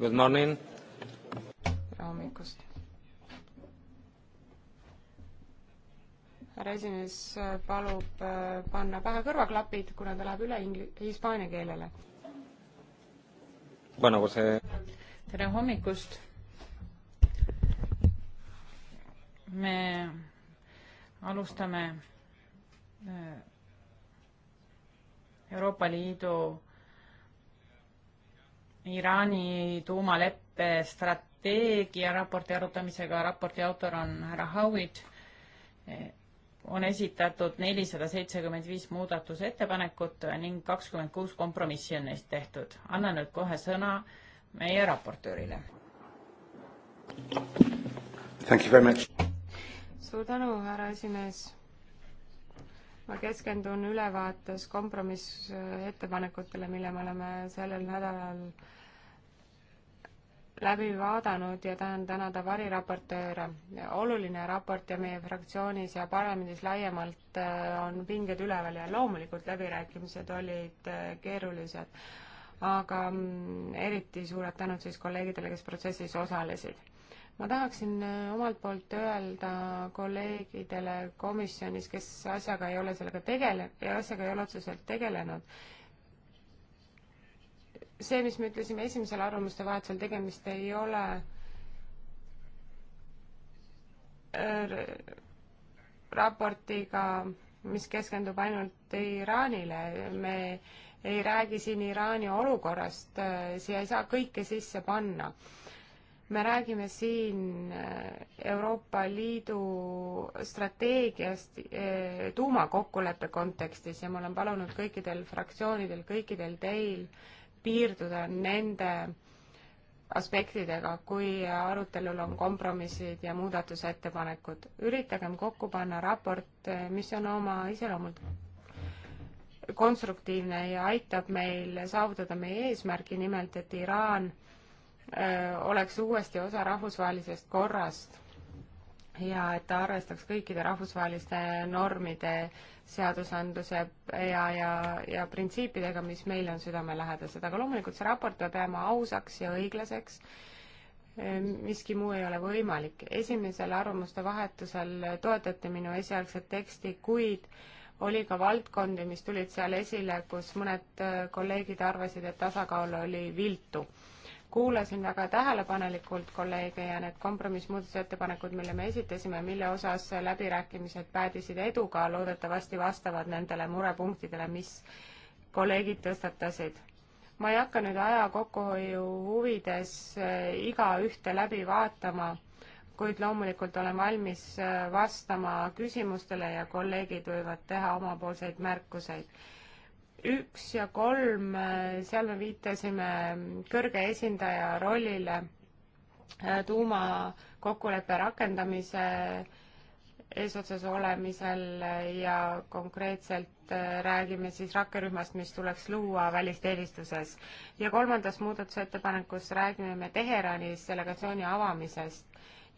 Good morning. tere hommikust. härra esimees palub äh, panna pähe kõrvaklapid, kuna ta läheb üle ingli-, hispaania keelele. Eh, tere hommikust. me alustame äh, Euroopa Liidu Iraani tuumaleppe strateegia raporti arutamisega, raporti autor on härra Howitt, on esitatud nelisada seitsekümmend viis muudatusettepanekut ning kakskümmend kuus kompromissi on neist tehtud. annan nüüd kohe sõna meie raportöörile. suur tänu, härra esimees. ma keskendun ülevaates kompromissettepanekutele, mille me oleme sellel nädalal äh, läbi vaadanud ja tahan tänada variraportööre. oluline raport ja meie fraktsioonis ja parlamendis laiemalt äh, on pinged üleval ja loomulikult läbirääkimised olid äh, keerulised, aga mm, eriti suured tänud siis kolleegidele, kes protsessis osalesid ma tahaksin äh, omalt poolt öelda kolleegidele komisjonis, kes asjaga ei ole sellega tegele-, asjaga ei ole otseselt tegelenud, see, mis me ütlesime esimesel arvamuste vahetusel, tegemist ei ole äh, raportiga, mis keskendub ainult Iraanile, me ei räägi siin Iraani olukorrast, äh, siia ei saa kõike sisse panna. me räägime siin äh, Euroopa Liidu strateegiast tuumakokkuleppe kontekstis ja ma olen palunud kõikidel fraktsioonidel, kõikidel teil äh, piirduda nende aspektidega, kui arutelul on kompromissid ja muudatusettepanekud. üritagem kokku panna raport, mis on oma iseloomult konstruktiivne ja aitab meil saavutada meie eesmärgi, nimelt et Iraan öö, äh, oleks uuesti osa rahvusvahelisest korrast ja et ta arvestaks kõikide rahvusvaheliste normide, seadusandluse ja, ja, ja printsiipidega, mis meile on südamelähedased, aga loomulikult see raport peab jääma ausaks ja õiglaseks, ehm, miski muu ei ole võimalik. esimesel arvamuste vahetusel toetati minu esialgset teksti, kuid oli ka valdkondi, mis tulid seal esile, kus mõned äh, kolleegid arvasid, et tasakaal oli viltu kuulasin väga tähelepanelikult kolleege ja need kompromissmuudatusettepanekud, mille me esitasime, mille osas läbirääkimised päädisid eduga, loodetavasti vastavad nendele murepunktidele, mis kolleegid tõstatasid. ma ei hakka nüüd aja kokkuhoiu huvides eh, igaühte läbi vaatama, kuid loomulikult olen valmis eh, vastama küsimustele ja kolleegid võivad teha omapoolseid märkuseid üks ja kolm, seal me viitasime kõrge esindaja rollile äh, tuumakokkuleppe rakendamise eesotsas olemisel ja konkreetselt äh, räägime siis rakkerühmast, mis tuleks luua välisteenistuses. ja kolmandas muudatusettepanekus räägime me Teheranis delegatsiooni avamisest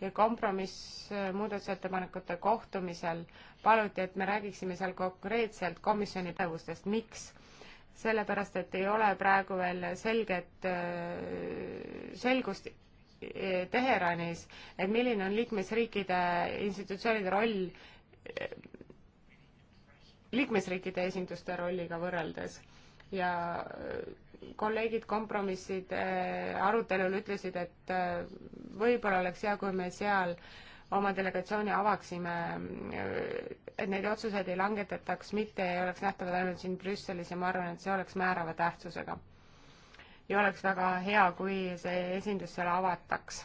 ja kompromissmuudatusettepanekute äh, kohtumisel paluti, et me räägiksime seal konkreetselt komisjoni pädevustest, miks? sellepärast, et ei ole praegu veel selget äh, selgust äh, Teheranis, et milline on liikmesriikide institutsioonide roll liikmesriikide esinduste rolliga võrreldes ja kolleegid kompromisside arutelul ütlesid, et äh, võib-olla oleks hea, kui me seal oma delegatsiooni avaksime, äh, et neid otsuseid ei langetataks, mitte ei oleks nähtavad ainult siin Brüsselis ja ma arvan, et see oleks määrava tähtsusega. ja oleks väga hea, kui see esindus seal avataks.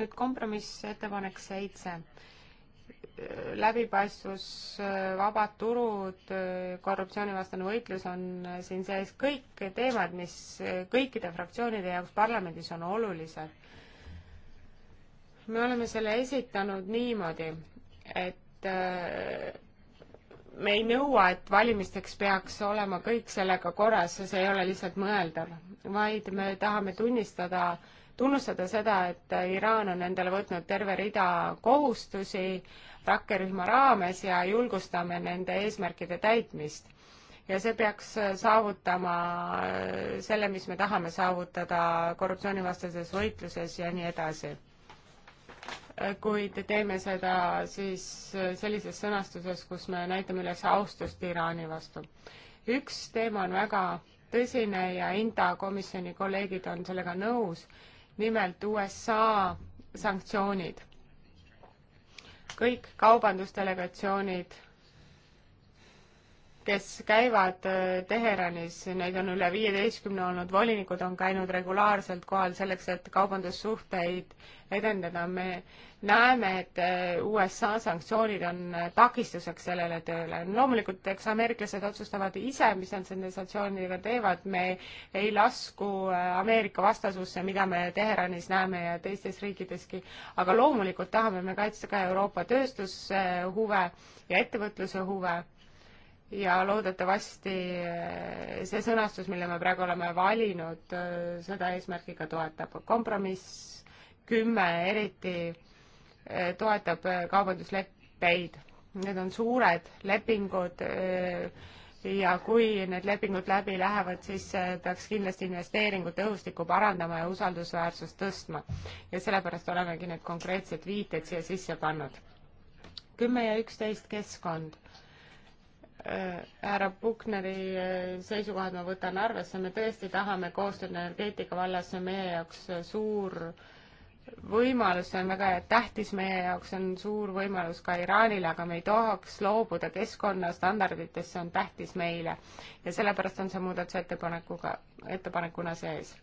nüüd kompromissettepanek seitse läbipaistvus, vabad turud, korruptsioonivastane võitlus on siin sees kõik teemad, mis kõikide fraktsioonide jaoks parlamendis on olulised. me oleme selle esitanud niimoodi, et me ei nõua, et valimisteks peaks olema kõik sellega korras, see ei ole lihtsalt mõeldav, vaid me tahame tunnistada äh, tunnustada seda, et Iraan on endale võtnud terve rida kohustusi rakkerühma raames ja julgustame nende eesmärkide täitmist. ja see peaks saavutama selle, mis me tahame saavutada korruptsioonivastases võitluses ja nii edasi kuid teeme seda siis sellises sõnastuses, kus me näitame üles austust Iraani vastu. üks teema on väga tõsine ja Inta komisjoni kolleegid on sellega nõus nimelt USA sanktsioonid. kõik kaubandusdelegatsioonid kes käivad äh, Teheranis, neid on üle viieteistkümne olnud, volinikud on käinud regulaarselt kohal selleks, et kaubandussuhteid edendada. me näeme, et äh, USA sanktsioonid on äh, takistuseks sellele tööle. loomulikult, eks ameeriklased otsustavad ise, mis nad nende sanktsioonidega teevad, me ei lasku Ameerika vastasusse, mida me Teheranis näeme ja teistes riikideski, aga loomulikult tahame me kaitsta ka Euroopa tööstushuve ja ettevõtluse huve ja loodetavasti eh, see sõnastus, mille me praegu oleme valinud, eh, seda eesmärki ka toetab. kompromiss kümme eriti eh, toetab kaubandusleppeid. Need on suured lepingud ja kui need lepingud läbi lähevad, siis peaks kindlasti investeeringute õhustikku parandama ja usaldusväärsust tõstma. ja sellepärast olemegi need konkreetsed viited siia sisse pannud. kümme ja üksteist keskkond Äh, härra Pukneri äh, seisukohad ma võtan arvesse, me tõesti tahame koostööd energeetika vallas, see on meie jaoks äh, suur võimalus, see on väga tähtis meie jaoks, see on suur võimalus ka Iraanile, aga me ei tohiks loobuda keskkonnastandarditest, see on tähtis meile. ja sellepärast on see muudatusettepanekuga, ettepanekuna sees.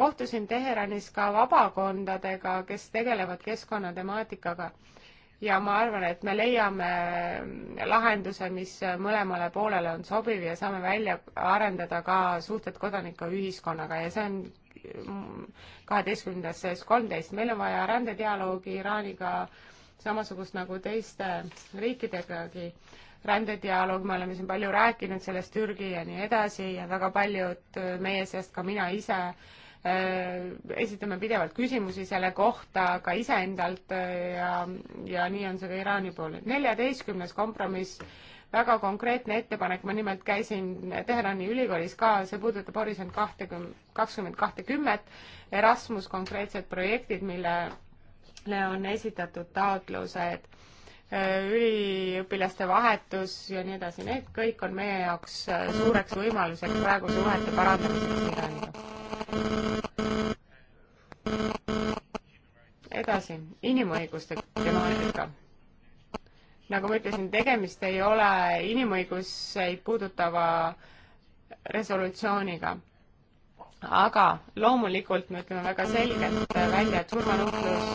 kohtusin Teheranis ka vabakondadega, kes tegelevad keskkonnatemaatikaga ja ma arvan, et me leiame lahenduse, mis mõlemale poolele on sobiv ja saame välja arendada ka suhted kodanikuühiskonnaga ja see on kaheteistkümnendas sees kolmteist. meil on vaja rändedialoogi Iraaniga samasugust nagu teiste riikidegagi. rändedialoog, me oleme siin palju rääkinud sellest, Türgi ja nii edasi ja väga paljud meie seast, ka mina ise, Äh, esitame pidevalt küsimusi selle kohta ka iseendalt äh, ja, ja nii on see ka Iraani puhul. neljateistkümnes kompromiss, väga konkreetne ettepanek, ma nimelt käisin Teherani ülikoolis ka, see puudutab Horisont kahtekümmend, kakskümmend kahtekümmet, Erasmus konkreetsed projektid, millele on esitatud taotlused, äh, üliõpilaste vahetus ja nii edasi, need kõik on meie jaoks suureks võimaluseks praegu suhete parandamiseks Iraaniga edasi, inimõiguste temaatika. nagu ma ütlesin, tegemist ei ole inimõiguseid puudutava resolutsiooniga. aga loomulikult me ütleme väga selgelt välja, et surmanuhtlus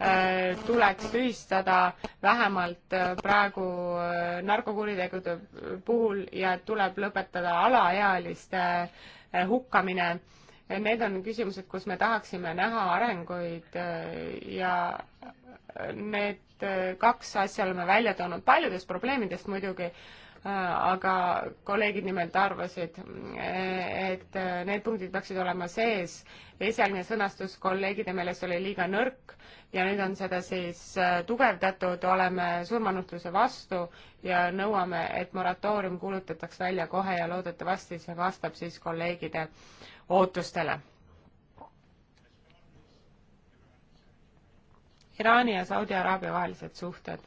äh, tuleks tühistada vähemalt äh, praegu äh, narkokuritegude puhul ja tuleb lõpetada alaealiste äh, Äh, hukkamine, need on küsimused, kus me tahaksime näha arenguid äh, ja äh, need kaks asja oleme välja toonud paljudest probleemidest muidugi, aga kolleegid nimelt arvasid, et need punktid peaksid olema sees. esialgne sõnastus kolleegide meelest oli liiga nõrk ja nüüd on seda siis äh, tugevdatud, oleme surmanuhtluse vastu ja nõuame, et moratoorium kuulutataks välja kohe ja loodetavasti see vastab siis kolleegide ootustele. Iraani ja Saudi Araabia vahelised suhted.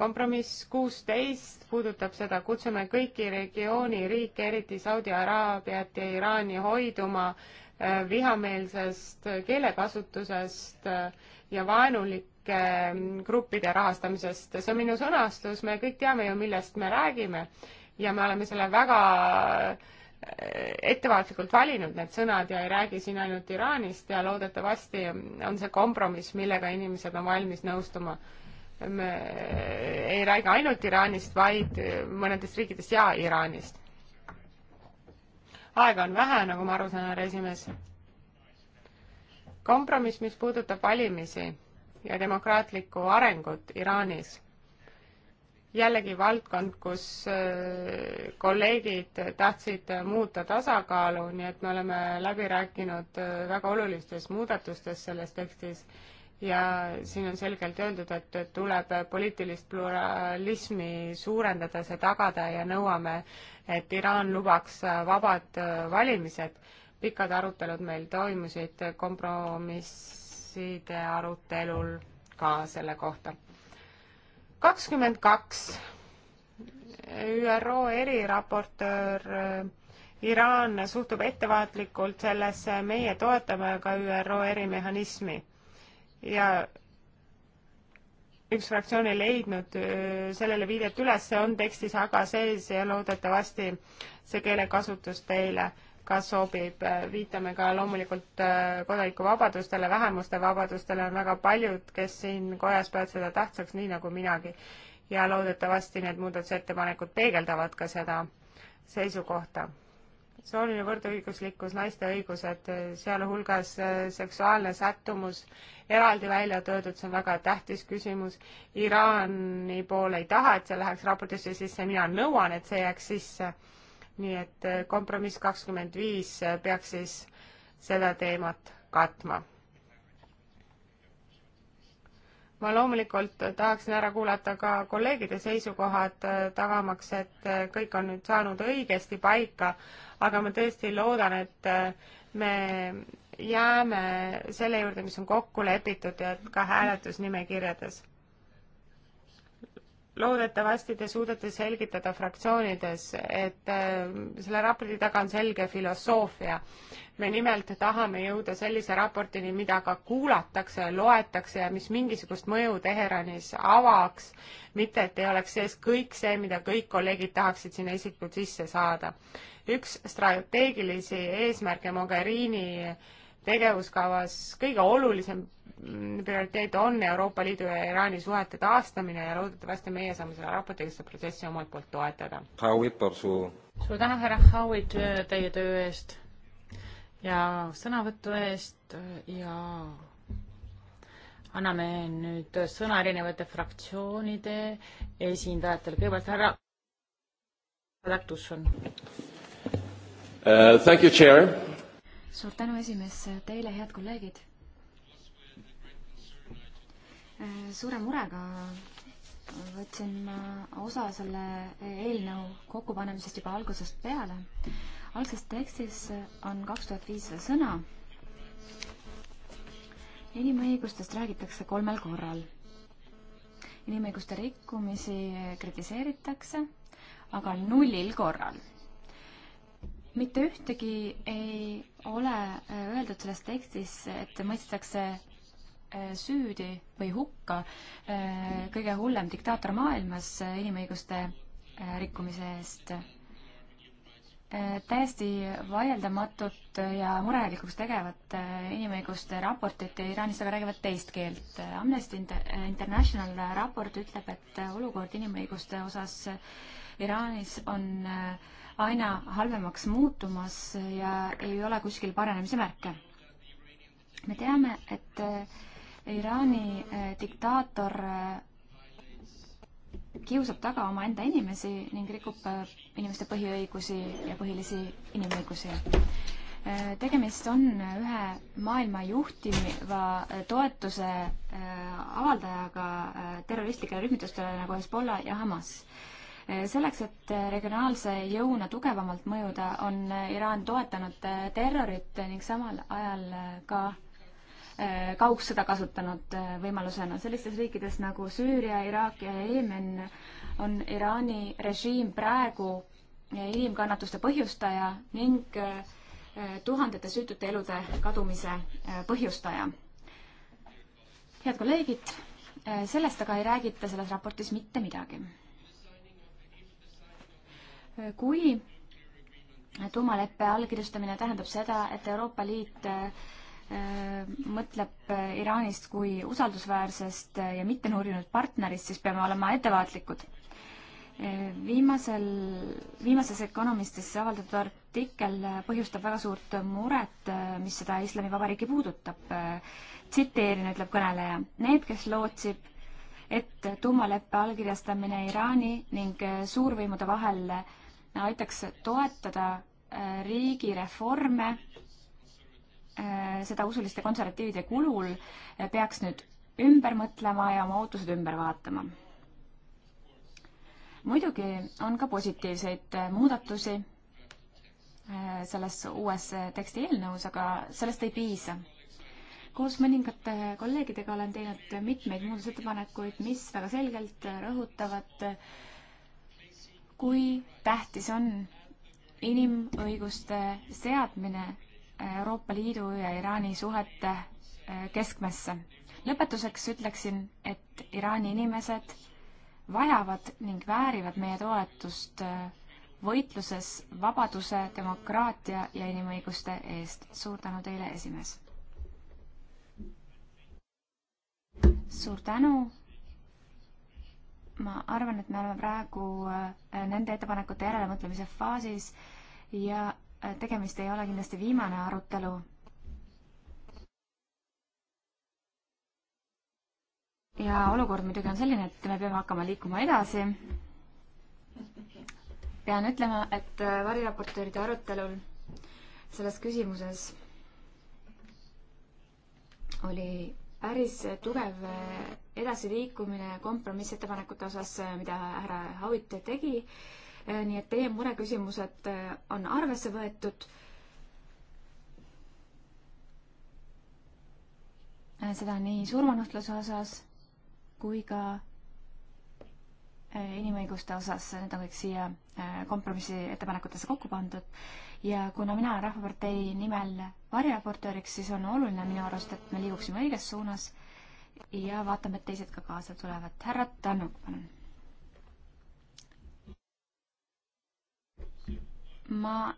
kompromiss kuusteist puudutab seda, kutsume kõiki regiooni riike, eriti Saudi Araabiat ja Iraani hoiduma äh, vihameelsest keelekasutusest ja vaenulike gruppide rahastamisest. see on minu sõnastus, me kõik teame ju, millest me räägime ja me oleme selle väga eh, ettevaatlikult valinud need sõnad ja ei räägi siin ainult Iraanist ja loodetavasti on see kompromiss, millega inimesed on valmis nõustuma. me ei räägi ainult Iraanist, vaid mõnedest riikidest ja Iraanist aega on vähe, nagu ma aru saan, härra esimees. kompromiss, mis puudutab valimisi ja demokraatlikku arengut Iraanis. jällegi valdkond, kus äh, kolleegid tahtsid muuta tasakaalu, nii et me oleme läbi rääkinud äh, väga olulistes muudatustes selles tekstis ja siin on selgelt öeldud, et tuleb poliitilist pluralismi suurendada, see tagada ja nõuame, et Iraan lubaks vabad valimised. pikad arutelud meil toimusid kompromisside arutelul ka selle kohta. kakskümmend kaks ÜRO eriraportöör äh, Iraan suhtub ettevaatlikult sellesse, meie toetame ka ÜRO erimehhanismi ja üks fraktsioon ei leidnud äh, sellele viidet üles, see on tekstis aga sees ja loodetavasti see keelekasutus teile ka sobib. Äh, viitame ka loomulikult äh, kodanikuvabadustele, vähemuste vabadustele on väga paljud, kes siin kojas peavad seda tähtsaks, nii nagu minagi. ja loodetavasti need muudatusettepanekud peegeldavad ka seda seisukohta sooline võrdõiguslikkus, naiste õigused, sealhulgas äh, seksuaalne sättumus, eraldi välja toodud, see on väga tähtis küsimus. Iraani pool ei taha, et see läheks raportisse sisse, mina nõuan, et see jääks sisse. nii et äh, kompromiss kakskümmend viis äh, peaks siis seda teemat katma. ma loomulikult tahaksin ära kuulata ka kolleegide seisukohad, tagamaks, et kõik on nüüd saanud õigesti paika aga ma tõesti loodan, et äh, me jääme selle juurde, mis on kokku lepitud ja ka hääletusnimekirjades loodetavasti te suudate selgitada fraktsioonides, et äh, selle raporti taga on selge filosoofia. me nimelt tahame jõuda sellise raportini, mida ka kuulatakse, loetakse ja mis mingisugust mõju Teheranis avaks, mitte et ei oleks sees kõik see, mida kõik kolleegid tahaksid sinna isiklikult sisse saada. üks strateegilisi eesmärke Mogherini tegevuskavas kõige olulisem prioriteet on Euroopa Liidu ja Iraani suhete taastamine ja loodetavasti meie saame selle raportiga seda protsessi omalt poolt toetada. suur tänu, härra Howitt, teie töö eest ja sõnavõtu eest ja anname nüüd sõna erinevate fraktsioonide esindajatele. kõigepealt härra Laktusson uh,. Thank you, chair suur tänu, esimees, teile, head kolleegid. suure murega võtsin ma osa selle eelnõu kokkupanemisest juba algusest peale. algses tekstis on kaks tuhat viissada sõna. inimõigustest räägitakse kolmel korral. inimõiguste rikkumisi kritiseeritakse, aga nullil korral mitte ühtegi ei ole äh, öeldud selles tekstis, et mõistetakse äh, süüdi või hukka äh, kõige hullem diktaator maailmas inimõiguste rikkumise eest täiesti vaieldamatut ja murelikuks tegevat inimõiguste raportit ja Iraanis aga räägivad teist keelt. Amnesty International raport ütleb, et olukord inimõiguste osas Iraanis on äh, aina halvemaks muutumas ja ei ole kuskil paranemise märke. me teame, et eh, Iraani eh, diktaator eh, kiusab taga omaenda inimesi ning rikub inimeste põhiõigusi ja põhilisi inimõigusi. tegemist on ühe maailma juhtiva toetuse avaldajaga terroristlikele rühmitustele nagu Hezbollah ja Hamas Eh, selleks, et eh, regionaalse jõuna tugevamalt mõjuda, on eh, Iraan toetanud terrorit ning samal ajal ka kaugsõda kasutanud võimalusena. sellistes riikides nagu Süüria, Iraak ja Jeemen on Iraani režiim praegu inimkannatuste põhjustaja ning tuhandete süütute elude kadumise põhjustaja. head kolleegid, sellest aga ei räägita selles raportis mitte midagi kui tuumaleppe allkirjastamine tähendab seda, et Euroopa Liit äh, mõtleb Iraanist kui usaldusväärsest ja mittenurjunud partnerist, siis peame olema ettevaatlikud. Viimasel, viimases Economistis avaldatud artikkel põhjustab väga suurt muret, mis seda Islamivabariiki puudutab. tsiteerin, ütleb kõneleja, need, kes lootsib, et tuumaleppe allkirjastamine Iraani ning suurvõimude vahel äh, aitaks toetada äh, riigireforme äh, seda usuliste konservatiivide kulul, äh, peaks nüüd ümber mõtlema ja oma ootused ümber vaatama. muidugi on ka positiivseid muudatusi selles uues teksti eelnõus, aga sellest ei piisa. koos mõningate kolleegidega olen teinud mitmeid muudatusettepanekuid, mis väga selgelt rõhutavad äh, kui tähtis on inimõiguste seadmine Euroopa Liidu ja Iraani suhete äh, keskmesse. lõpetuseks ütleksin, et Iraani inimesed vajavad ning väärivad meie toetust äh, võitluses vabaduse, demokraatia ja inimõiguste eest. suur tänu teile, esimees! suur tänu ma arvan, et me oleme praegu äh, nende ettepanekute järelemõtlemise faasis ja äh, tegemist ei ole kindlasti viimane arutelu. ja olukord muidugi on selline, et me peame hakkama liikuma edasi. pean ütlema, et äh, variraportööride arutelul selles küsimuses oli päris tugev edasiliikumine kompromissettepanekute osas, mida härra Howitt tegi. nii et teie mureküsimused on arvesse võetud. seda nii surmanuhtluse osas kui ka inimõiguste osas, need on kõik siia kompromissi ettepanekutesse kokku pandud ja kuna mina olen Rahvapartei nimel variraportööriks, siis on oluline minu arust, et me liiguksime õiges suunas ja vaatame, et teised ka kaasa tulevad. härra Tannuk, palun. ma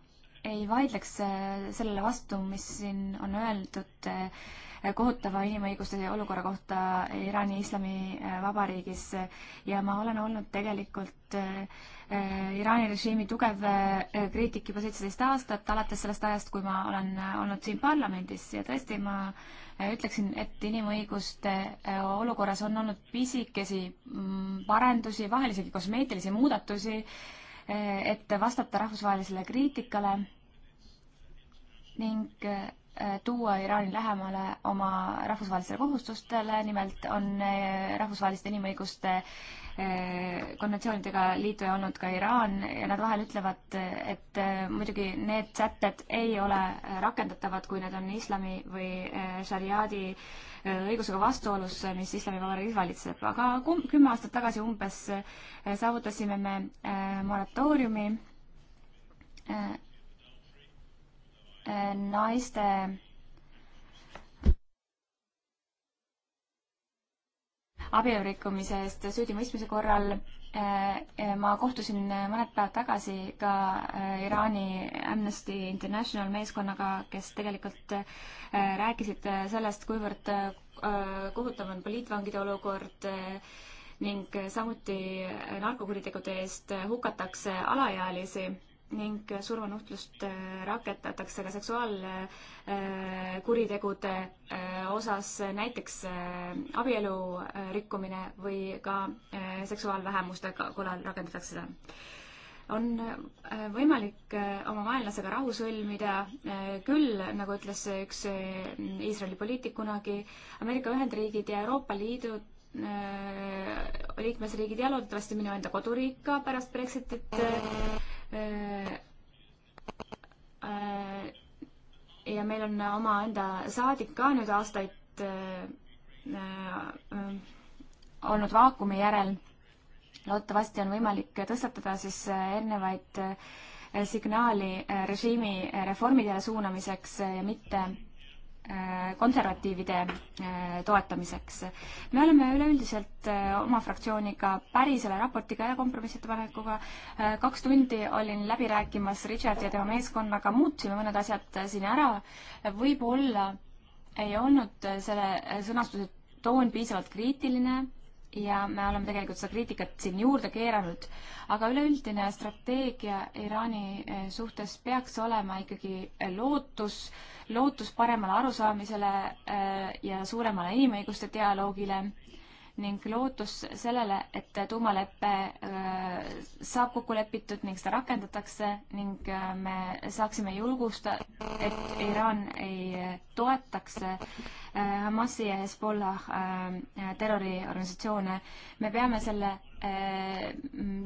ei vaidleks äh, sellele vastu, mis siin on öeldud äh, kohutava inimõiguste olukorra kohta Iraani Islamivabariigis äh, ja ma olen olnud tegelikult äh, Äh, Iraani režiimi tugev äh, kriitik juba seitseteist aastat, alates sellest ajast, kui ma olen äh, olnud siin parlamendis ja tõesti, ma ütleksin, et inimõiguste olukorras on olnud pisikesi mm, parendusi, vahel isegi kosmeetilisi muudatusi, et vastata rahvusvahelisele kriitikale ning Äh, tuua Iraani lähemale oma rahvusvahelistele kohustustele, nimelt on äh, rahvusvaheliste inimõiguste äh, konventsioonidega liituja olnud ka Iraan ja nad vahel ütlevad, et muidugi need sätted ei ole rakendatavad, kui need on islami või šariaadi õigusega vastuolus, mis Islamivabariigis valitseb, aga kümme aastat tagasi umbes saavutasime me moratooriumi naiste abielurikkumise eest süüdimõistmise korral eh, eh, ma kohtusin mõned päevad tagasi ka eh, Iraani Amnesty International meeskonnaga, kes tegelikult rääkisid sellest, kuivõrd kohutav on poliitvangide olukord ning samuti narkokuritegude eest hukatakse alaealisi ning surmanuhtlust äh, rakendatakse ka seksuaalkuritegude äh, äh, osas, näiteks abielu rikkumine või ka seksuaalvähemuste korral rakendatakse seda on võimalik oma vaenlasega rahu sõlmida küll, nagu ütles üks Iisraeli poliitik kunagi, Ameerika Ühendriigid ja Euroopa Liidu liikmesriigid ja loodetavasti minu enda koduriik ka pärast Brexitit Äh, äh, ja meil on omaenda saadik ka nüüd aastaid äh, olnud vaakumi järel. loodetavasti on võimalik tõstatada siis erinevaid signaali režiimi reformidele suunamiseks ja mitte Äh, konservatiivide äh, toetamiseks. me oleme üleüldiselt äh, oma fraktsiooniga päri selle raportiga ja kompromissettepanekuga. kaks tundi olin läbi rääkimas Richard ja tema meeskonnaga, muutsime mõned asjad siin ära. võib-olla ei olnud selle sõnastuse toon piisavalt kriitiline ja me oleme tegelikult seda kriitikat siin juurde keeranud, aga üleüldine strateegia Iraani eh, suhtes peaks olema ikkagi eh, lootus, lootus paremale arusaamisele eh, ja suuremale inimõiguste dialoogile ning lootus sellele, et tuumalepe äh, saab kokku lepitud ning seda rakendatakse ning äh, me saaksime julgusta, et Iraan ei äh, toetaks Hamasi ja Hezbollah terroriorganisatsioone. me peame selle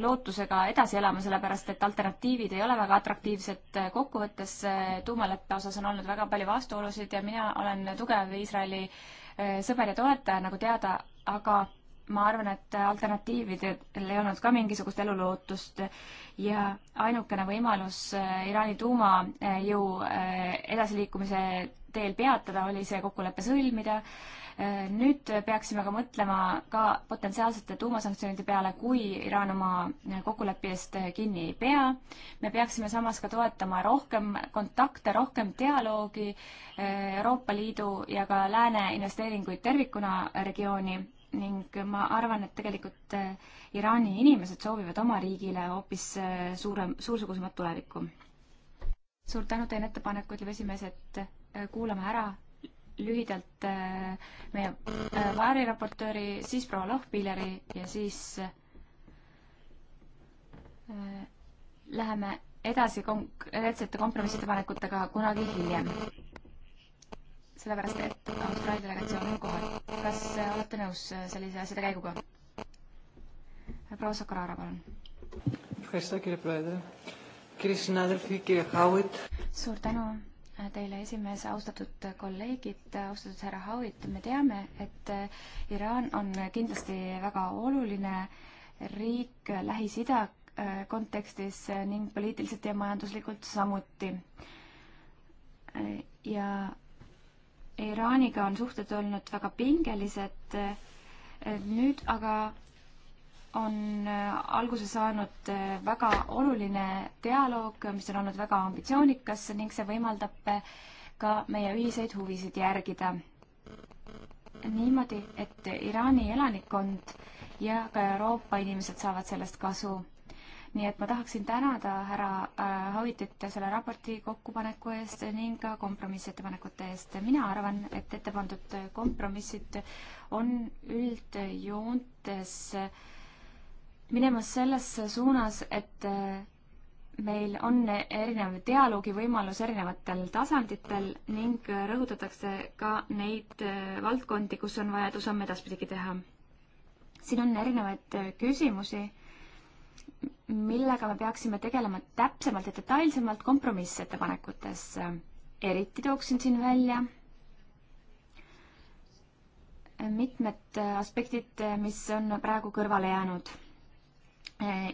lootusega edasi elama, sellepärast et alternatiivid ei ole väga atraktiivsed. kokkuvõttes tuumaleppe osas on olnud väga palju vastuolusid ja mina olen tugev Iisraeli sõber ja toetaja, nagu teada, aga ma arvan, et alternatiividel ei olnud ka mingisugust elulootust ja ainukene võimalus eh, Iraani tuumajõu eh, edasiliikumise teel peatada oli see kokkulepe sõlmida. Eh, nüüd peaksime aga mõtlema ka potentsiaalsete tuumasanktsioonide peale, kui Iraan oma kokkuleppest kinni ei pea. me peaksime samas ka toetama rohkem kontakte, rohkem dialoogi Euroopa Liidu ja ka Lääne investeeringuid tervikuna regiooni ning ma arvan, et tegelikult äh, Iraani inimesed soovivad oma riigile hoopis äh, suurem, suursugusemat tulevikku. suur tänu teile ettepaneku, ütleb esimees, et äh, kuulame ära lühidalt meie vaariraportööri, siis proua Lohpilleri ja siis läheme edasi konkreetsete kompromissettepanekutega kunagi hiljem sellepärast et Austraalia delegatsioon on kohal. kas äh, olete nõus äh, sellise asjade käiguga? proua Sakaraara, palun. suur tänu äh, teile, esimees, austatud kolleegid, austatud härra Howitt, me teame, et Iraan on kindlasti väga oluline riik Lähis-Ida kontekstis ning poliitiliselt ja majanduslikult samuti. ja Iraaniga on suhted olnud väga pingelised. nüüd aga on äh, alguse saanud äh, väga oluline dialoog, mis on olnud väga ambitsioonikas ning see võimaldab äh, ka meie ühiseid huvisid järgida. niimoodi, et Iraani elanikkond ja ka Euroopa inimesed saavad sellest kasu nii et ma tahaksin tänada härra Havitit äh, selle raporti kokkupaneku eest ning ka kompromissettepanekute eest. mina arvan, et ette pandud kompromissid on üldjoontes minemas selles suunas, et äh, meil on erinev dialoogivõimalus erinevatel tasanditel ning rõhutatakse ka neid äh, valdkondi, kus on vaja edusamme edaspidigi teha. siin on erinevaid küsimusi millega me peaksime tegelema täpsemalt ja detailsemalt kompromissettepanekutes. eriti tooksin siin välja mitmed aspektid, mis on praegu kõrvale jäänud.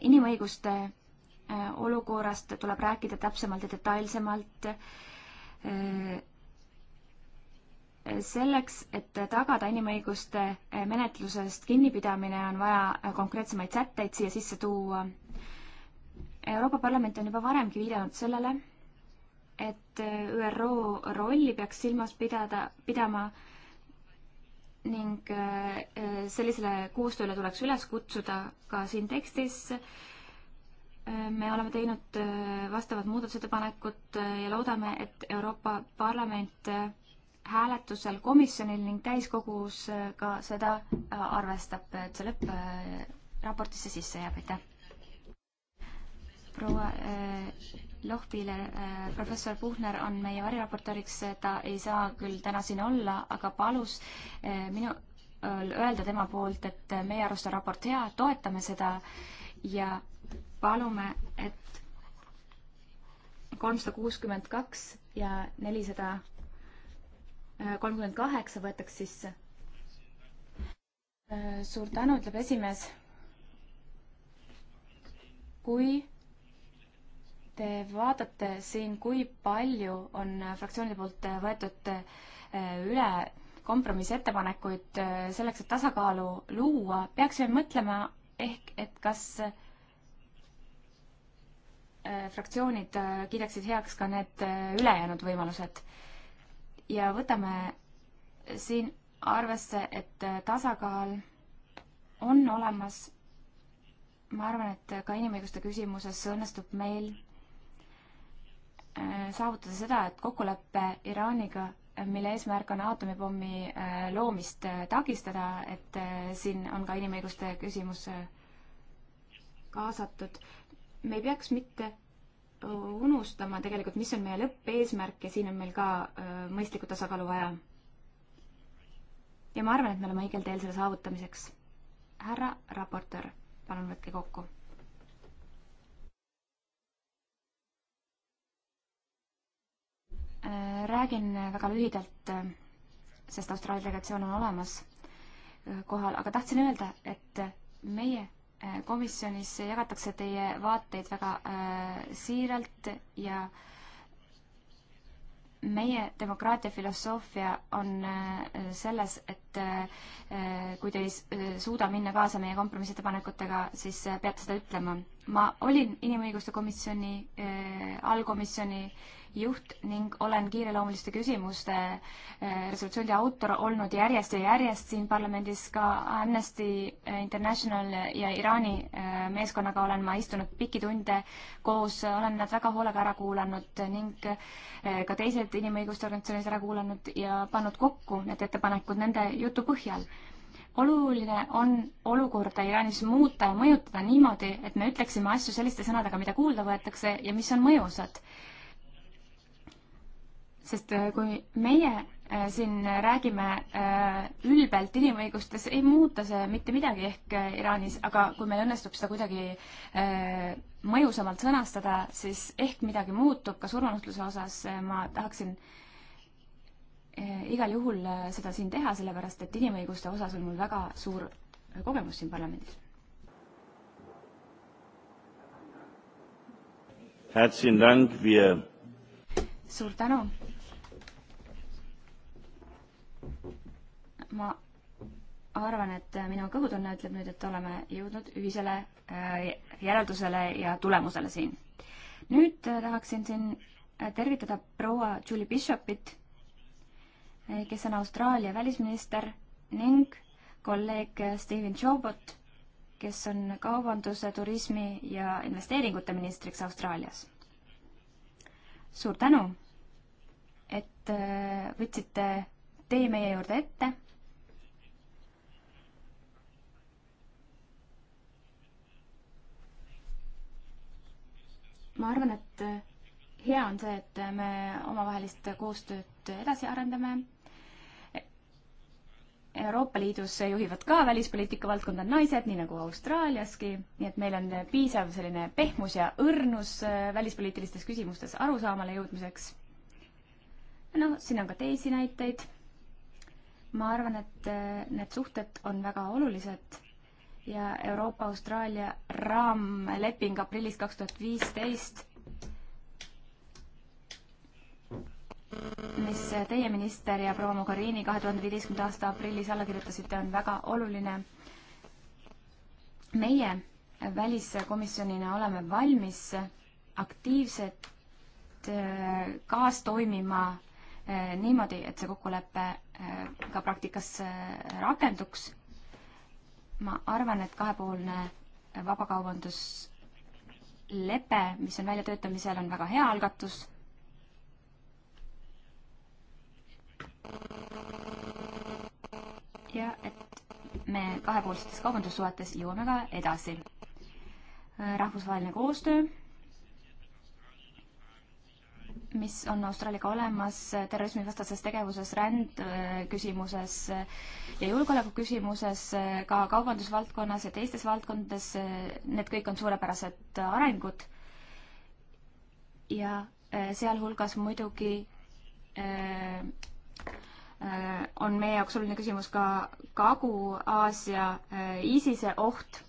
inimõiguste olukorrast tuleb rääkida täpsemalt ja detailsemalt selleks, et tagada inimõiguste menetlusest kinnipidamine, on vaja konkreetsemaid sätteid siia sisse tuua Euroopa Parlament on juba varemgi viidanud sellele, et ÜRO rolli peaks silmas pidada, pidama ning äh, sellisele koostööle tuleks üles kutsuda ka siin tekstis. me oleme teinud äh, vastavad muudatusettepanekud äh, ja loodame, et Euroopa Parlament hääletusel komisjonil ning täiskogus ka seda arvestab, et see lõppraportisse sisse jääb, aitäh! proua eh, Lohpile, eh, professor Puhner on meie variraportööriks, eh, ta ei saa küll täna siin olla, aga palus minu, öelda tema poolt, et meie arust on raport hea, toetame seda ja palume, et kolmsada kuuskümmend kaks ja nelisada kolmkümmend kaheksa võetaks sisse. suur tänu, ütleb esimees. kui Te vaatate siin, kui palju on fraktsioonide poolt võetud eh, üle kompromissettepanekuid eh, selleks, et tasakaalu luua, peaksime mõtlema ehk, et kas eh, fraktsioonid kiidaksid heaks ka need ülejäänud võimalused. ja võtame siin arvesse, et tasakaal on olemas. ma arvan, et ka inimõiguste küsimuses õnnestub meil Äh, saavutada seda, et kokkulepe Iraaniga, mille eesmärk on aatomipommi äh, loomist äh, takistada, et siin on ka inimõiguste küsimus kaasatud. me ei peaks mitte unustama tegelikult, mis on meie lõppeesmärk ja siin on meil ka mõistlikku tasakaalu vaja. ja ma arvan, et me oleme õigel teel selle saavutamiseks. härra raportöör, palun võtke kokku Äh, räägin väga lühidalt, äh, sest Austraalia delegatsioon on olemas äh, kohal, aga tahtsin öelda, et meie komisjonis jagatakse teie vaateid väga siiralt ja meie demokraatia filosoofia on selles, et kui te ei suuda minna kaasa meie kompromissettepanekutega, siis peate seda ütlema. ma olin Inimõiguste komisjoni allkomisjoni äh, juht ning olen kiireloomuliste küsimuste eh, resolutsiooni autor olnud järjest ja järjest siin parlamendis. ka Amnesty International ja Iraani eh, meeskonnaga olen ma istunud pikki tunde koos, olen nad väga hoolega ära kuulanud ning eh, ka teised inimõiguste organisatsioonid ära kuulanud ja pannud kokku need ettepanekud nende jutu põhjal oluline on olukorda Iraanis muuta ja mõjutada niimoodi, et me ütleksime asju selliste sõnadega, mida kuulda võetakse ja mis on mõjusad sest äh, kui meie äh, siin räägime äh, ülbelt inimõigustes, ei muuta see mitte midagi ehk Iraanis, aga kui meil õnnestub seda kuidagi mõjusamalt sõnastada, siis ehk midagi muutub, ka surmanuhtluse osas ma tahaksin igal juhul seda siin teha, sellepärast et inimõiguste osas on mul väga suur kogemus siin parlamendis. suur tänu ma arvan, et minu kõhutunne ütleb nüüd, et oleme jõudnud ühisele äh, järeldusele ja tulemusele siin. nüüd äh, tahaksin siin äh, tervitada proua Julie Bishopit, kes on Austraalia välisminister ning kolleeg Steven Jobot, kes on kaubanduse, turismi ja investeeringute ministriks Austraalias. suur tänu, et võtsite tee meie juurde ette. ma arvan, et hea on see, et me omavahelist koostööd edasi arendame. Euroopa Liidus juhivad ka välispoliitika valdkonda naised, nii nagu Austraaliaski, nii et meil on piisav selline pehmus ja õrnus välispoliitilistes küsimustes arusaamale jõudmiseks noh, siin on ka teisi näiteid ma arvan, et äh, need suhted on väga olulised ja Euroopa-Austraalia raamleping aprillist kaks tuhat viisteist, mis teie minister ja proua Mogherini kahe tuhande viieteistkümnenda aasta aprillis alla kirjutasite, on väga oluline. meie väliskomisjonina oleme valmis aktiivselt äh, kaastoimima äh, niimoodi, et see kokkulepe Äh, ka praktikas äh, rakenduks. ma arvan, et kahepoolne vabakaubanduslepe, mis on väljatöötamisel, on väga hea algatus. ja et me kahepoolsetes kaubandussuhetes jõuame ka edasi. Äh, rahvusvaheline koostöö mis on Austraaliaga olemas terrorismivastases tegevuses, rändküsimuses äh, äh, ja julgeoleku küsimuses, äh, ka kaubandusvaldkonnas ja teistes valdkondades, need kõik on suurepärased arengud. ja sealhulgas muidugi on meie jaoks oluline küsimus ka Kagu-Aasia ISISe oht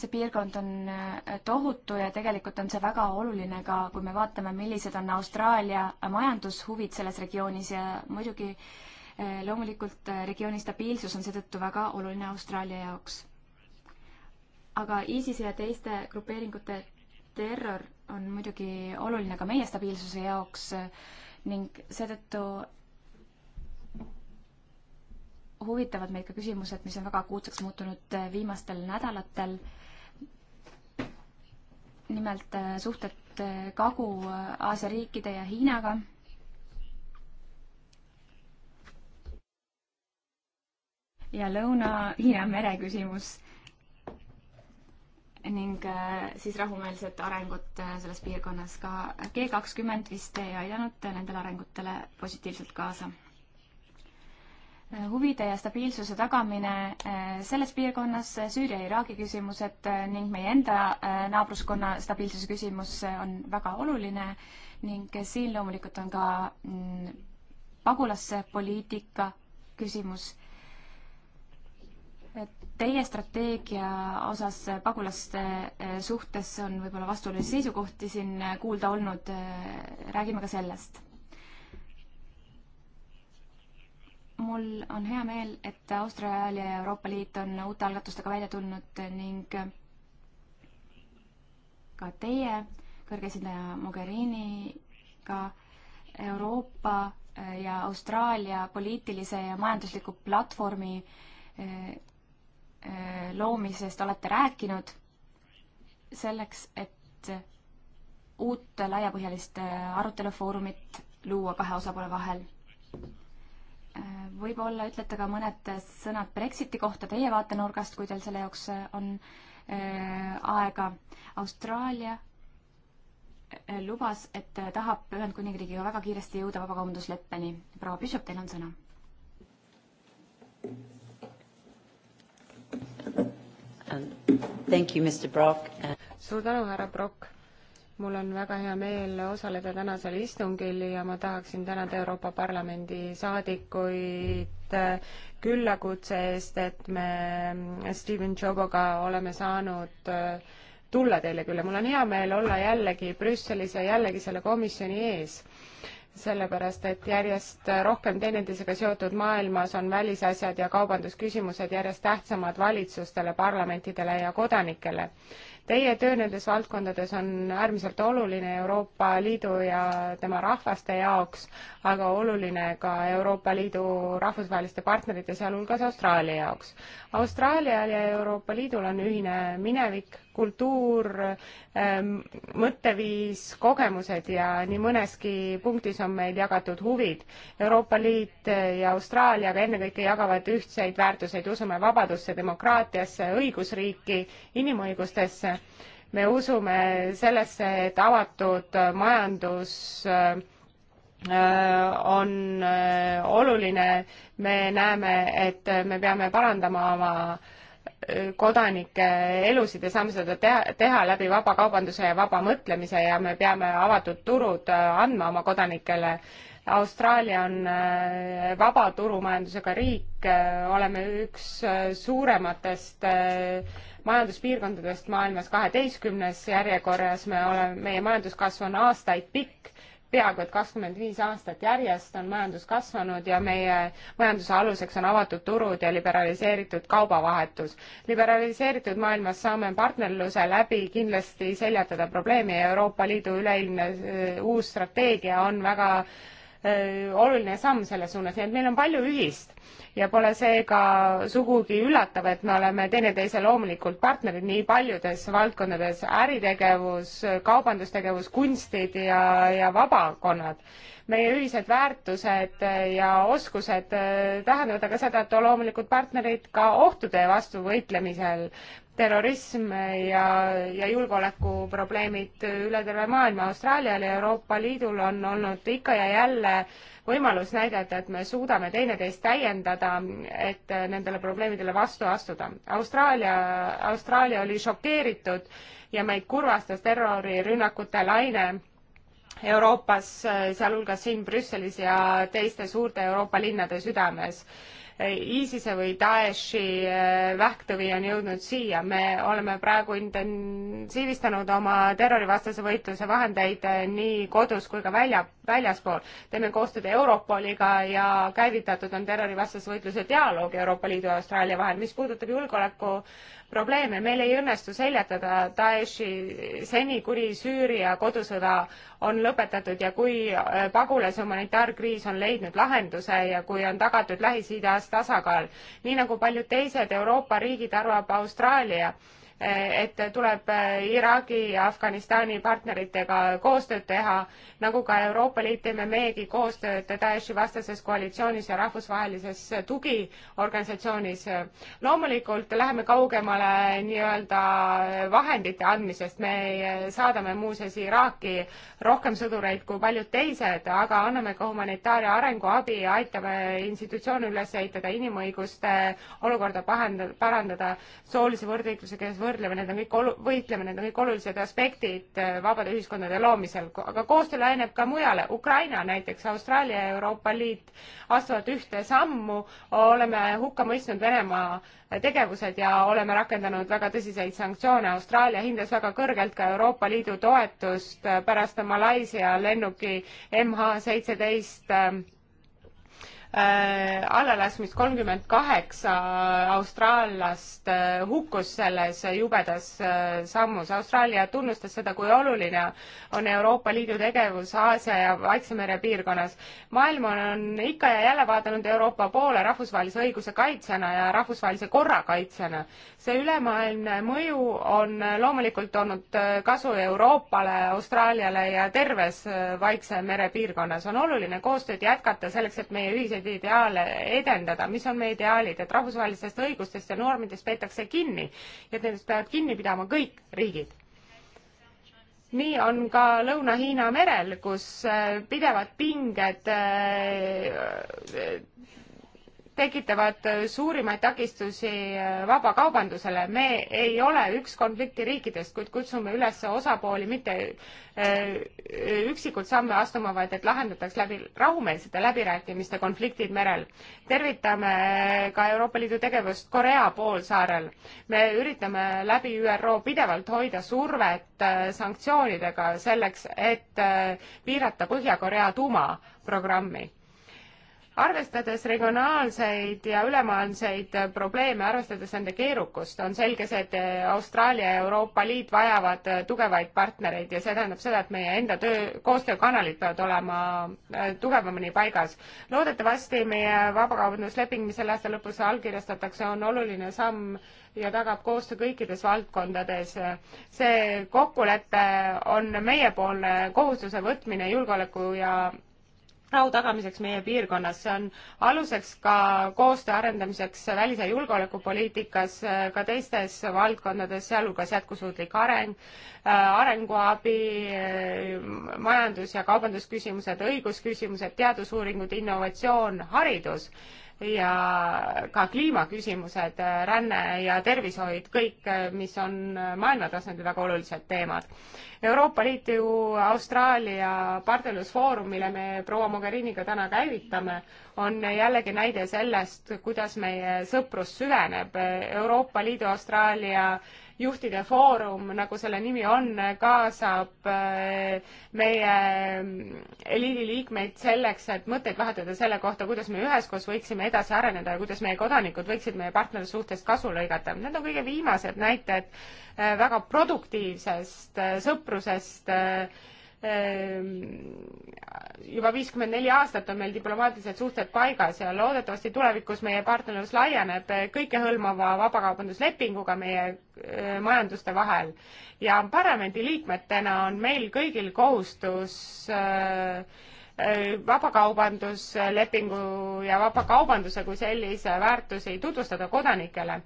see piirkond on äh, tohutu ja tegelikult on see väga oluline ka, kui me vaatame, millised on Austraalia majandushuvid selles regioonis ja muidugi äh, loomulikult äh, regiooni stabiilsus on seetõttu väga oluline Austraalia jaoks. aga ISISe ja teiste grupeeringute terror on muidugi oluline ka meie stabiilsuse jaoks ning seetõttu huvitavad meid ka küsimused, mis on väga akuutseks muutunud viimastel nädalatel nimelt äh, suhted äh, Kagu-Aasia riikide ja Hiinaga. ja Lõuna-Hiina mere küsimus ning äh, siis rahumeelset arengut selles piirkonnas ka. G kakskümmend vist ei aidanud nendele arengutele positiivselt kaasa Äh, huvide ja stabiilsuse tagamine äh, selles piirkonnas, äh, Süüria ja Iraagi küsimused ning meie enda naabruskonna stabiilsuse küsimus on väga oluline ning siin loomulikult on ka mm, pagulaspoliitika küsimus. Teie strateegia osas pagulaste suhtes on võib-olla vastuolulisi seisukohti siin kuulda olnud, räägime ka sellest mul on hea meel, et Austraalia ja Euroopa Liit on uute algatustega välja tulnud ning ka teie, kõrge esindaja Mogheriniga, Euroopa äh, ja Austraalia poliitilise ja majandusliku platvormi äh, äh, loomisest olete rääkinud selleks, et uut laiapõhjalist arutelufoorumit luua kahe osapoole vahel võib-olla ütlete ka mõned sõnad Brexiti kohta teie vaatenurgast, kui teil selle jaoks äh, on äh, aega. Austraalia äh, lubas, et tahab Ühendkuningriigiga väga kiiresti jõuda vabakaubandusleppeni. proua Bishop, teil on sõna. suur tänu, härra Brock mul on väga hea meel osaleda tänasel istungil ja ma tahaksin tänada Euroopa Parlamendi saadikuid äh, küllakutse eest, et me Steven Joboga oleme saanud äh, tulla teile külla. mul on hea meel olla jällegi Brüsselis ja jällegi selle komisjoni ees sellepärast, et järjest rohkem teineteisega seotud maailmas on välisasjad ja kaubandusküsimused järjest tähtsamad valitsustele, parlamentidele ja kodanikele. Teie töö nendes valdkondades on äärmiselt oluline Euroopa Liidu ja tema rahvaste jaoks, aga oluline ka Euroopa Liidu rahvusvaheliste partnerite, sealhulgas Austraalia jaoks. Austraalial ja Euroopa Liidul on ühine minevik, kultuur, ähm, mõtteviis, kogemused ja nii mõneski punktis on meil jagatud huvid. Euroopa Liit ja Austraalia aga ennekõike jagavad ühtseid väärtuseid, usume vabadusse, demokraatiasse, õigusriiki, inimõigustesse. me usume sellesse, et avatud majandus äh, on äh, oluline, me näeme, et me peame parandama oma kodanike elusid ja saame seda teha, teha läbi vaba kaubanduse ja vaba mõtlemise ja me peame avatud turud äh, andma oma kodanikele. Austraalia on äh, vaba turumajandusega riik, äh, oleme üks suurematest majanduspiirkondadest maailmas kaheteistkümnes järjekorras, me oleme, meie majanduskasv on aastaid pikk peaaegu et kakskümmend viis aastat järjest on majandus kasvanud ja meie majanduse aluseks on avatud turud ja liberaliseeritud kaubavahetus. liberaliseeritud maailmas saame partnerluse läbi kindlasti seljatada probleemi ja Euroopa Liidu üleilmne uus strateegia on väga öö, oluline samm selles suunas, nii et meil on palju ühist ja pole seega sugugi üllatav, et me oleme teineteise loomulikult partnerid nii paljudes valdkondades, äritegevus, kaubandustegevus, kunstid ja, ja vabakonnad. meie ühised väärtused ja oskused eh, tähendavad aga seda, et loomulikult partnerid ka ohtude vastu võitlemisel, terrorism ja, ja julgeolekuprobleemid üle terve maailma. Austraalial ja Euroopa Liidul on olnud ikka ja jälle võimalus näidata, et me suudame teineteist täiendada, et äh, nendele probleemidele vastu astuda. Austraalia, Austraalia oli šokeeritud ja meid kurvastas terrorirünnakute laine Euroopas, äh, sealhulgas siin Brüsselis ja teiste suurte Euroopa linnade südames ISISe või Daeshi äh, vähktõvi on jõudnud siia. me oleme praegu intensiivistanud oma terrorivastase võitluse vahendeid äh, nii kodus kui ka välja, väljaspool. teeme koostööd Europoliga ja käivitatud on terrorivastase võitluse dialoog Euroopa Liidu ja Austraalia vahel. mis puudutab julgeoleku probleeme, meil ei õnnestu seljatada Daeshi seni, kuni Süüria kodusõda on lõpetatud ja kui äh, pagulase humanitaarkriis on leidnud lahenduse ja kui on tagatud Lähis-Idas tasakaal. nii nagu paljud teised Euroopa riigid, arvab Austraalia, et tuleb äh, Iraagi ja Afganistani partneritega koostööd teha, nagu ka Euroopa Liit teeme meiegi koostööd Daeshi vastases koalitsioonis ja rahvusvahelises tugiorganisatsioonis. loomulikult läheme kaugemale nii-öelda vahendite andmisest, me äh, saadame muuseas Iraaki rohkem sõdureid kui paljud teised, aga anname ka humanitaar- ja arenguabi ja aitame institutsioone üles ehitada, inimõiguste olukorda pahendada, parandada, soolise võrdõiguslikkuse võrdleme, need on kõik olu-, võitleme, need on kõik olulised aspektid äh, vabade ühiskondade loomisel, aga koostöö laieneb ka mujale, Ukraina näiteks, Austraalia ja Euroopa Liit astuvad ühte sammu, oleme hukka mõistnud Venemaa äh, tegevused ja oleme rakendanud väga tõsiseid sanktsioone, Austraalia hindas väga kõrgelt ka Euroopa Liidu toetust äh, pärast Malaisia lennuki MH seitseteist äh, allalaskmist kolmkümmend kaheksa austraallast äh, hukkus selles jubedas äh, sammus. Austraalia tunnustas seda, kui oluline on Euroopa Liidu tegevus Aasia ja Vaikse mere piirkonnas. maailm on ikka ja jälle vaadanud Euroopa poole rahvusvahelise õiguse kaitsjana ja rahvusvahelise korra kaitsjana. see ülemaailmne mõju on äh, loomulikult olnud äh, kasu Euroopale, Austraaliale ja terves äh, Vaikse mere piirkonnas. on oluline koostööd jätkata selleks, et meie ühiseid neid ideaale edendada, mis on meie ideaalid, et rahvusvahelistest õigustest ja normidest peetakse kinni ja et nendest peavad kinni pidama kõik riigid nii on ka Lõuna-Hiina merel, kus äh, pidevad pinged äh, tekitavad suurimaid takistusi äh, vabakaubandusele. me ei ole üks konflikti riikidest, kuid kutsume üles osapooli mitte äh, üksikult samme astuma, vaid et lahendataks läbi rahumeelsete läbirääkimiste konfliktid merel. tervitame äh, ka Euroopa Liidu tegevust Korea poolsaarel. me üritame läbi ÜRO pidevalt hoida survet sanktsioonidega selleks, et piirata Põhja-Korea tuumaprogrammi arvestades regionaalseid ja ülemaailmseid probleeme, arvestades nende keerukust, on selge see, et Austraalia ja Euroopa Liit vajavad tugevaid partnereid ja see tähendab seda, et meie enda töö, koostöökanalid peavad olema äh, tugevamini paigas. loodetavasti meie vabakaubandusleping, mis selle aasta lõpus allkirjastatakse, on oluline samm ja tagab koostöö kõikides valdkondades. see kokkulepe on meiepoolne kohustuse võtmine julgeoleku ja rahu tagamiseks meie piirkonnas, see on aluseks ka koostöö arendamiseks välis- ja julgeolekupoliitikas, äh, ka teistes valdkondades, sealhulgas jätkusuutlik areng, äh, arenguabi, äh, majandus- ja kaubandusküsimused, õigusküsimused, teadusuuringud, innovatsioon, haridus ja ka kliimaküsimused, ränne ja tervishoid, kõik, mis on maailma tasandil väga olulised teemad. Euroopa Liidu Austraalia partnerlusfoorum, mille me proua Mogheriniga täna käivitame, on jällegi näide sellest, kuidas meie sõprus süveneb. Euroopa Liidu, Austraalia juhtide foorum, nagu selle nimi on, kaasab äh, meie mm, eliidi liikmeid selleks, et mõtteid vahetada selle kohta, kuidas me üheskoos võiksime edasi areneda ja kuidas meie kodanikud võiksid meie partnerlussuhtest kasu lõigata. Need on kõige viimased näited äh, väga produktiivsest äh, sõprusest Ehm, juba viiskümmend neli aastat on meil diplomaatilised suhted paigas ja loodetavasti tulevikus meie partnerlus laieneb eh, kõikehõlmava vabakaubanduslepinguga meie eh, majanduste vahel. ja parlamendi liikmetena on meil kõigil kohustus eh, vabakaubanduslepingu ja vabakaubanduse kui sellise väärtusi tutvustada kodanikele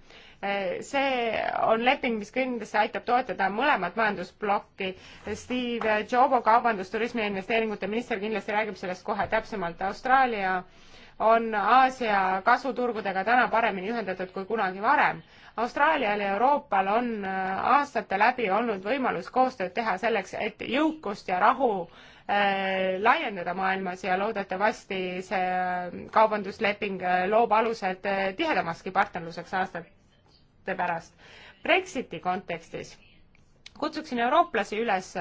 see on leping, mis kindlasti aitab toetada mõlemat majandusplokki. Steve Jobo, kaubandus, turismi ja investeeringute minister kindlasti räägib sellest kohe täpsemalt. Austraalia on Aasia kasvuturgudega täna paremini ühendatud kui kunagi varem. Austraalial ja Euroopal on äh, aastate läbi olnud võimalus koostööd teha selleks, et jõukust ja rahu äh, laiendada maailmas ja loodetavasti see äh, kaubandusleping äh, loob alused tihedamaski partnerluseks aastat argumentide pärast. Brexiti kontekstis kutsuksin eurooplasi üles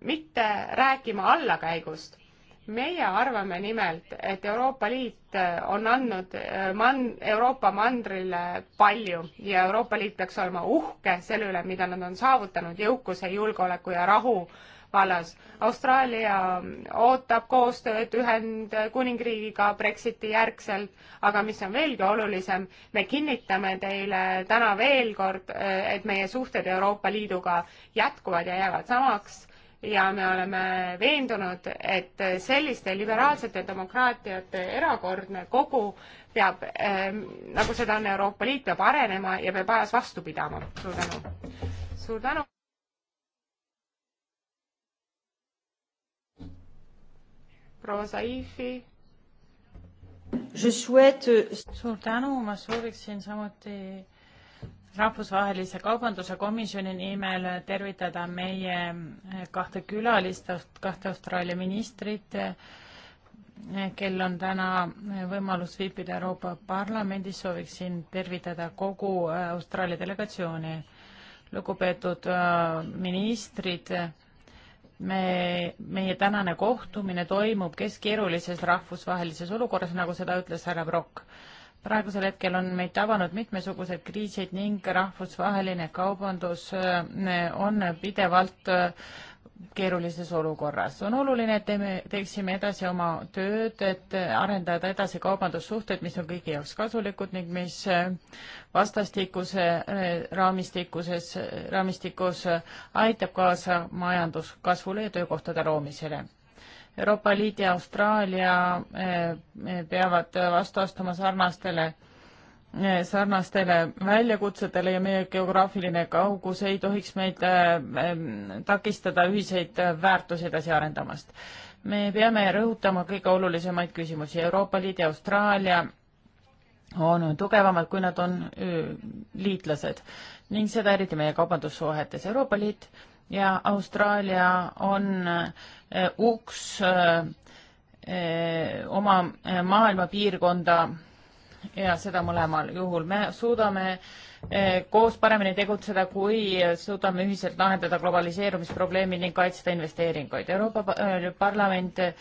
mitte rääkima allakäigust. meie arvame nimelt, et Euroopa Liit on andnud äh, man-, Euroopa mandrile palju ja Euroopa Liit peaks olema uhke selle üle, mida nad on saavutanud jõukuse, julgeoleku ja rahu äh, vallas. Austraalia ähm, ootab koostööd Ühendkuningriigiga Brexiti järgselt, aga mis on veelgi olulisem, me kinnitame teile täna veel kord, äh, et meie suhted Euroopa Liiduga jätkuvad ja jäävad samaks ja me oleme veendunud, et selliste liberaalsete demokraatiate erakordne kogu peab äh,, nagu seda on Euroopa Liit, peab arenema ja peab ajas vastu pidama. suur tänu! suur tänu! proua Saifi. suur tänu, ma sooviksin samuti rahvusvahelise kaubanduse komisjoni nimel tervitada meie kahte külalist, kahte Austraalia ministrit, kel on täna võimalus viibida Euroopa Parlamendis, sooviksin tervitada kogu Austraalia delegatsiooni. lugupeetud ministrid me, meie tänane kohtumine toimub keskkeerulises rahvusvahelises olukorras, nagu seda ütles härra Brock. praegusel hetkel on meid tabanud mitmesugused kriisid ning rahvusvaheline kaubandus äh, on pidevalt äh, keerulises olukorras. on oluline, et teeme, teeksime edasi oma tööd, et arendada edasi kaubandussuhted, mis on kõigi jaoks kasulikud ning mis äh, vastastikuse äh, raamistikuses, äh, raamistikus aitab kaasa majanduskasvule ja töökohtade loomisele. Euroopa Liit ja Austraalia peavad vastu astuma sarnastele sarnastele väljakutsetele ja meie geograafiline kaugus ei tohiks meid ähm, takistada ühiseid väärtusi edasi arendamast. me peame rõhutama kõige olulisemaid küsimusi. Euroopa Liit ja Austraalia on tugevamad, kui nad on liitlased ning seda eriti meie kaubandussuhetes. Euroopa Liit ja Austraalia on uks oma maailmapiirkonda ja seda mõlemal juhul. me suudame eh, koos paremini tegutseda, kui suudame ühiselt lahendada globaliseerumisprobleemi ning kaitsta investeeringuid. Euroopa eh, Parlament eh,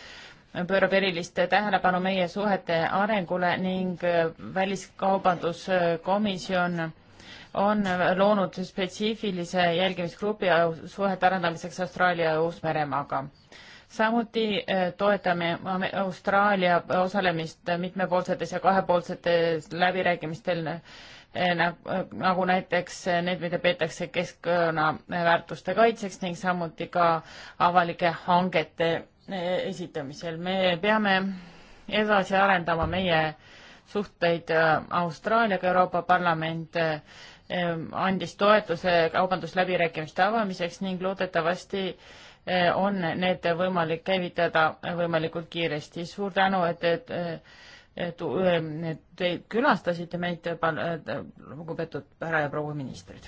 pöörab erilist tähelepanu meie suhete arengule ning Väliskaubanduskomisjon on loonud spetsiifilise jälgimisgrupi suhete arendamiseks Austraalia ja Uus-Meremaaga samuti eh, toetame Austraalia osalemist mitmepoolsetes ja kahepoolsetes läbirääkimistel eh, nagu näiteks need, mida peetakse keskkonnaväärtuste eh, kaitseks ning samuti ka avalike hangete esitamisel. me peame edasi arendama meie suhteid Austraaliaga, Euroopa Parlament andis toetuse kaubandusläbirääkimiste avamiseks ning loodetavasti äh, Eh, on need võimalik käivitada võimalikult kiiresti. suur tänu, et, et te külastasite meid, lugupeetud härra ja proua ministrid.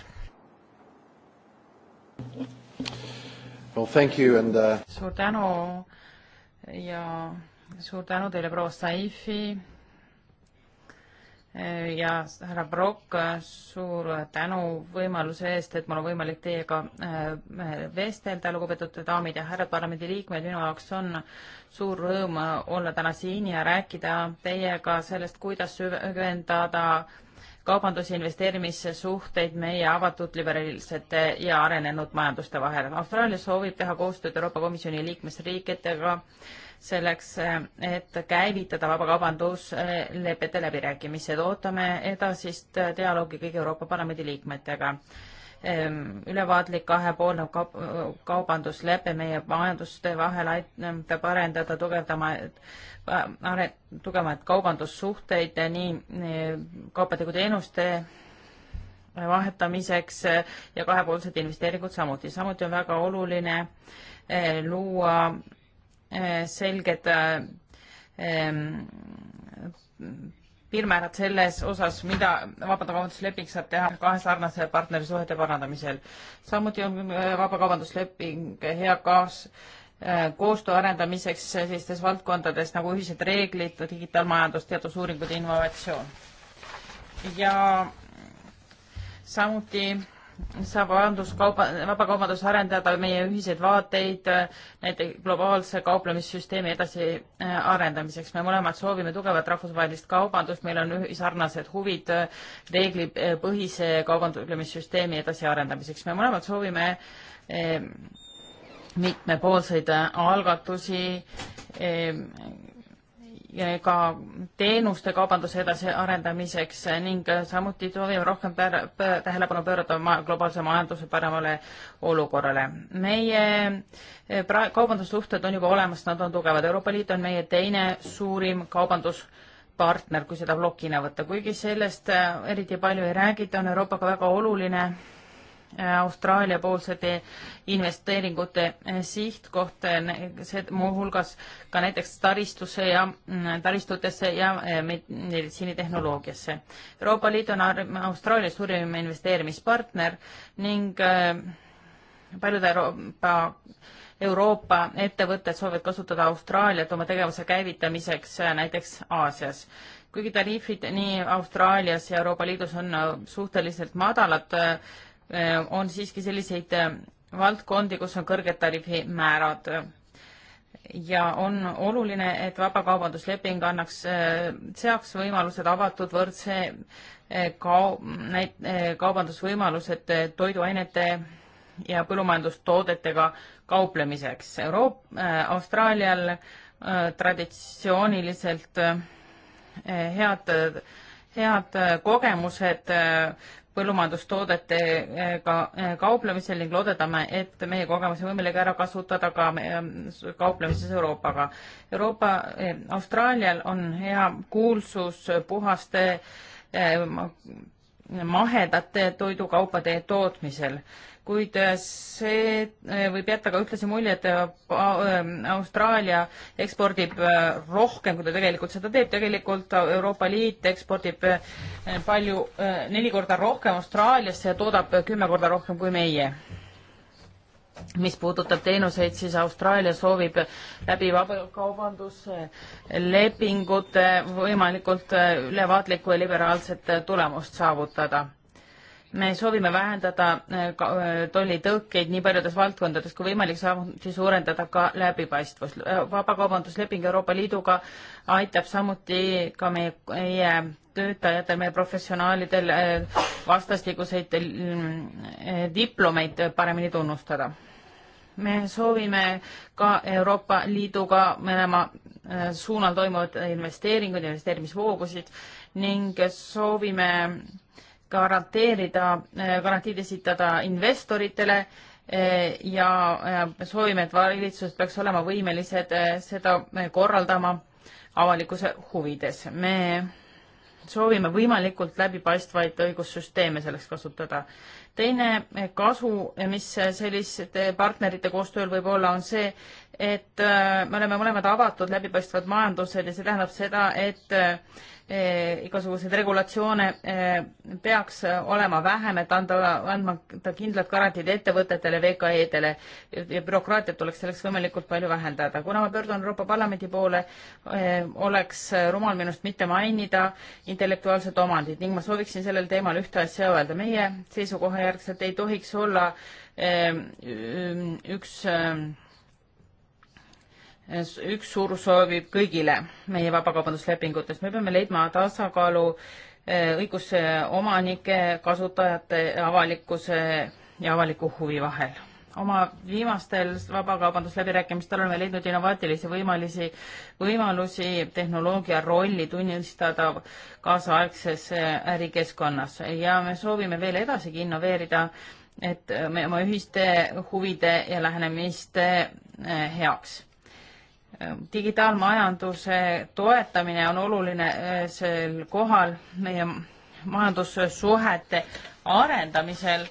Well, thank you and uh... suur tänu ja suur tänu teile, proua Saifi ja härra Brock, suur tänu võimaluse eest, et mul on võimalik teiega äh, vestelda, lugupeetud daamid ja härrad parlamendiliikmed, minu jaoks on suur rõõm olla täna siin ja rääkida teiega sellest, kuidas süvendada kaubandus- ja investeerimissuhteid meie avatud liberaalsete ja arenenud majanduste vahel. Austraalia soovib teha koostööd Euroopa Komisjoni liikmesriikidega selleks, et käivitada vabakaubanduslepete läbirääkimised. ootame edasist dialoogi kõigi Euroopa Parlamendi liikmetega ülevaatlik kahepoolne kaubanduslepe meie majanduste vahel aitab arendada tugevdama, äh, tugevaid kaubandussuhteid nii eh, kaupade kui teenuste vahetamiseks eh, ja kahepoolsed investeeringud samuti. samuti on väga oluline eh, luua selged piirmäärad selles osas, mida vabakaubandusleping saab teha kahe sarnase partneri suhete parandamisel. samuti on äh, vabakaubandusleping hea kaas äh, koostöö arendamiseks sellistes valdkondades nagu ühised reeglid, digitaalmajandus, teadusuuringud ja innovatsioon. ja samuti saab vabanduskauba, vabakaubandus arendada meie ühiseid vaateid näiteks globaalse kauplemissüsteemi edasiarendamiseks. Äh, me mõlemad soovime tugevat rahvusvahelist kaubandust, meil on sarnased huvid äh, reeglipõhise kaubanduslemissüsteemi edasiarendamiseks. me mõlemad soovime äh, mitmepoolseid algatusi ka teenuste kaubanduse edasiarendamiseks ning samuti soovime rohkem tähelepanu pöörata ma globaalse majanduse paremale olukorrale. meie eh, pra-, kaubandussuhted on juba olemas, nad on tugevad. Euroopa Liit on meie teine suurim kaubanduspartner, kui seda plokina võtta. kuigi sellest eh, eriti palju ei räägita, on Euroopaga väga oluline Austraalia poolsete investeeringute sihtkoht, see muuhulgas ka näiteks taristusse ja mm, taristutesse ja eh, meditsiinitehnoloogiasse. Euroopa Liit on Austraalia suurim investeerimispartner ning eh, paljud Euroopa Euroopa ettevõtted soovivad kasutada Austraaliat oma tegevuse käivitamiseks eh, näiteks Aasias kuigi tariifid nii Austraalias ja Euroopa Liidus on suhteliselt madalad, Äh, on siiski selliseid äh, valdkondi, kus on kõrged tariifimäärad. ja on oluline, et vabakaubandusleping annaks, äh, seaks võimalused avatud võrdse kau-, näit-, kaubandusvõimalused toiduainete ja põllumajandustoodetega kauplemiseks. Euroop-, Austraalial traditsiooniliselt head, head kogemused põllumajandustoodetega eh, ka, eh, kauplemisel ning loodetame, et meie kogemusi võimalik ära kasutada ka eh, kauplemises Euroopaga. Euroopa, Austraalial on hea kuulsus puhaste mahedate toidukaupade tootmisel kuid äh, see äh, võib jätta ka ühtlasi mulje, et äh, ähm, Austraalia ekspordib rohkem, kui ta tegelikult seda teeb, tegelikult Euroopa Liit ekspordib palju, neli korda rohkem Austraaliasse ja toodab kümme korda rohkem kui meie mis puudutab teenuseid, siis Austraalia soovib läbi vabakaubanduslepingute võimalikult ülevaatlikku ja liberaalset tulemust saavutada me soovime vähendada äh, äh, tollitõukeid nii paljudes valdkondades kui võimalik, samuti suurendada ka läbipaistvust. Äh, vabakaubandusleping Euroopa Liiduga aitab samuti ka meie, meie töötajatel, meie professionaalidel vastastikuseid diplomeid paremini tunnustada. me soovime ka Euroopa Liiduga mõlema suunal toimuvaid investeeringuid, investeerimisvoogusid ning soovime garanteerida, äh, garantiid esitada investoritele äh, ja äh, soovime, et valitsused peaks olema võimelised seda korraldama avalikkuse huvides. me soovime võimalikult läbipaistvaid õigussüsteeme selleks kasutada. teine kasu, mis selliste partnerite koostööl võib olla, on see, et äh, me oleme mõlemad avatud läbipaistvad majandused ja see tähendab seda, et äh, igasuguseid regulatsioone äh, peaks olema vähem, et anda, andma kindlad garantiid ettevõtetele, VKE-dele ja bürokraatiat tuleks selleks võimalikult palju vähendada. kuna ma pöördun Euroopa Parlamendi poole, oleks rumal minust mitte mainida intellektuaalset omandit ning ma sooviksin sellel teemal ühte asja öelda. meie seisukoha järgselt ei tohiks olla üks üks suurus soovib kõigile meie vabakaubanduslepingutest. me peame leidma tasakaalu eh, õiguse omanike, kasutajate, avalikkuse ja avaliku huvi vahel. oma viimastel vabakaubandusläbirääkimistel oleme leidnud innovaatilisi võimalusi, võimalusi tehnoloogia rolli tunnistada kaasaegses eh, ärikeskkonnas ja me soovime veel edasigi innoveerida et me oma ühiste huvide ja lähenemiste eh, heaks. Ehm, digitaalmajanduse toetamine on oluline eh, sel kohal meie majandussuhete arendamisel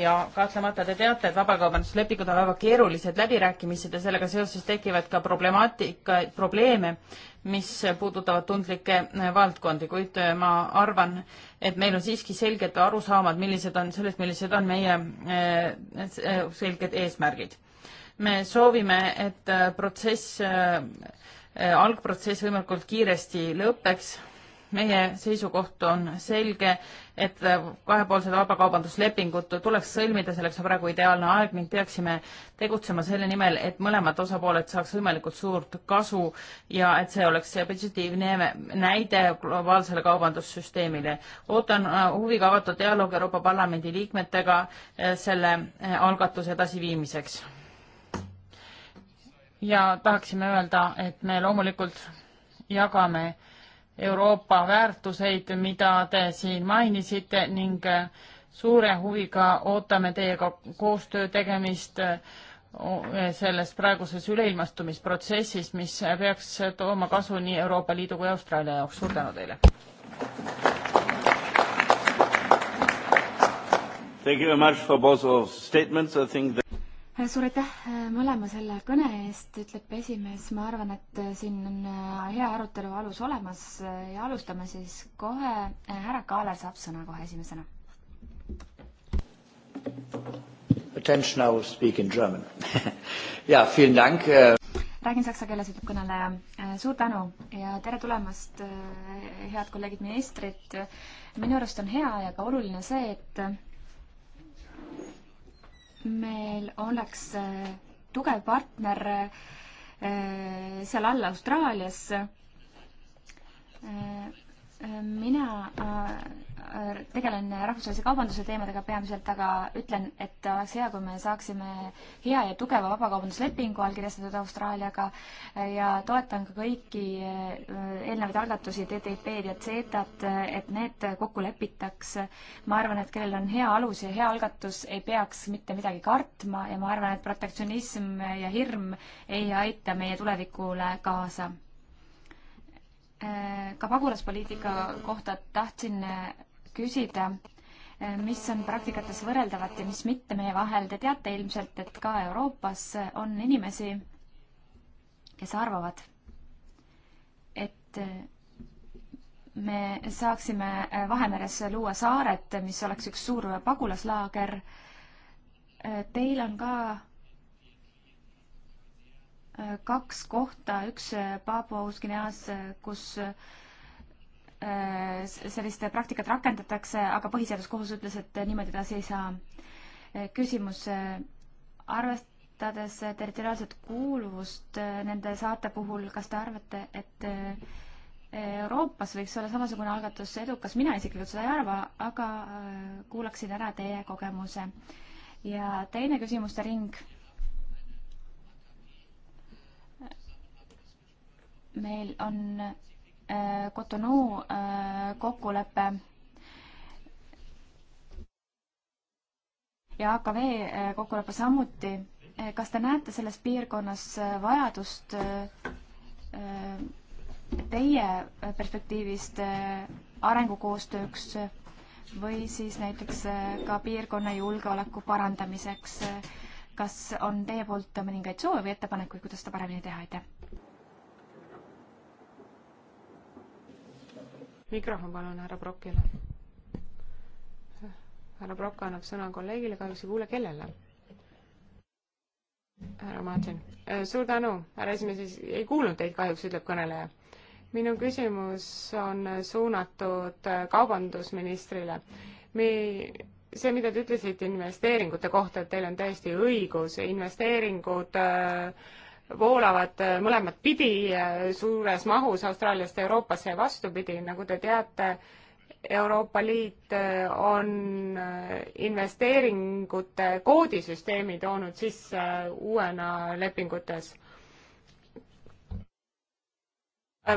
ja kahtlemata te teate, et vabakaubanduslepingud on väga keerulised läbirääkimised ja sellega seoses tekivad ka problemaatika, probleeme, mis puudutavad tundlikke eh, valdkondi, kuid eh, ma arvan, et meil on siiski selged arusaamad, millised on sellest, millised on meie selged eesmärgid me soovime, et äh, protsess, äh, äh, algprotsess võimalikult kiiresti lõpeks. meie seisukoht on selge, et kahepoolsed vabakaubanduslepingud tuleks sõlmida, selleks on praegu ideaalne aeg ning peaksime tegutsema selle nimel, et mõlemad osapooled saaks võimalikult suurt kasu ja et see oleks positiivne näide globaalsele kaubandussüsteemile. ootan huviga avatud dialoogi Euroopa Parlamendi liikmetega selle algatuse edasiviimiseks ja tahaksime öelda, et me loomulikult jagame Euroopa väärtuseid, mida te siin mainisite ning suure huviga ootame teiega koostöö tegemist selles praeguses üleilmastumisprotsessis, mis peaks tooma kasu nii Euroopa Liidu kui Austraalia jaoks. suur tänu teile! Thank you very much for both of statements. I think that suur aitäh äh, mõlema selle kõne eest, ütleb esimees, ma arvan, et äh, siin on äh, hea arutelu alus olemas ja alustame siis kohe, härra Kaaler saab sõna kohe esimesena. Attention, I will speak in German jaa, vielen dank. räägin saksa keeles, ütleb kõneleja. suur tänu ja tere tulemast, head kolleegid ministrid. minu arust on hea ja ka oluline see, et meil oleks äh, tugev partner äh, seal all Austraalias äh, mina äh, tegelen rahvusvahelise kaubanduse teemadega peamiselt, aga ütlen, et oleks hea, kui me saaksime hea ja tugeva vabakaubanduslepingu allkirjastatud Austraaliaga ja toetan ka kõiki äh, eelnevaid algatusi, TTIP-d ja CETA-t, et need kokku lepitaks. ma arvan, et kellel on hea alus ja hea algatus, ei peaks mitte midagi kartma ja ma arvan, et protektsionism ja hirm ei aita meie tulevikule kaasa Äh, ka pagulaspoliitika kohta tahtsin äh, küsida, äh, mis on praktikates võrreldavat ja mis mitte meie vahel. Te teate ilmselt, et ka Euroopas on inimesi, kes arvavad, et me saaksime Vahemeres luua saaret, mis oleks üks suur pagulaslaager. Teil on ka kaks kohta, üks äh, Paapua-Uus-Guineas, äh, kus äh, sellist praktikat rakendatakse, aga põhiseaduskohus ütles, et niimoodi edasi ei saa. küsimus, arvestades territoriaalset kuuluvust nende saarte puhul, kas te arvate, et Euroopas võiks olla samasugune algatus edukas, mina isiklikult seda ei arva, aga kuulaksin ära teie kogemuse. ja teine küsimuste ring meil on äh, Cotonou äh, kokkulepe ja AKV äh, kokkulepe samuti. kas te näete selles piirkonnas vajadust teie perspektiivist arengukoostööks või siis näiteks ka piirkonna julgeoleku parandamiseks? kas on teie poolt mõningaid soove või ettepanekuid, kuidas seda paremini teha, aitäh? mikrofon palun härra Brokile. härra Brok annab sõna kolleegile, kahjuks ei kuule, kellele. härra Martin, suur tänu, härra esimees, ei kuulnud teid kahjuks, ütleb kõneleja. minu küsimus on suunatud kaubandusministrile. me see, mida te ütlesite investeeringute kohta, et teil on täiesti õigus, investeeringud äh, voolavad äh, mõlemat pidi äh, suures mahus Austraaliast Euroopasse ja vastupidi, nagu te teate, Euroopa Liit äh, on investeeringute koodisüsteemi toonud sisse uuena lepingutes.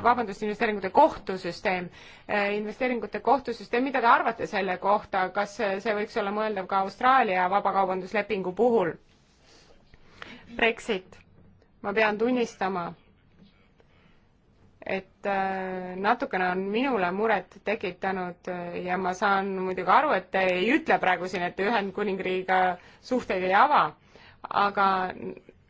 vabandust, investeeringute kohtusüsteem, investeeringute kohtusüsteem, mida te arvate selle kohta, kas see võiks olla mõeldav ka Austraalia vabakaubanduslepingu puhul? Brexit ma pean tunnistama, et äh, natukene on minule muret tekitanud äh, ja ma saan muidugi aru, et te ei ütle praegu siin, et te Ühendkuningriigiga suhteid ei ava, aga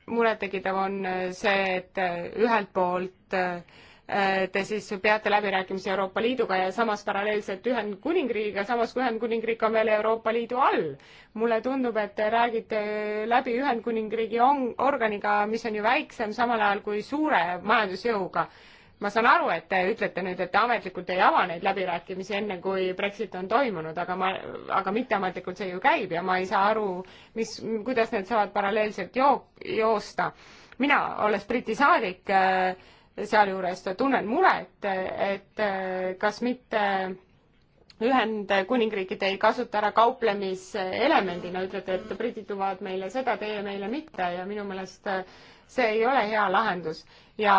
murettekitav on äh, see, et ühelt poolt äh, Äh, te siis peate läbirääkimisi Euroopa Liiduga ja samas paralleelselt Ühendkuningriigiga, samas kui Ühendkuningriik on veel Euroopa Liidu all. mulle tundub, et te räägite läbi Ühendkuningriigi on-, organiga, mis on ju väiksem, samal ajal kui suure majandusjõuga. ma saan aru, et te ütlete nüüd, et te ametlikult ei ava neid läbirääkimisi enne, kui Brexit on toimunud, aga ma, aga mitteametlikult see ju käib ja ma ei saa aru, mis, kuidas need saavad paralleelselt joo-, joosta. mina, olles Briti saadik äh,, sealjuures tunnen muret, et kas mitte Ühendkuningriigid ei kasuta ära kauplemiselemendina, ütlete, et britid luvad meile seda, teie meile mitte ja minu meelest see ei ole hea lahendus. ja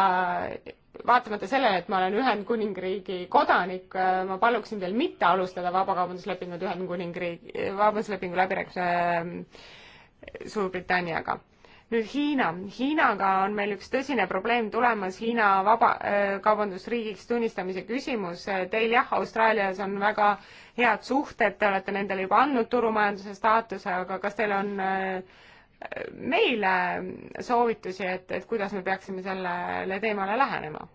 vaatamata sellele, et ma olen Ühendkuningriigi kodanik, ma paluksin teil mitte alustada vabakaubanduslepingut Ühendkuningriigi, vabanduslepingu läbirääkimise äh, Suurbritanniaga nüüd Hiina. Hiinaga on meil üks tõsine probleem tulemas, Hiina vaba äh,, kaubandusriigiks tunnistamise küsimus. Äh, teil jah, Austraalias on väga head suhted, te olete nendele juba andnud turumajanduse staatuse, aga kas teil on äh, meile soovitusi, et, et kuidas me peaksime sellele teemale lähenema?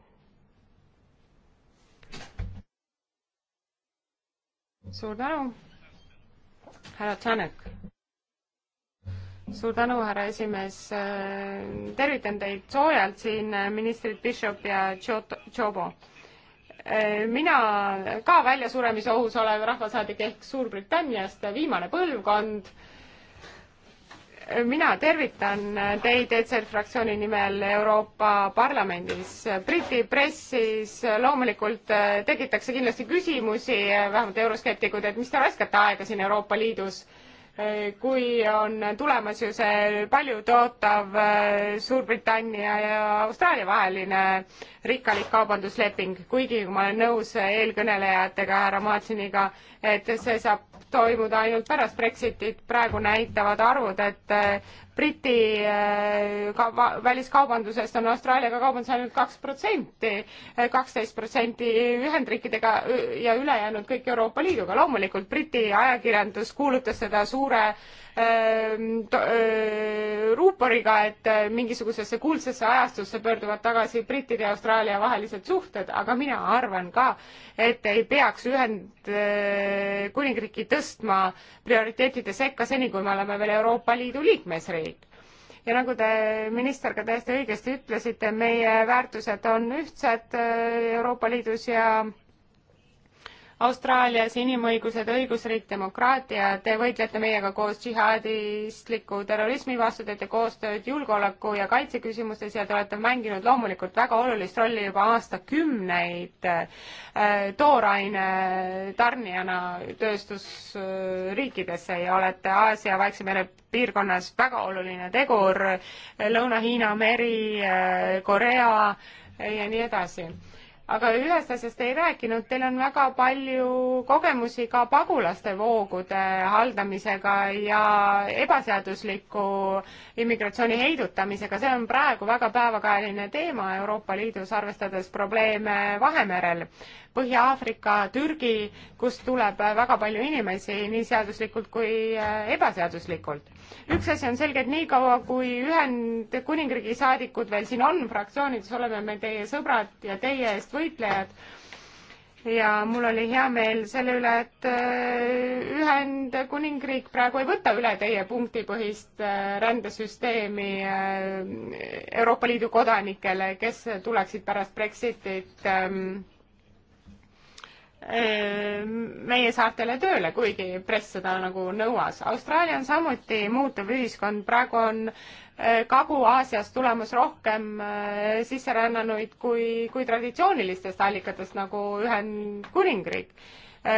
suur tänu, härra Tšanek suur tänu, härra esimees. Äh, tervitan teid soojalt siin, äh, ministrid Bishop ja Tšobo. Äh, mina ka väljasuremise ohus olev rahvasaadik ehk Suurbritanniast, viimane põlvkond. mina tervitan teid ETSR fraktsiooni nimel Euroopa Parlamendis. Briti pressis loomulikult tekitakse kindlasti küsimusi, vähemalt euroskeptikud, et mis te raiskate aega siin Euroopa Liidus Eh, kui on tulemas ju see paljutootav eh, Suurbritannia ja Austraalia vaheline rikkalik kaubandusleping, kuigi ma olen nõus eelkõnelejatega, härra Madsiniga, et see saab toimuda ainult pärast Brexitit, praegu näitavad arvud, et eh, Briti äh, kauba, väliskaubandusest on Austraaliaga kaubandus ainult kaks protsenti, äh, kaksteist protsenti Ühendriikidega ja ülejäänud kõik Euroopa Liiduga. loomulikult Briti ajakirjandus kuulutas seda suure äh, Ehm, ehm, ruuporiga, et eh, mingisugusesse kuldsesse ajastusse pöörduvad tagasi brittide ja Austraalia vahelised suhted, aga mina arvan ka, et ei peaks Ühendkuningriiki eh, tõstma prioriteetide sekka seni, kui me oleme veel Euroopa Liidu liikmesriik ja nagu te, minister, ka täiesti õigesti ütlesite, meie väärtused on ühtsed eh, Euroopa Liidus ja Austraalias inimõigused, õigusriik, demokraatia, te võitlete meiega koos džihadistliku terrorismi vastu, teete koostööd julgeoleku ja kaitse küsimustes ja te olete mänginud loomulikult väga olulist rolli juba aastakümneid äh, tooraine tarnijana tööstusriikidesse ja olete Aasia Vaikse mere piirkonnas väga oluline tegur, Lõuna-Hiina meri, äh, Korea ja nii edasi aga ühest asjast ei rääkinud, teil on väga palju kogemusi ka pagulaste voogude haldamisega ja ebaseadusliku immigratsiooni heidutamisega, see on praegu väga päevakajaline teema Euroopa Liidus, arvestades probleeme Vahemerel. Põhja-Aafrika, Türgi, kust tuleb väga palju inimesi nii seaduslikult kui äh, ebaseaduslikult. üks asi on selge, et niikaua kui Ühendkuningriigi saadikud veel siin on fraktsioonides, oleme me teie sõbrad ja teie eest võitlejad. ja mul oli hea meel selle üle, et äh, Ühendkuningriik praegu ei võta üle teie punktipõhist äh, rändesüsteemi Euroopa Liidu kodanikele, kes tuleksid pärast Brexitit ähm, Ehm, meie saartele tööle, kuigi press seda nagu nõuas. Austraalia on samuti muutuv ühiskond, praegu on eh, Kagu-Aasiast tulemas rohkem eh, sisserännanuid kui, kui traditsioonilistest allikatest nagu Ühendkuningriik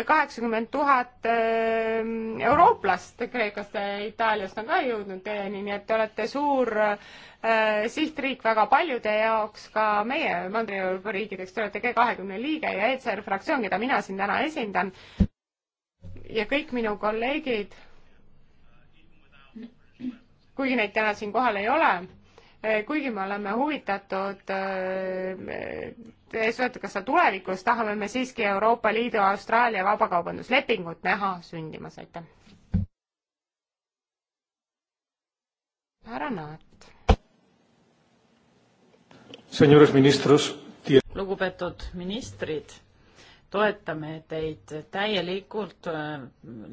kaheksakümmend tuhat ehm, eurooplast Kreekast ja Itaaliast on ka jõudnud teieni, nii et te olete suur äh, sihtriik väga paljude jaoks, ka meie Mandri-Euroopa riikideks, te olete G20 liige ja ECR fraktsioon, keda mina siin täna esindan, ja kõik minu kolleegid, kuigi neid täna siin kohal ei ole Eh, kuigi me oleme huvitatud eh, eh, suhetukassa tulevikus, tahame me siiski Euroopa Liidu Austraalia vabakaubanduslepingut näha sündimas, aitäh. härra Naat. lugupeetud ministrid toetame teid täielikult,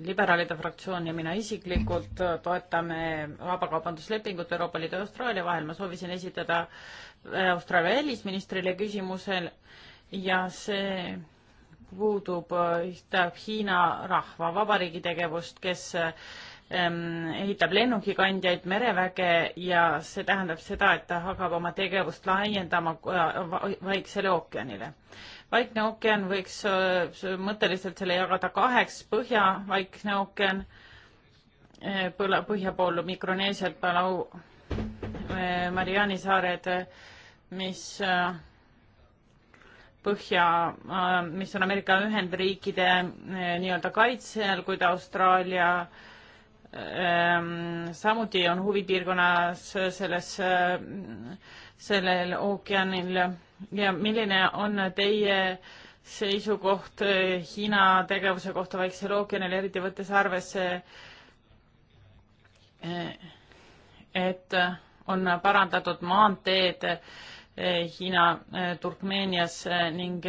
liberaalide fraktsioon ja mina isiklikult toetame vabakaubanduslepingut Euroopa Liidu ja Austraalia vahel. ma soovisin esitada äh, Austraalia välisministrile küsimusel ja see puudub, ütleb äh, Hiina Rahvavabariigi tegevust, kes ähm, ehitab lennukikandjaid, mereväge ja see tähendab seda, et ta hakkab oma tegevust laiendama äh, Vaiksele ookeanile. Vaikne ookean võiks äh, mõtteliselt selle jagada kaheks, põhja Vaikne ookean, äh, põhja pool Mikroneesiat, Palau, äh, Mariani saared, mis põhja, mis on Ameerika Ühendriikide nii-öelda kaitse all, kuid Austraalia ähm, samuti on huvipiirkonnas selles, sellel ookeanil ja milline on teie seisukoht äh, Hiina tegevuse kohta Vaiksel ookeanil, eriti võttes arvesse, äh, et on parandatud maanteed äh, Hiina, Turkmeenias ning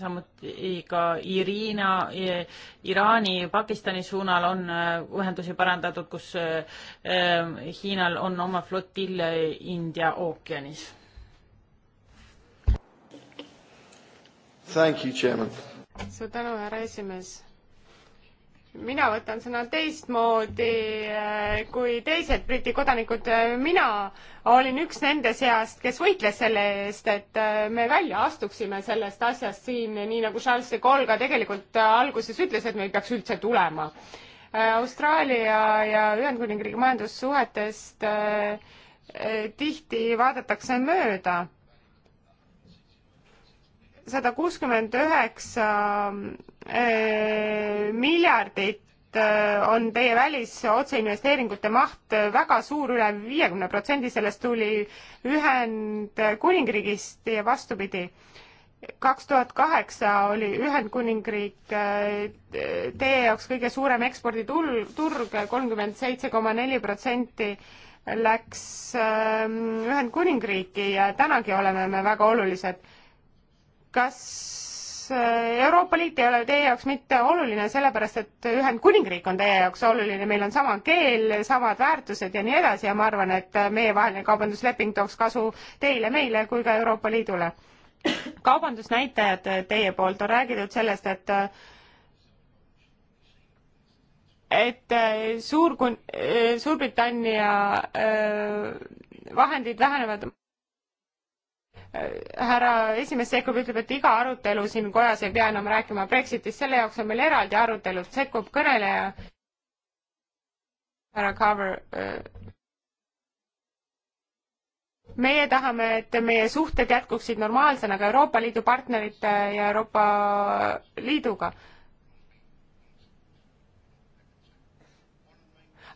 samuti ka Irina, Iraani, Pakistani suunal on ühendusi parandatud, kus Hiinal on oma flotill India ookeanis suur tänu, härra esimees. mina võtan sõna teistmoodi eh, kui teised Briti kodanikud. Eh, mina olin üks nende seast, kes võitles selle eest, et eh, me välja astuksime sellest asjast siin, nii nagu Charles de Gaulle ka tegelikult alguses ütles, et me ei peaks üldse tulema. Austraalia ja Ühendkuningriigi majandussuhetest tihti vaadatakse mööda sada kuuskümmend üheksa eh, miljardit eh, on teie välis otseinvesteeringute maht eh, väga suur üle, üle viiekümne protsendi sellest tuli Ühendkuningriigist ja vastupidi. kaks tuhat kaheksa oli Ühendkuningriik teie jaoks kõige suurem eksporditurg, turg kolmkümmend seitse koma neli protsenti läks Ühendkuningriiki ja tänagi oleme me väga olulised kas äh, Euroopa Liit ei ole teie jaoks mitte oluline sellepärast, et Ühendkuningriik on teie jaoks oluline, meil on sama keel, samad väärtused ja nii edasi ja ma arvan, et äh, meievaheline kaubandusleping tooks kasu teile, meile kui ka Euroopa Liidule. kaubandusnäitajad äh, teie poolt on räägitud sellest, et et Suur-, Suurbritannia vahendid vähenevad härra esimees sekkub, ütleb, et iga arutelu siin kojas ei pea enam rääkima Brexitist, selle jaoks on meil eraldi arutelud, sekkub kõneleja. härra Carver. Äh, meie tahame, et meie suhted jätkuksid normaalsena ka Euroopa Liidu partnerite ja Euroopa Liiduga.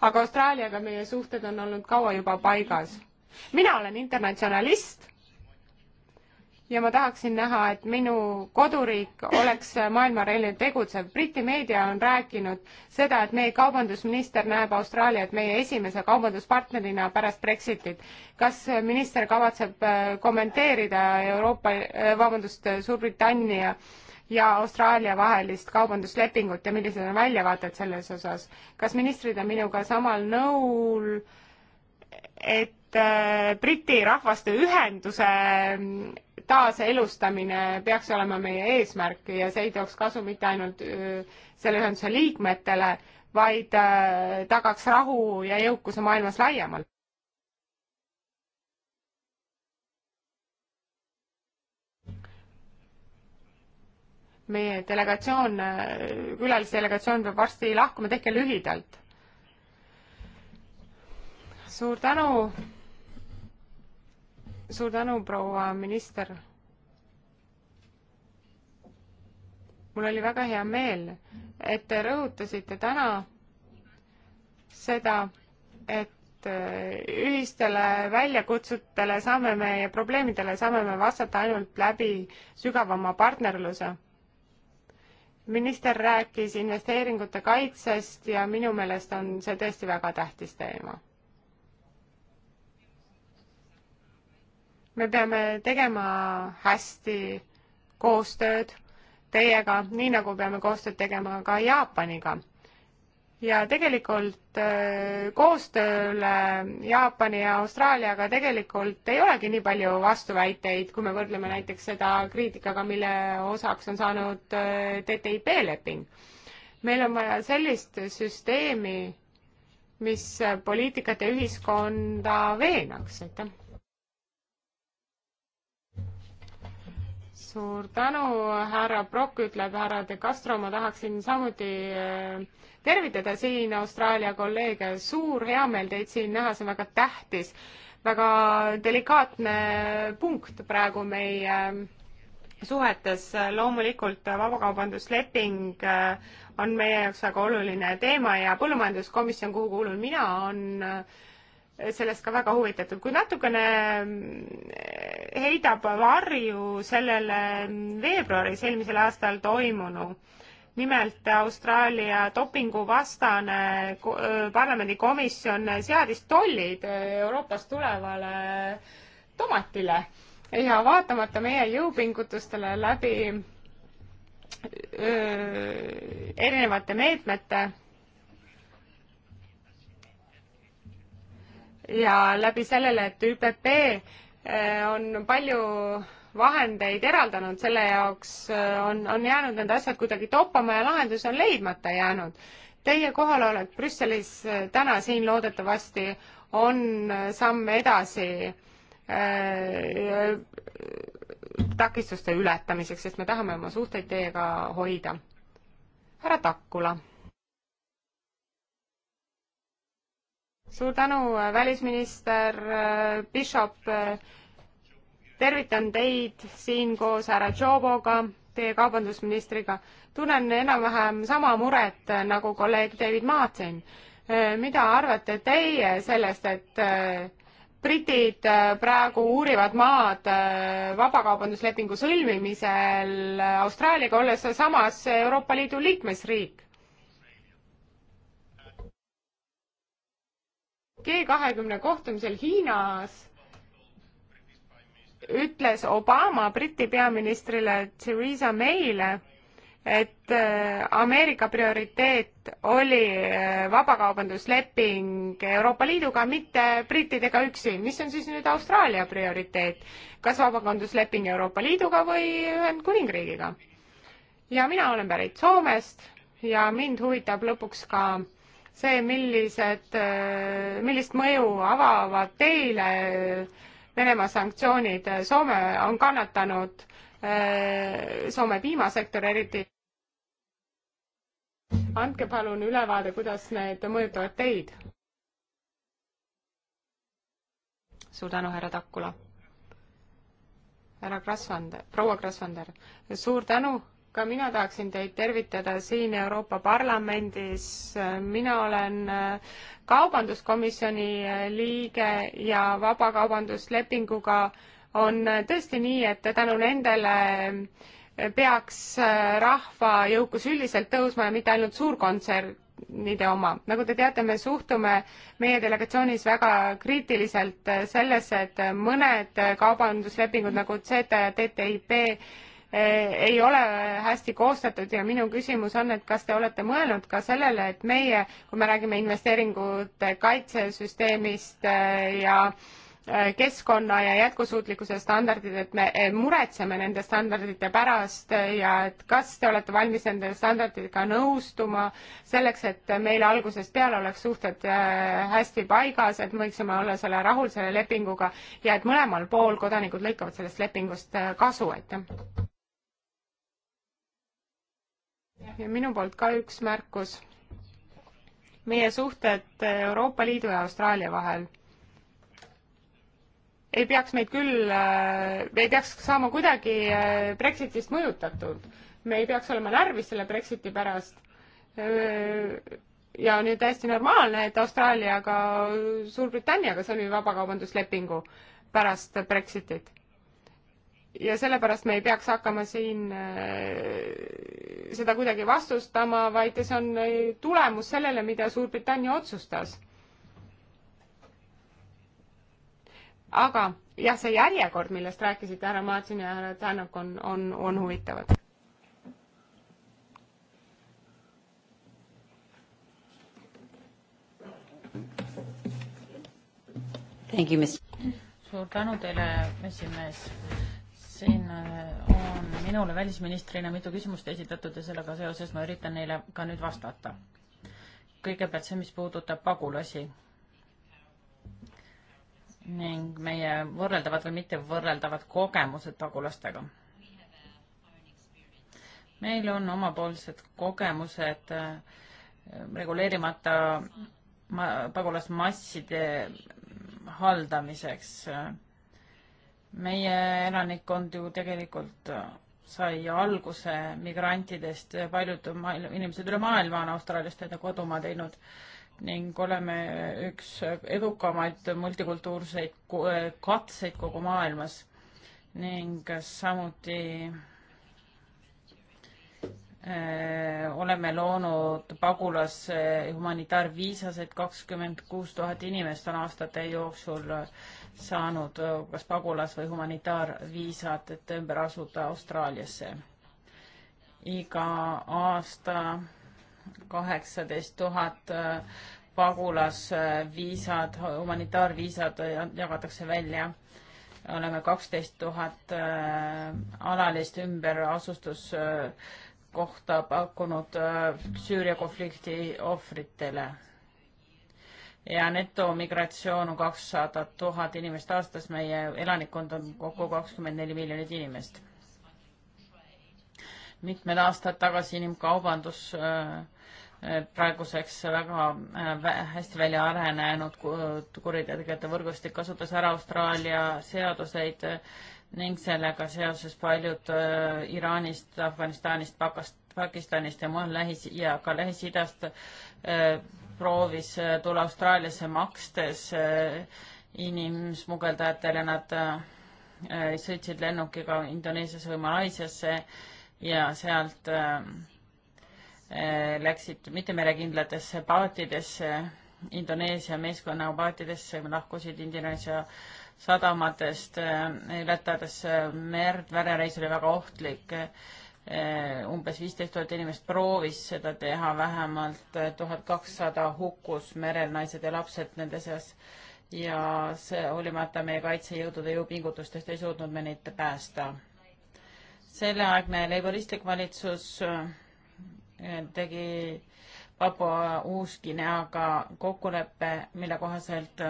aga Austraaliaga meie suhted on olnud kaua juba paigas. mina olen internatsionalist ja ma tahaksin näha, et minu koduriik oleks maailmarallil tegutsev. Briti meedia on rääkinud seda, et meie kaubandusminister näeb Austraaliat meie esimese kaubanduspartnerina pärast Brexitit. kas minister kavatseb äh, kommenteerida Euroopa, äh, vabandust, Suurbritannia ja Austraalia vahelist kaubanduslepingut ja millised on väljavaated selles osas? kas ministrid on minuga samal nõul, et Äh, Briti rahvaste ühenduse mm, taaselustamine peaks olema meie eesmärk ja see ei tooks kasu mitte ainult äh, selle ühenduse liikmetele, vaid äh, tagaks rahu ja jõukuse maailmas laiemalt. meie delegatsioon, külalisdelegatsioon peab varsti lahkuma, tehke lühidalt. suur tänu suur tänu, proua minister. mul oli väga hea meel, et te rõhutasite täna seda, et äh, ühistele väljakutsetele saame me ja probleemidele saame me vastata ainult läbi sügavama partnerluse. minister rääkis investeeringute kaitsest ja minu meelest on see tõesti väga tähtis teema. me peame tegema hästi koostööd teiega, nii nagu peame koostööd tegema ka Jaapaniga. ja tegelikult äh, koostööle Jaapani ja Austraaliaga tegelikult ei olegi nii palju vastuväiteid, kui me võrdleme näiteks seda kriitikaga, mille osaks on saanud äh, TTIP leping. meil on vaja sellist süsteemi, mis poliitikat ja ühiskonda veenaks, aitäh suur tänu, härra Brock, ütleb härra De Castro, ma tahaksin samuti eh, tervitada siin Austraalia kolleege, suur heameel teid siin näha, see on väga tähtis, väga delikaatne punkt praegu meie eh, suhetes, loomulikult vabakaubandusleping eh, on meie jaoks väga oluline teema ja põllumajanduskomisjon, kuhu kuulun mina, on sellest ka väga huvitatud. kui natukene heidab varju sellele veebruaris eelmisel aastal toimunu. nimelt Austraalia dopinguvastane parlamendikomisjon seadis tollid Euroopast tulevale tomatile ja vaatamata meie jõupingutustele läbi öö, erinevate meetmete ja läbi sellele, et ÜPP Äh, on palju vahendeid eraldanud selle jaoks, äh, on, on jäänud need asjad kuidagi toppama ja lahendus on leidmata jäänud. Teie kohalolek Brüsselis äh, täna siin loodetavasti on samm edasi äh, takistuste ületamiseks, sest me tahame oma suhteid teiega hoida. härra Takula suur tänu, äh, välisminister äh, Bishop. Äh, tervitan teid siin koos härra Joboga, teie kaubandusministriga. tunnen enam-vähem sama muret nagu kolleeg David Martin. mida arvate teie sellest, et britid praegu uurivad maad vabakaubanduslepingu sõlmimisel Austraaliaga, olles samas Euroopa Liidu liikmesriik? G kahekümne kohtumisel Hiinas ütles Obama Briti peaministrile Theresa May'le, et äh, Ameerika prioriteet oli äh, vabakaubandusleping Euroopa Liiduga, mitte brittidega üksi. mis on siis nüüd Austraalia prioriteet? kas vabakaubandusleping Euroopa Liiduga või Ühendkuningriigiga? ja mina olen pärit Soomest ja mind huvitab lõpuks ka äh, see, millised, äh, millist mõju avavad teile Venemaa sanktsioonid, Soome on kannatanud, äh, Soome piimasektor eriti. andke palun ülevaade, kuidas need mõjutavad teid. suur tänu, härra Takula. härra Krasvander, proua Krasvander, suur tänu ka mina tahaksin teid tervitada siin Euroopa Parlamendis. mina olen äh, kaubanduskomisjoni äh, liige ja vabakaubanduslepinguga on äh, tõesti nii, et tänu nendele peaks rahva jõukus üldiselt tõusma ja mitte ainult suurkontsernide oma. nagu te teate, me suhtume meie delegatsioonis väga kriitiliselt sellesse, et mõned kaubanduslepingud nagu CETA ja TTIP Eh, ei ole hästi koostatud ja minu küsimus on, et kas te olete mõelnud ka sellele, et meie, kui me räägime investeeringute kaitsesüsteemist eh, ja eh, keskkonna ja jätkusuutlikkuse standardid, et me muretseme nende standardite pärast ja et kas te olete valmis nende standarditega nõustuma selleks, et meil algusest peale oleks suhted hästi paigas, et me võiksime olla selle rahul selle lepinguga ja et mõlemal pool kodanikud lõikavad sellest lepingust kasu, aitäh? ja minu poolt ka üks märkus. meie suhted Euroopa Liidu ja Austraalia vahel ei peaks meid küll, me äh, ei peaks saama kuidagi äh, Brexitist mõjutatud. me ei peaks olema närvis selle Brexiti pärast. Äh, ja on ju täiesti normaalne, et Austraaliaga, Suurbritanniaga sõlmib vabakaubanduslepingu pärast Brexitit ja sellepärast me ei peaks hakkama siin äh, seda kuidagi vastustama, vaid see on äh, tulemus sellele, mida Suurbritannia otsustas. aga jah, see järjekord, millest rääkisite, härra Maatsin ja härra Tänak, on, on, on huvitavad. suur tänu teile, esimees siin äh, on minule välisministrina mitu küsimust esitatud ja sellega seoses ma üritan neile ka nüüd vastata. kõigepealt see, mis puudutab pagulasi ning meie võrreldavad või mitte võrreldavad kogemused pagulastega. meil on omapoolsed kogemused äh, reguleerimata pagulasmasside haldamiseks äh, meie elanikkond ju tegelikult sai alguse migrantidest, paljud inimesed üle maailma on Austraaliast enda kodumaa teinud ning oleme üks edukamaid multikultuurseid katseid kogu maailmas ning samuti äh, oleme loonud pagulas humanitaarviisas, et kakskümmend kuus tuhat inimest on aastate jooksul äh, saanud äh, kas pagulas- või humanitaarviisat, et ümber asuda Austraaliasse. iga aasta kaheksateist tuhat äh, pagulasviisad, äh, humanitaarviisad jagatakse välja. oleme kaksteist tuhat alalist ümberasustuskohta pakkunud Süüria konflikti ohvritele ja netomigratsioon on kakssada tuhat inimest aastas, meie elanikkond on kokku kakskümmend neli miljonit inimest. mitmed aastad tagasi inimkaubandus äh, äh, praeguseks väga äh, hästi välja arenenud kuritegelikete võrgustik kasutas ära Austraalia seaduseid ning sellega seoses paljud Iraanist, Afganistanist, Pakistanist ja mujal Lähis- ja ka Lähis-Idast proovis äh, tulla Austraaliasse makstes äh, inimsmugeldajatele, nad äh, sõitsid lennukiga Indoneesiasse või Malaisiasse ja sealt läksid mittemerekindlatesse paatidesse, Indoneesia meeskonna paatidesse, lahkusid Indoneesia sadamatest, ületades merd, verereis oli väga ohtlik Eh, umbes viisteist tuhat inimest proovis seda teha, vähemalt eh, tuhat kakssada hukkus merel naised ja lapsed nende seas ja see hoolimata meie kaitsejõudude jõupingutustest ei suutnud me neid päästa. selleaegne leiboristlik valitsus eh, tegi Papua Uus-Guineaga kokkuleppe, mille kohaselt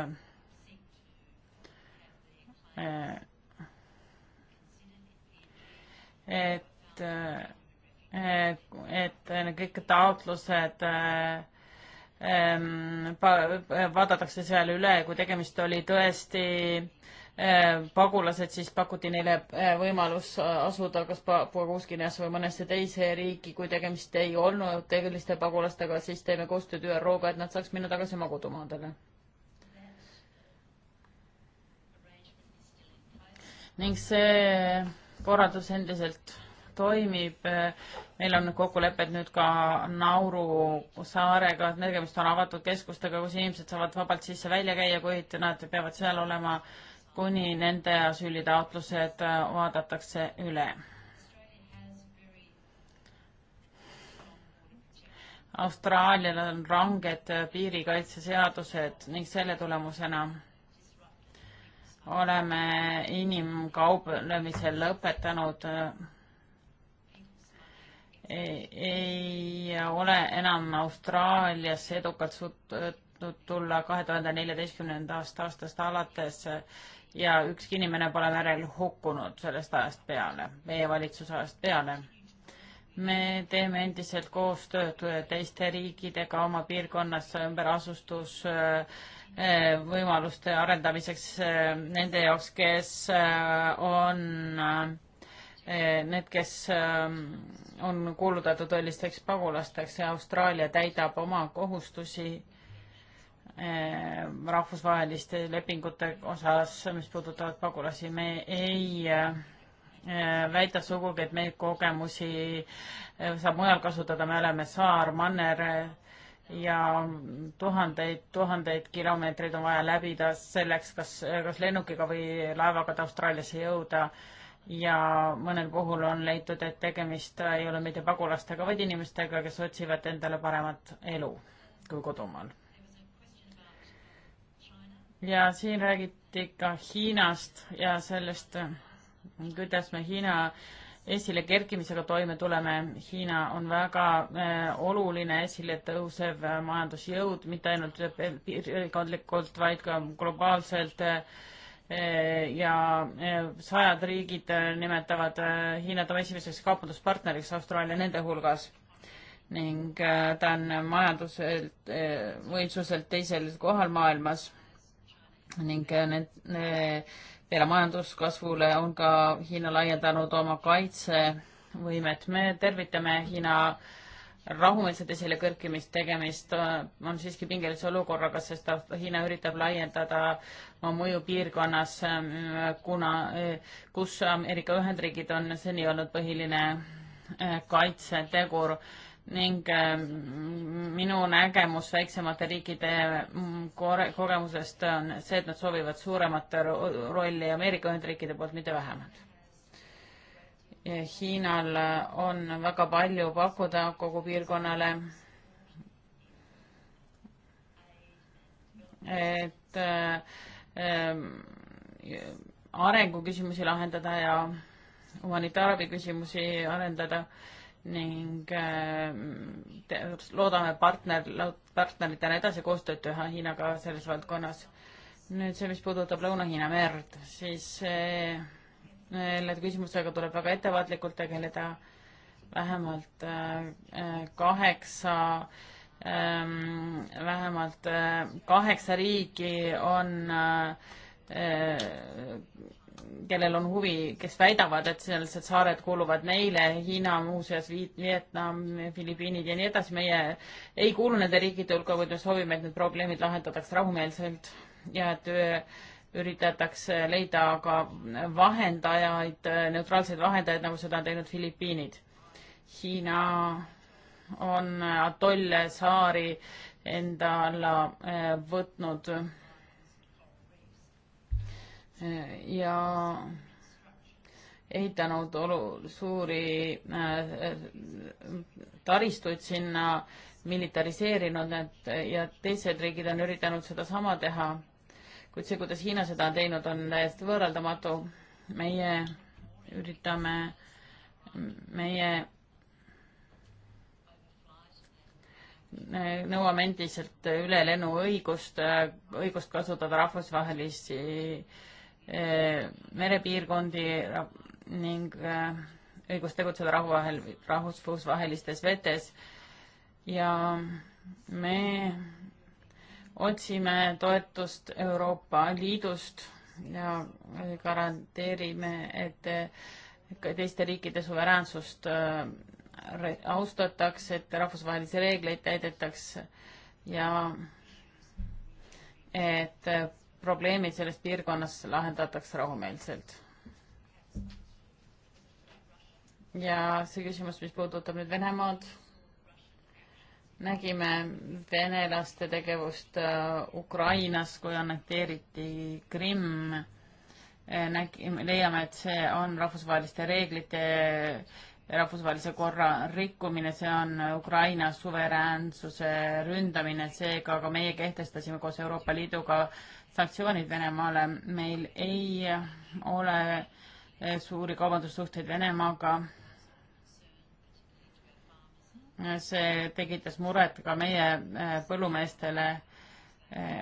et et, et kõik taotlused ähm, vaadatakse seal üle, kui tegemist oli tõesti äh, pagulased, siis pakuti neile äh, võimalus asuda kas Paguskinas või mõnesse teise riiki, kui tegemist ei olnud tegeliste pagulastega, siis teeme koostööd ÜRO-ga, et nad saaks minna tagasi oma kodumaadele. ning see korraldus endiselt toimib. meil on kokkulepped nüüd ka Nauru saarega, et tegemist on avatud keskustega, kus inimesed saavad vabalt sisse-välja käia, kuid nad peavad seal olema, kuni nende asüülitaotlused vaadatakse üle. Austraalial on ranged piirikaitseseadused ning selle tulemusena oleme inimkaublemise lõpetanud ei, ei ole enam Austraaliasse edukalt suutnud tulla kahe tuhande neljateistkümnenda aasta aastast alates ja ükski inimene pole merel hukkunud sellest ajast peale, meie valitsuse ajast peale. me teeme endiselt koostööd teiste riikidega oma piirkonnas ümberasustus eh, võimaluste arendamiseks eh, nende jaoks, kes eh, on Eh, need, kes ähm, on kuulutatud õilisteks pagulasteks ja Austraalia täidab oma kohustusi eh, rahvusvaheliste lepingute osas, mis puudutavad pagulasi, me ei eh, väida sugugi, et neid kogemusi saab mujal kasutada, me oleme saar, manner ja tuhandeid, tuhandeid kilomeetreid on vaja läbida selleks, kas, kas lennukiga või laevaga Austraaliasse jõuda ja mõnel puhul on leitud, et tegemist ei ole mitte pagulastega, vaid inimestega, kes otsivad endale paremat elu kui kodumaal. ja siin räägiti ka Hiinast ja sellest, kuidas me Hiina esile kerkimisega toime tuleme. Hiina on väga äh, oluline esile tõusev äh, majandusjõud, mitte ainult äh, piirkondlikult, vaid ka globaalselt äh, Eh, ja eh, sajad riigid eh, nimetavad Hiinat oma esimeseks kaubanduspartneriks Austraalia nende hulgas ning ta on majanduselt, võimsuselt teisel kohal maailmas ning need, need peale majanduskasvule on ka Hiina laiendanud oma kaitsevõimet. me tervitame Hiina äh, rahumeelselt esile kõrkimist tegemist äh, on siiski pingelise olukorraga, sest Hiina üritab laiendada oma mõju piirkonnas, äh, kuna, äh, kus Ameerika Ühendriigid on seni olnud põhiline kaitsetegur ning minu nägemus väiksemate riikide mm, kogemusest on see, et nad soovivad suuremat rolli Ameerika Ühendriikide poolt, mitte vähemat Hiinal on väga palju pakkuda kogu piirkonnale. et äh, ähm, arenguküsimusi lahendada ja humanitaarabi küsimusi arendada ning äh, loodame partner, partneritena edasi koostööd teha Hiinaga selles valdkonnas. nüüd see, mis puudutab Lõuna-Hiina merd, siis äh, selle küsimusega tuleb väga ettevaatlikult tegeleda, vähemalt äh, äh, kaheksa ähm, vähemalt äh, kaheksa riiki on, kellel on huvi, kes väidavad, et sellised saared kuuluvad neile, Hiina muuseas, Vietnam, Filipiinid ja nii edasi, meie ei kuulu nende riikide hulka, kuid me soovime, et need probleemid lahendataks rahumeelselt ja et üritatakse leida ka vahendajaid, neutraalseid vahendajaid, nagu seda on teinud Filipiinid. Hiina on atolle, saari enda alla eh, võtnud eh, ja ehitanud olu-, suuri eh, taristuid sinna, militariseerinud need ja teised riigid on üritanud sedasama teha kuid see, kuidas Hiina seda on teinud, on täiesti võõraldamatu. meie üritame, meie nõuame endiselt ülelennuõigust, õigust kasutada rahvusvahelisi eh, merepiirkondi ning eh, õigust tegutseda rahvahel, rahvusvahelistes vetes ja me otsime toetust Euroopa Liidust ja äh, garanteerime, et äh, teiste riikide suveräänsust äh, austataks, et rahvusvahelisi reegleid täidetaks ja et probleemid selles piirkonnas lahendatakse rahumeelselt. ja see küsimus, mis puudutab nüüd Venemaad nägime venelaste tegevust äh, Ukrainas, kui annekteeriti Krimm. Äh, nägime, leiame, et see on rahvusvaheliste reeglite, rahvusvahelise korra rikkumine, see on Ukraina suveräänsuse ründamine, seega ka meie kehtestasime koos Euroopa Liiduga sanktsioonid Venemaale. meil ei ole äh, suuri kaubandussuhteid Venemaaga see tekitas muret ka meie äh, põllumeestele. Äh,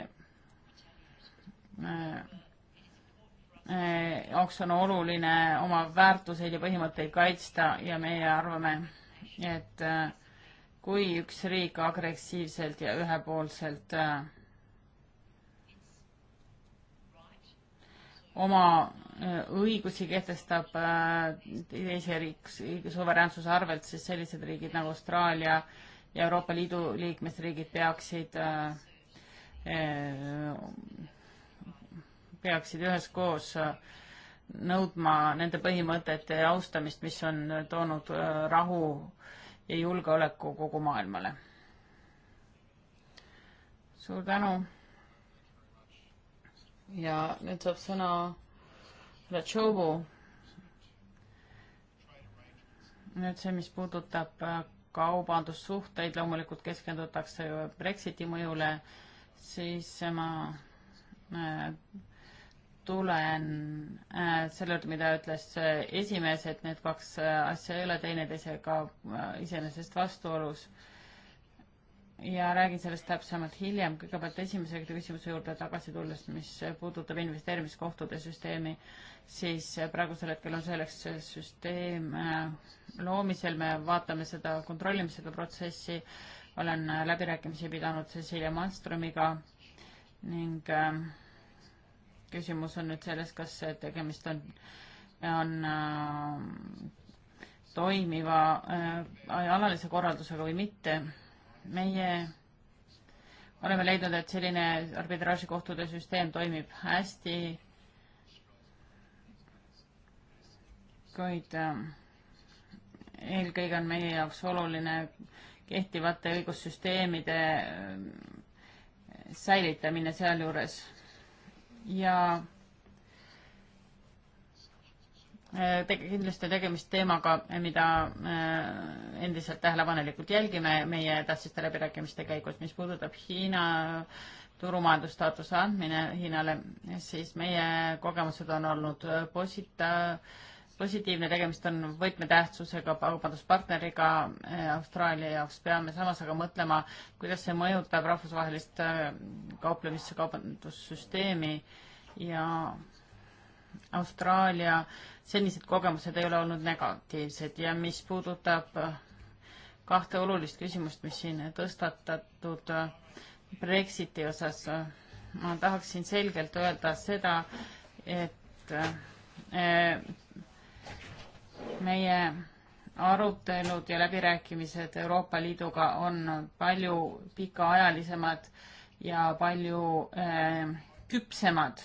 äh, jaoks on oluline oma väärtuseid ja põhimõtteid kaitsta ja meie arvame, et kui üks riik agressiivselt ja ühepoolselt oma Äh, õigusi kehtestab äh, teise riigi suveräänsuse arvelt, siis sellised riigid nagu Austraalia ja Euroopa Liidu liikmesriigid peaksid, äh, peaksid üheskoos nõudma nende põhimõtete austamist, mis on toonud rahu ja julgeoleku kogu maailmale. suur tänu. ja nüüd saab sõna Vatšovu. nüüd see, mis puudutab äh, kaubandussuhteid, loomulikult keskendutakse ju Brexiti mõjule, siis ma äh, tulen äh, selle juurde, mida ütles esimees, et need kaks asja ei ole teineteisega iseenesest vastuolus ja räägin sellest täpsemalt hiljem, kõigepealt esimese küsimuse juurde tagasi tulles, mis puudutab investeerimiskohtade süsteemi, siis praegusel hetkel on selleks süsteem äh, loomisel, me vaatame seda, kontrollime seda protsessi, olen läbirääkimisi pidanud Cecilia Malmströmiga ning äh, küsimus on nüüd selles, kas tegemist on, on äh, toimiva äh, alalise korraldusega või mitte meie oleme leidnud, et selline arbitraažikohtade süsteem toimib hästi, kuid ähm, eelkõige on meie jaoks oluline kehtivate õigussüsteemide ähm, säilitamine sealjuures ja Äh, tege-, kindlasti on tegemist teemaga, mida äh, endiselt tähelepanelikult jälgime meie tähtsate läbirääkimiste käigus, mis puudutab Hiina turumajandusstaatuse andmine Hiinale, siis meie kogemused on olnud posita-, positiivne, tegemist on võtmetähtsusega kaubanduspartneriga äh, Austraalia jaoks, peame samas aga mõtlema, kuidas see mõjutab rahvusvahelist kauplemisse kaubandussüsteemi ja Austraalia äh, senised kogemused ei ole olnud negatiivsed ja mis puudutab äh, kahte olulist küsimust, mis siin tõstatatud äh, Brexiti osas, äh, ma tahaksin selgelt öelda seda, et meie arutelud ja läbirääkimised Euroopa Liiduga on palju pikaajalisemad ja palju küpsemad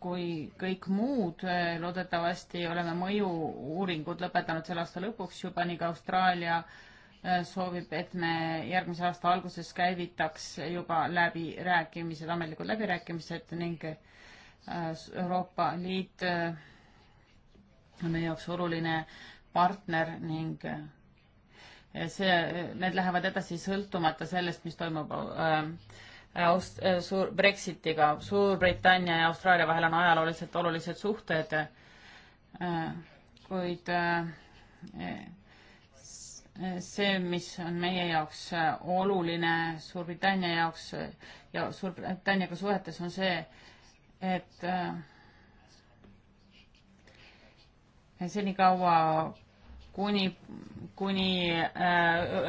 kui kõik muud, eh, loodetavasti oleme mõju-uuringud lõpetanud selle aasta lõpuks juba ning Austraalia eh, soovib, et me järgmise aasta alguses käivitaks juba läbirääkimised, ametlikud läbirääkimised ning eh, Euroopa Liit on meie jaoks oluline partner ning see, need lähevad edasi sõltumata sellest, mis toimub äh, Äh, Aust-, äh, suur Brexitiga, Suurbritannia ja Austraalia vahel on ajalooliselt olulised suhted, äh, kuid see, mis on meie jaoks oluline Suurbritannia jaoks ja Suurbritanniaga suhetes, on see, et senikaua kuni, kuni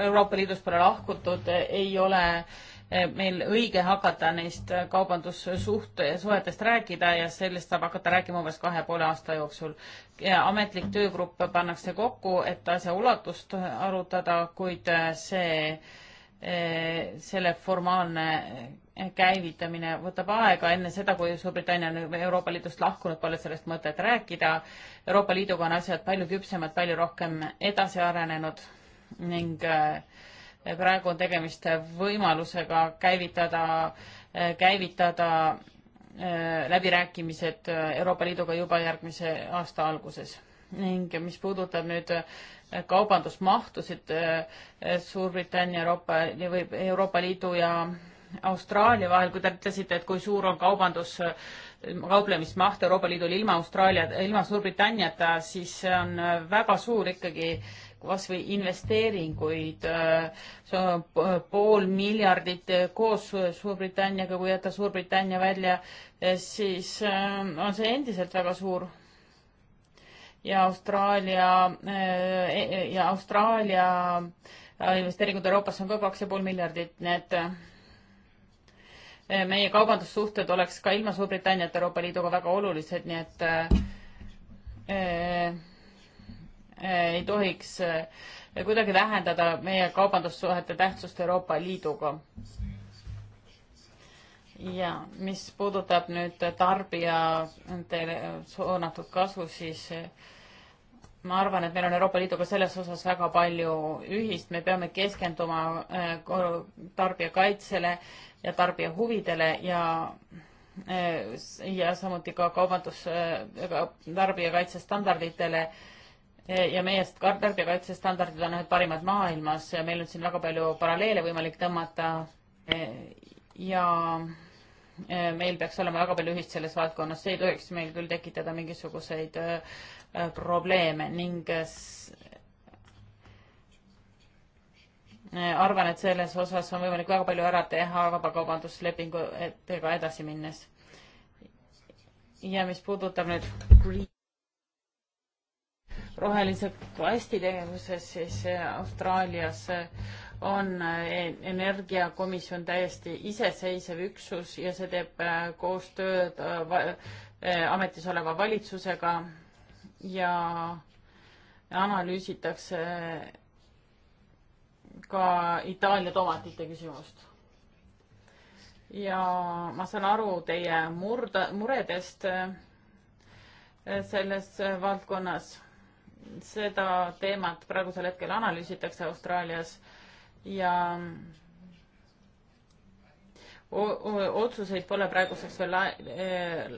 Euroopa Liidust pole lahkutud, ei ole äh, Eh, meil õige hakata neist eh, kaubandussuhte, suhetest rääkida ja sellest saab hakata rääkima umbes kahe poole aasta jooksul. ametlik töögrupp pannakse kokku, et asja ulatust arutada, kuid eh, see, selle formaalne käivitamine võtab aega, enne seda, kui Suurbritannia on Euroopa Liidust lahkunud, pole sellest mõtet rääkida. Euroopa Liiduga on asjad palju küpsemad, palju rohkem edasi arenenud ning äh, praegu on tegemist võimalusega käivitada, käivitada äh, läbirääkimised Euroopa Liiduga juba järgmise aasta alguses ning mis puudutab nüüd kaubandusmahtusid äh, Suurbritannia, Euroopa või Euroopa Liidu ja Austraalia vahel, kui te ütlesite, et kui suur on kaubandus, kauplemismaht Euroopa Liidul ilma Austraalia, ilma Suurbritanniata, siis see on väga suur ikkagi äh, kas või investeeringuid, äh, see on pool miljardit äh, koos Suurbritanniaga, kui jätta Suurbritannia välja, äh, siis on see endiselt väga suur. ja Austraalia e-, ja Austraalia investeeringud Euroopasse on ka kaks ja pool miljardit, nii et meie kaubandussuhted oleks ka ilma Suurbritanniat Euroopa Liiduga väga olulised, nii et Eh, ei tohiks eh, kuidagi vähendada meie kaubandussuhete tähtsust Euroopa Liiduga. ja mis puudutab nüüd tarbijatele suunatud kasu, siis eh, ma arvan, et meil on Euroopa Liiduga selles osas väga palju ühist, me peame keskenduma tarbijakaitsele ja tarbija huvidele ja ja samuti ka kaubandus, tarbijakaitsestandarditele äh, ja meie tarbijakaitsestandardid on ühed parimad maailmas ja meil on siin väga palju paralleele võimalik tõmmata ja e, meil peaks olema väga palju ühist selles valdkonnas, see ei tohiks meil küll tekitada mingisuguseid e, e, probleeme ning arvan, et selles osas on võimalik väga palju ära teha vabakaubanduslepingu edasi minnes. ja mis puudutab nüüd rohelise kasti tegevuses, siis eh, Austraalias eh, on eh, energiakomisjon täiesti iseseisev üksus ja see teeb koostööd ametis oleva valitsusega ja analüüsitakse ka Itaalia tomatite küsimust. ja ma saan aru teie murda, muredest selles valdkonnas seda teemat praegusel hetkel analüüsitakse Austraalias ja otsuseid pole praeguseks veel eh,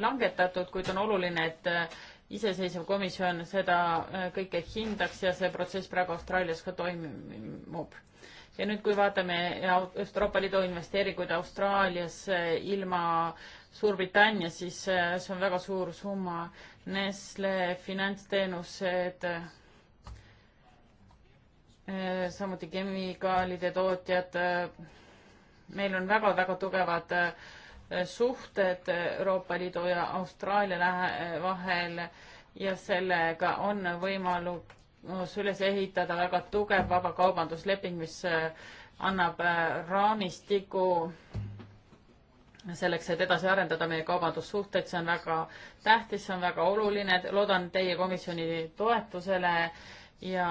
langetatud, kuid on oluline, et eh, iseseisev komisjon seda eh, kõike hindaks ja see protsess praegu Austraalias ka toimub. ja nüüd, kui vaatame Euroopa Liidu investeeringuid Austraalias ilma Suurbritannias, siis see on väga suur summa Nestle finantsteenused, eh, samuti kemikaalide tootjad. Eh, meil on väga-väga tugevad eh, suhted Euroopa Liidu ja Austraalia vahel ja sellega on võimalus üles ehitada väga tugev vabakaubandusleping, mis annab raamistiku selleks, et edasi arendada meie kaubandussuhteid, see on väga tähtis, see on väga oluline, loodan teie komisjoni toetusele ja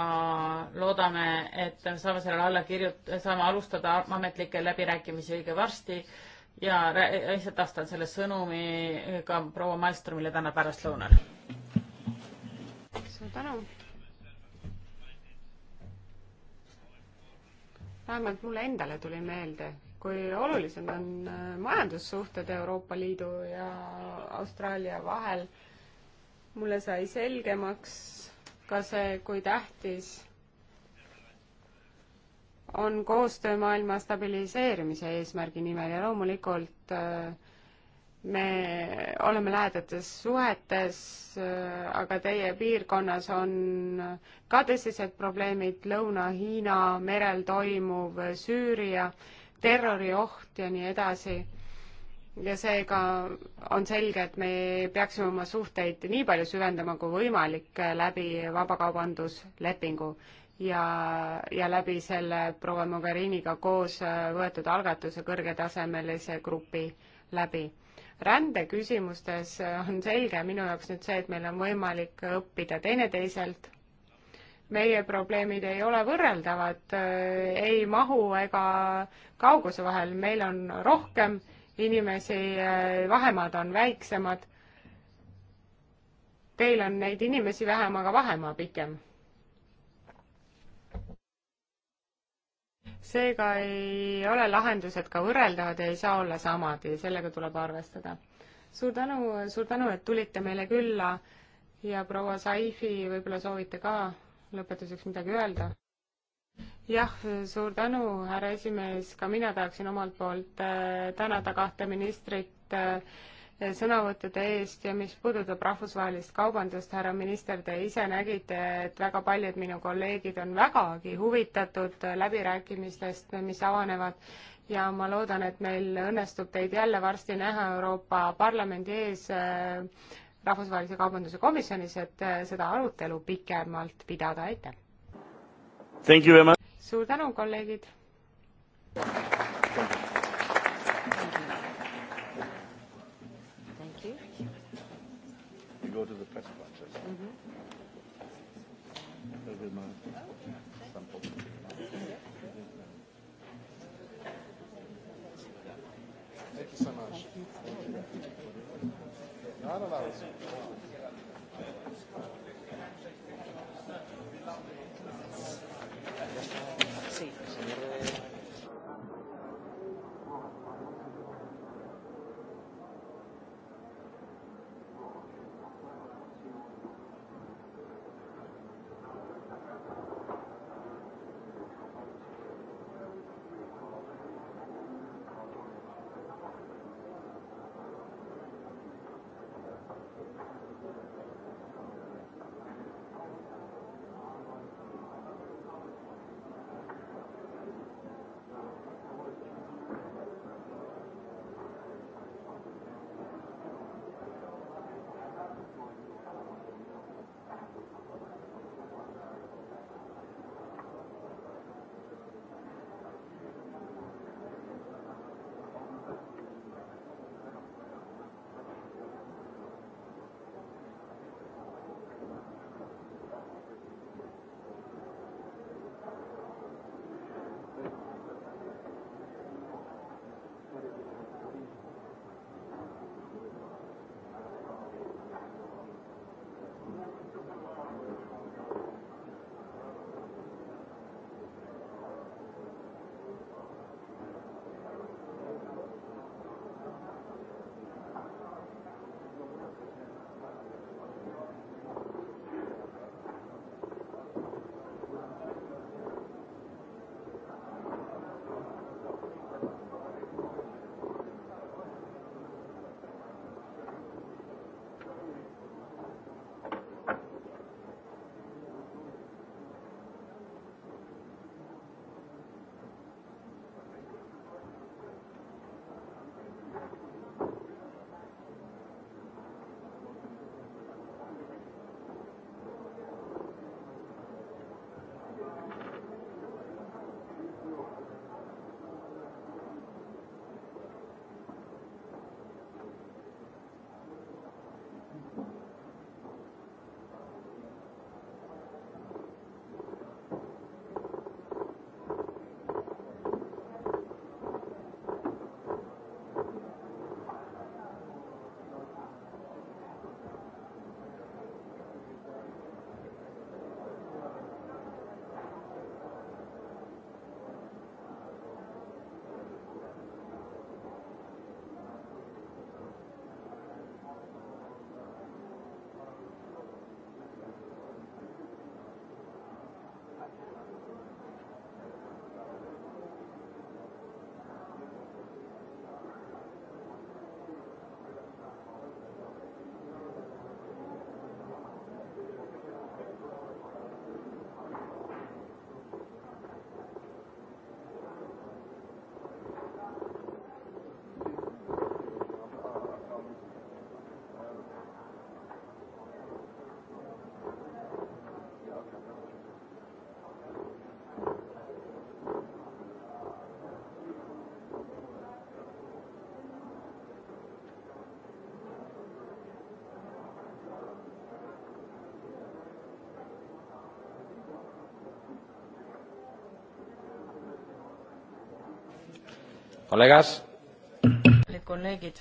loodame, et saame sellele alla kirjut-, saame alustada ametlikke läbirääkimisi õige varsti ja lihtsalt vastan selle sõnumi ka proua Malmströmile täna pärastlõunal. suur tänu. vähemalt mulle endale tuli meelde kui olulised on äh, majandussuhted Euroopa Liidu ja Austraalia vahel. mulle sai selgemaks ka see, kui tähtis on koostöö maailma stabiliseerimise eesmärgi nimel ja loomulikult äh, me oleme lähedates suhetes, äh, aga teie piirkonnas on ka tõsised probleemid, Lõuna-Hiina merel toimuv, Süüria terrorioht ja nii edasi. ja seega on selge, et me peaksime oma suhteid nii palju süvendama kui võimalik läbi vabakaubanduslepingu ja, ja läbi selle proua Mogheriniga koos võetud algatuse kõrgetasemelise grupi läbi. rändeküsimustes on selge minu jaoks nüüd see, et meil on võimalik õppida teineteiselt meie probleemid ei ole võrreldavad äh, ei mahu ega kauguse vahel, meil on rohkem inimesi, äh, vahemaad on väiksemad. Teil on neid inimesi vähem, aga vahemaa pikem. seega ei ole lahendused ka võrreldavad ja ei saa olla samad ja sellega tuleb arvestada. suur tänu, suur tänu, et tulite meile külla ja proua Saifi, võib-olla soovite ka lõpetuseks midagi öelda? jah, suur tänu, härra esimees, ka mina tahaksin omalt poolt äh, tänada kahte ministrit äh, sõnavõttude eest ja mis puudutab rahvusvahelist kaubandust, härra minister, te ise nägite, et väga paljud minu kolleegid on vägagi huvitatud äh, läbirääkimistest, mis avanevad ja ma loodan, et meil õnnestub teid jälle varsti näha Euroopa Parlamendi ees Rahvusvahelise Kaubanduse Komisjonis, et äh, seda arutelu pikemalt pidada, aitäh! suur tänu, kolleegid! go to the press conference. Mm-hmm. no, no, no. kollegas. kallid kolleegid.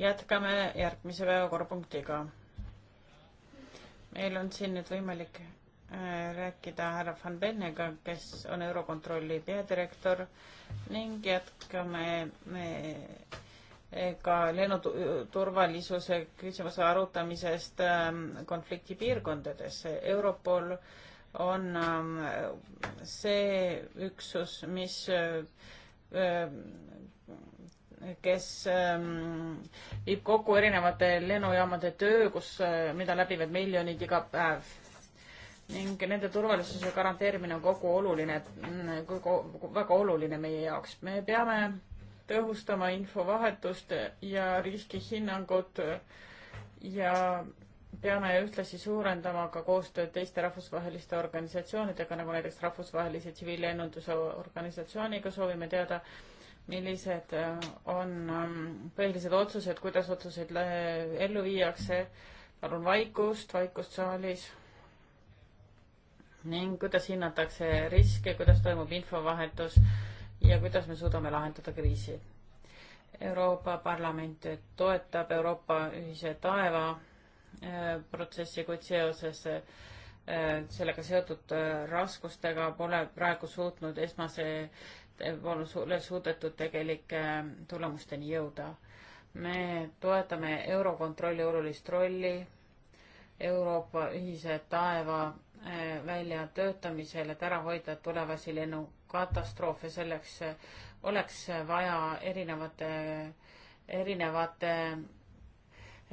jätkame järgmise päevakorrapunktiga. meil on siin nüüd võimalik äh, rääkida härra Van Bennega, kes on Eurokontrolli peadirektor ning jätkame me äh, ka lennuturvalisuse küsimuse arutamisest ähm, konfliktipiirkondades. Europol on ähm, see üksus, mis, äh, kes ähm, viib kokku erinevate lennujaamade töö, kus, äh, mida läbivad miljonid iga päev ning nende turvalisuse garanteerimine on kogu oluline, mm, kogu, väga oluline meie jaoks. me peame tõhustama infovahetust ja riskihinnangut ja peame ühtlasi suurendama ka koostööd teiste rahvusvaheliste organisatsioonidega, nagu näiteks Rahvusvahelise Tsiviillennunduse Organisatsiooniga, soovime teada, millised äh, on ähm, põhilised otsused, kuidas otsuseid äh, ellu viiakse, palun vaikust, vaikust saalis ning kuidas hinnatakse riske, kuidas toimub infovahetus ja kuidas me suudame lahendada kriisi. Euroopa Parlament toetab Euroopa ühise taeva protsessi, kuid seoses äh, sellega seotud äh, raskustega pole praegu suutnud esmase, äh, pole suudetud tegelike tulemusteni jõuda. me toetame Eurokontrolli olulist rolli Euroopa ühise taeva väljatöötamisel, et ära hoida tulevasi lennukatastroofe, selleks oleks vaja erinevate, erinevate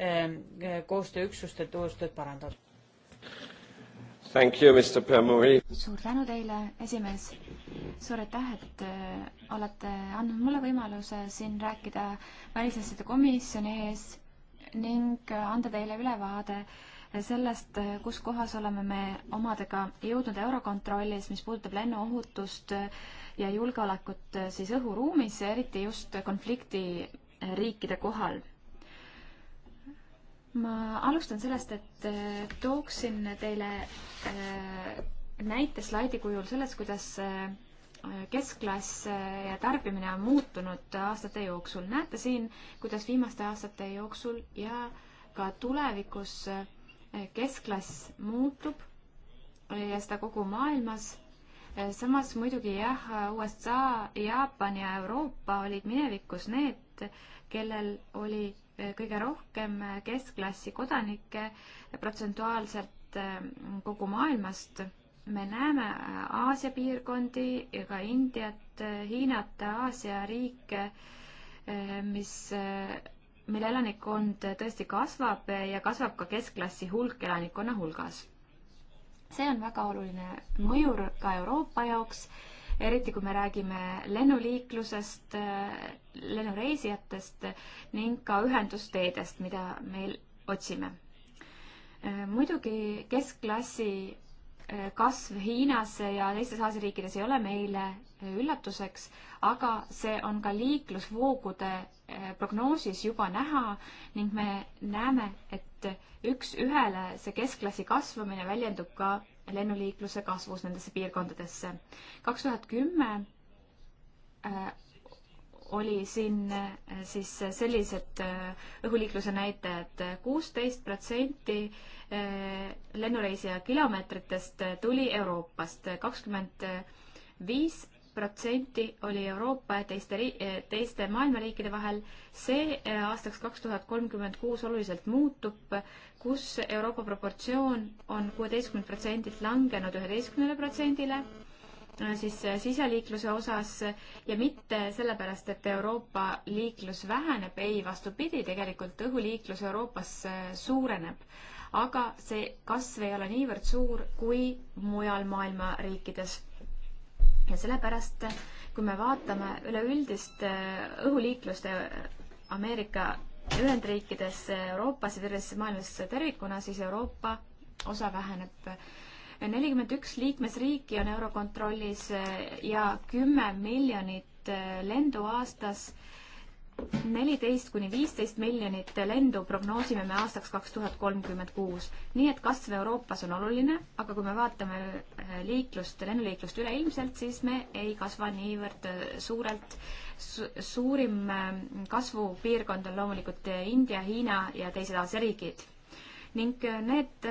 Ähm, äh, koostööüksuste koostööd parandada. Thank you, Mr Permuri. suur tänu teile, esimees. suur aitäh, et äh, olete andnud mulle võimaluse siin rääkida välisasjade komisjoni ees ning äh, anda teile ülevaade sellest, kus kohas oleme me omadega jõudnud Eurokontrollis, mis puudutab lennuohutust ja julgeolekut siis õhuruumis, eriti just konfliktiriikide kohal ma alustan sellest, et äh, tooksin teile äh, näite slaidi kujul sellest, kuidas äh, keskklass ja tarbimine on muutunud aastate jooksul. näete siin, kuidas viimaste aastate jooksul ja ka tulevikus keskklass muutub ja seda kogu maailmas. samas muidugi jah, USA, Jaapan ja Euroopa olid minevikus need, kellel oli kõige rohkem keskklassi kodanikke protsentuaalselt mm, kogu maailmast. me näeme äh, Aasia piirkondi ja ka Indiat, äh, Hiinat, Aasia riike, äh, mis, mille elanikkond tõesti kasvab ja kasvab ka keskklassi hulk elanikkonna hulgas. see on väga oluline mõjur ka Euroopa jaoks eriti kui me räägime lennuliiklusest, lennureisijatest ning ka ühendusteedest, mida meil otsime. muidugi keskklassi eh, kasv Hiinas ja teistes Aasia riikides ei ole meile eh, üllatuseks, aga see on ka liiklusvoogude eh, prognoosis juba näha ning me näeme, et üks-ühele see keskklassi kasvamine väljendub ka lennuliikluse kasvus nendesse piirkondadesse. kaks tuhat kümme äh, oli siin äh, siis sellised äh, õhuliikluse näitajad, kuusteist protsenti lennureisija kilomeetritest tuli Euroopast, kakskümmend viis protsenti oli Euroopa ja teiste, teiste maailma riikide vahel. see äh, aastaks kaks tuhat kolmkümmend kuus oluliselt muutub, kus Euroopa proportsioon on kuueteistkümnelt protsendilt langenud üheteistkümnele protsendile äh, siis äh, siseliikluse osas ja mitte sellepärast, et Euroopa liiklus väheneb, ei, vastupidi, tegelikult õhuliiklus Euroopas suureneb. aga see kasv ei ole niivõrd suur kui mujal maailma riikides ja sellepärast, kui me vaatame üleüldist äh, õhuliiklust äh, Ameerika Ühendriikides, äh, Euroopas ja terves maailmas tervikuna, siis Euroopa osa väheneb. nelikümmend üks liikmesriiki on Eurokontrollis ja kümme miljonit lendu aastas neliteist kuni viisteist miljonit lendu prognoosime me aastaks kaks tuhat kolmkümmend kuus. nii et kasv Euroopas on oluline, aga kui me vaatame äh, liiklust, lennuliiklust üleilmselt, siis me ei kasva niivõrd äh, suurelt Su. suurim äh, kasvupiirkond on loomulikult India, Hiina ja teised Aasia riigid. ning need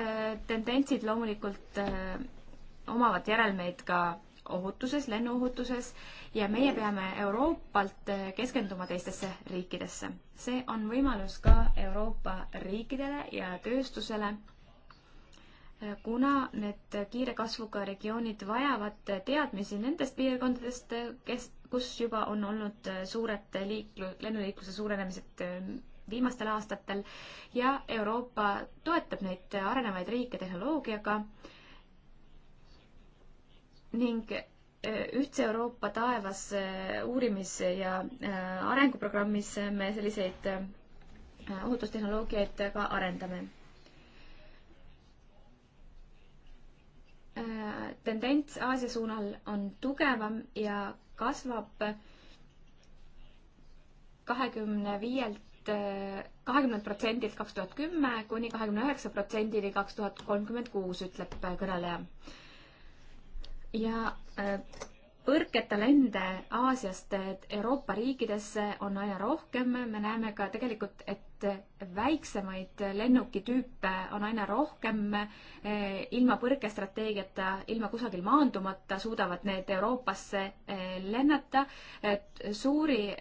tendentsid loomulikult omavad järelmeid ka ohutuses, lennuohutuses ja meie peame Euroopalt keskenduma teistesse riikidesse. see on võimalus ka Euroopa riikidele ja tööstusele, kuna need kiire kasvuga regioonid vajavad teadmisi nendest piirkondadest, kes, kus juba on olnud suured liiklu-, lennuliikluse suurenemised viimastel aastatel ja Euroopa toetab neid arenevaid riike tehnoloogiaga ning äh, Ühtse Euroopa taevas äh, uurimis- ja äh, arenguprogrammis me selliseid ohutustehnoloogiaid ka arendame. tendents Aasia suunal on tugevam ja kasvab kahekümne viielt, kahekümnelt protsendilt kaks tuhat kümme kuni kahekümne üheksa protsendini kaks tuhat kolmkümmend kuus, ütleb kõneleja ja äh, põrketa lende Aasiast äh, Euroopa riikidesse on aina rohkem, me näeme ka tegelikult, et väiksemaid lennukitüüpe on aina rohkem, äh, ilma põrkestrateegiata, ilma kusagil maandumata suudavad need Euroopasse lennata, et suuri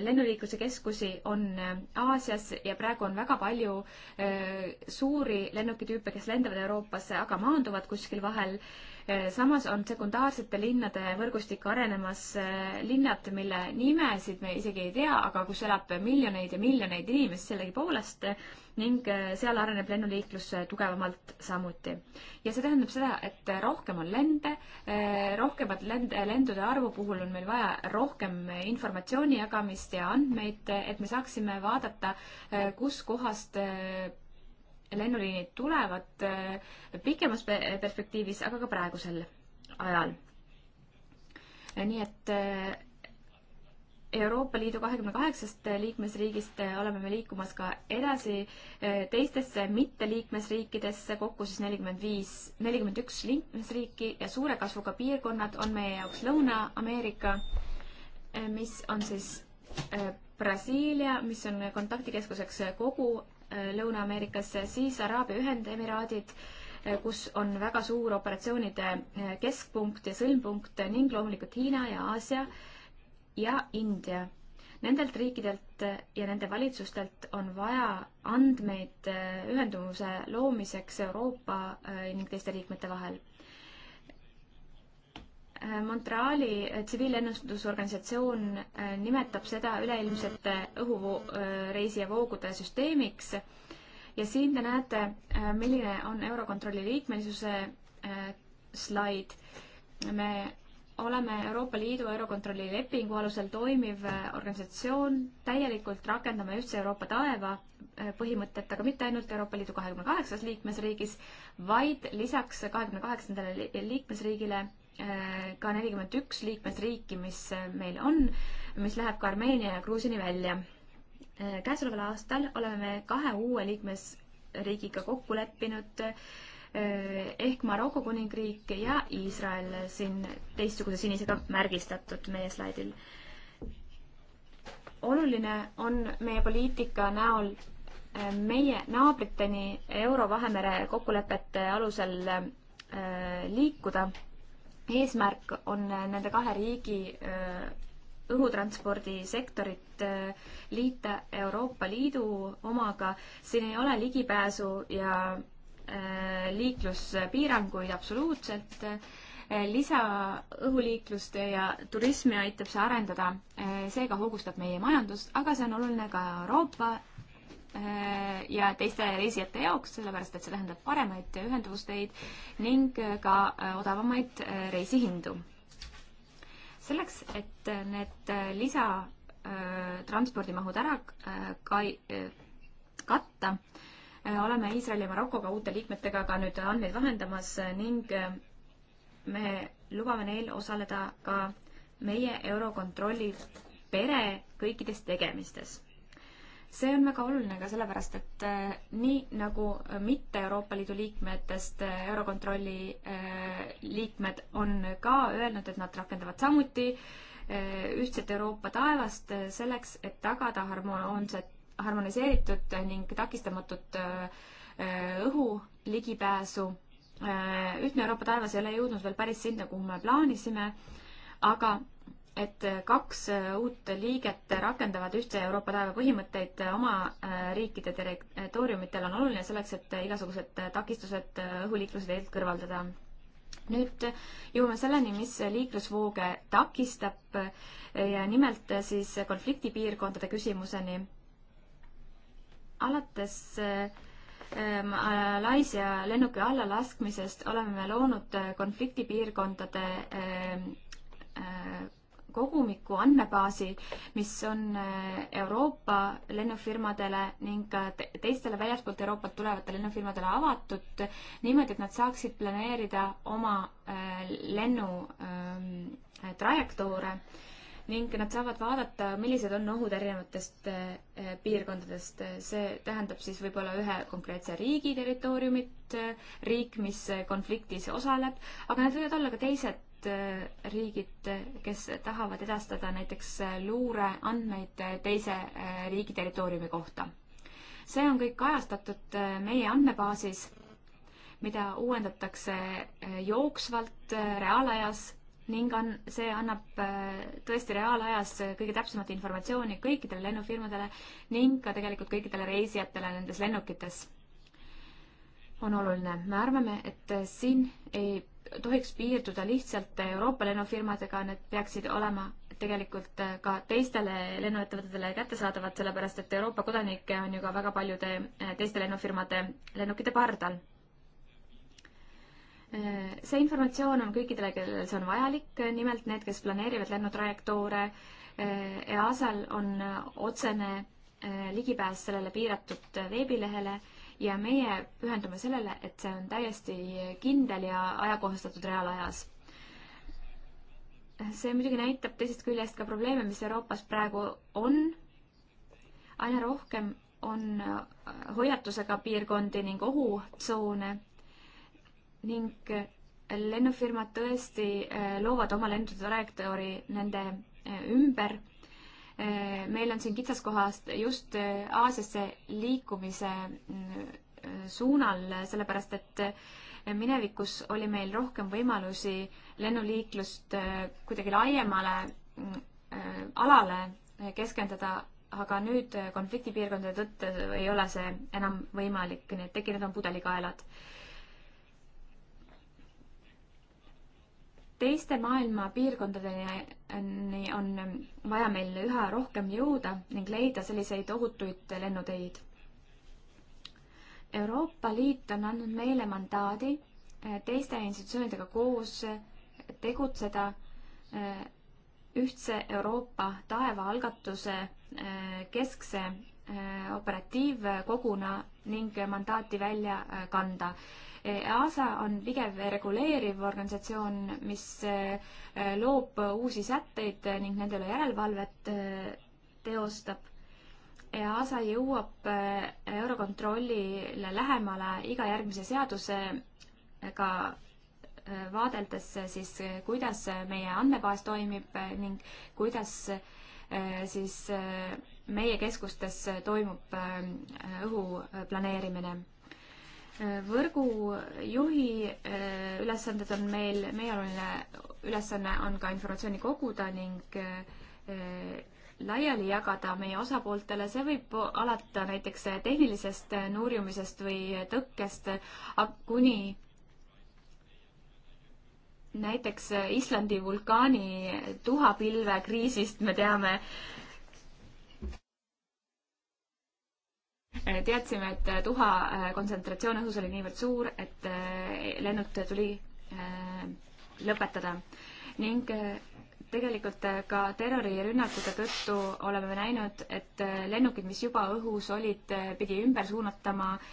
lennuliikluse keskusi on Aasias ja praegu on väga palju suuri lennukitüüpe, kes lendavad Euroopasse, aga maanduvad kuskil vahel samas on sekundaarsete linnade võrgustik arenemas e, linnad, mille nimesid me isegi ei tea, aga kus elab miljoneid ja miljoneid inimesi sellegipoolest e, ning e, seal areneb lennuliiklus tugevamalt samuti. ja see tähendab seda, et rohkem on lende, rohkemat lend, lendude arvu puhul on meil vaja rohkem informatsiooni jagamist ja andmeid, et me saaksime vaadata, kus kohast lennuliinid tulevad äh, pikemas perspektiivis, aga ka praegusel ajal. nii et äh, Euroopa Liidu kahekümne kaheksast liikmesriigist äh, oleme me liikumas ka edasi teistesse mitteliikmesriikidesse, kokku siis nelikümmend viis, nelikümmend üks liikmesriiki ja suure kasvuga piirkonnad on meie jaoks Lõuna-Ameerika, mis on siis Brasiilia, mis on kontaktikeskuseks kogu Lõuna-Ameerikasse, siis Araabia Ühendemiraadid, kus on väga suur operatsioonide eh, keskpunkt ja sõlmpunkt ning loomulikult Hiina ja Aasia ja India. Nendelt riikidelt eh, ja nende valitsustelt on vaja andmeid eh, ühenduvuse loomiseks Euroopa ning teiste liikmete vahel. Äh, Montreali äh, tsiviilennustusorganisatsioon äh, nimetab seda üleilmsete õhureisija voogude süsteemiks ja siin te näete, milline on Eurokontrolli liikmelisuse slaid. me oleme Euroopa Liidu Eurokontrolli lepingu alusel toimiv organisatsioon, täielikult rakendame ühtse Euroopa taeva põhimõtet, aga mitte ainult Euroopa Liidu kahekümne kaheksas liikmesriigis, vaid lisaks kahekümne kaheksandale liikmesriigile Äh, ka nelikümmend üks liikmesriiki, mis äh, meil on, mis läheb ka Armeenia ja Gruusiani välja. Äh, käesoleval aastal oleme me kahe uue liikmesriigiga kokku leppinud ehk Maroko kuningriik ja Iisrael siin teistsuguse sinisega märgistatud meie slaidil. oluline on meie poliitika näol meie naabriteni Euro-Vahemere kokkulepete alusel liikuda eesmärk on nende kahe riigi õhutranspordisektorit liita Euroopa Liidu omaga, siin ei ole ligipääsu ja liikluspiiranguid absoluutselt, lisaõhuliiklust ja turismi aitab see arendada, seega hoogustab meie majandust, aga see on oluline ka Euroopa Äh, ja teiste reisijate jaoks, sellepärast et see tähendab paremaid ühendusteid ning ka äh, odavamaid äh, reisihindu. selleks, et need lisatranspordimahud ära kai-, katta, oleme Iisraeli ja Marokoga uute liikmetega ka nüüd andmeid vahendamas ning me lubame neil osaleda ka meie Eurokontrolli pere kõikides tegemistes see on väga oluline ka sellepärast, et äh, nii nagu äh, mitte Euroopa Liidu liikmetest äh, Eurokontrolli liikmed on ka öelnud, et nad rakendavad samuti ühtset Euroopa taevast selleks, et tagada harmoonset, harmoniseeritud ning takistamatut õhu ligipääsu. ühtne Euroopa taevas ei ole jõudnud veel päris sinna, kuhu me plaanisime, aga et kaks uut liiget rakendavad ühtse Euroopa taeva põhimõtteid oma äh, riikide territooriumitel on oluline selleks, et igasugused takistused äh, õhuliikluse teelt kõrvaldada. nüüd jõuame selleni, mis liiklusvooge takistab äh, ja nimelt siis konfliktipiirkondade küsimuseni. alates ähm, Malaisia lennuki allalaskmisest oleme me loonud konfliktipiirkondade kogumiku andmebaasi, mis on äh, Euroopa lennufirmadele ning teistele väljaspoolt Euroopat tulevatele lennufirmadele avatud, niimoodi, et nad saaksid planeerida oma äh, lennutrajektoore ähm, ning nad saavad vaadata, millised on ohud erinevatest äh, piirkondadest. see tähendab siis võib-olla ühe konkreetse riigi territooriumit, riik, mis konfliktis osaleb, aga need võivad olla ka teised need äh, riigid, kes tahavad edastada näiteks äh, luureandmeid äh, teise riigi territooriumi kohta. see on kõik kajastatud meie andmebaasis, mida uuendatakse jooksvalt reaalajas ning on, see annab tõesti reaalajas kõige täpsemat informatsiooni kõikidele lennufirmadele ning ka tegelikult kõikidele reisijatele nendes lennukites. on oluline, me arvame, et siin ei tohiks piirduda lihtsalt Euroopa lennufirmadega, need peaksid olema tegelikult äh, ka teistele lennuettevõtetele kättesaadavad, sellepärast et Euroopa kodanikke on ju ka väga paljude äh, teiste lennufirmade lennukite pardal. Äh, see informatsioon on kõikidele, kellel see on vajalik, nimelt need, kes planeerivad lennutrajektoore. EASA-l on otsene ligipääs sellele piiratud veebilehele ja meie pühendume sellele, et see on täiesti kindel ja ajakohastatud reaalajas. see muidugi näitab teisest küljest ka probleeme, mis Euroopas praegu on. aina rohkem on hoiatusega piirkondi ning ohutsoone ning lennufirmad tõesti eh, loovad oma lendude trajektoori nende eh, ümber Äh, meil on siin kitsaskohast just äh, Aasiasse liikumise mm, äh, suunal, sellepärast et minevikus oli meil rohkem võimalusi lennuliiklust kuidagi laiemale mm, alale keskenduda, aga nüüd konfliktipiirkondade tõttu ei ole see enam võimalik, nii et tekkinud on pudelikaelad teiste maailma piirkondadeni on vaja meil üha rohkem jõuda ning leida selliseid ohutuid lennuteid. Euroopa Liit on andnud meile mandaadi eh, teiste institutsioonidega koos eh, tegutseda eh, ühtse Euroopa taeva algatuse keskse Äh, operatiivkoguna ning mandaati välja äh, kanda. EASA on pigev reguleeriv organisatsioon, mis äh, loob uusi sätteid ning nende üle järelevalvet teostab. EASA jõuab Eurokontrollile lähemale iga järgmise seadusega vaadeldes siis, kuidas meie andmebaas toimib ning kuidas Äh, siis äh, meie keskustes äh, toimub õhu planeerimine võrgujuhi ülesanded on meil, meie oluline ülesanne on ka informatsiooni koguda ning laiali jagada meie osapooltele, see võib alata näiteks tehnilisest nurjumisest või tõkkest kuni näiteks äh, Islandi vulkaani tuhapilve kriisist me teame, äh, teadsime, et äh, tuha kontsentratsioon õhus oli niivõrd suur, et lennud tuli lõpetada ning tegelikult ka terrorirünnakute tõttu oleme näinud, et lennukid, mis juba õhus olid, pidi ümber suunatama äh,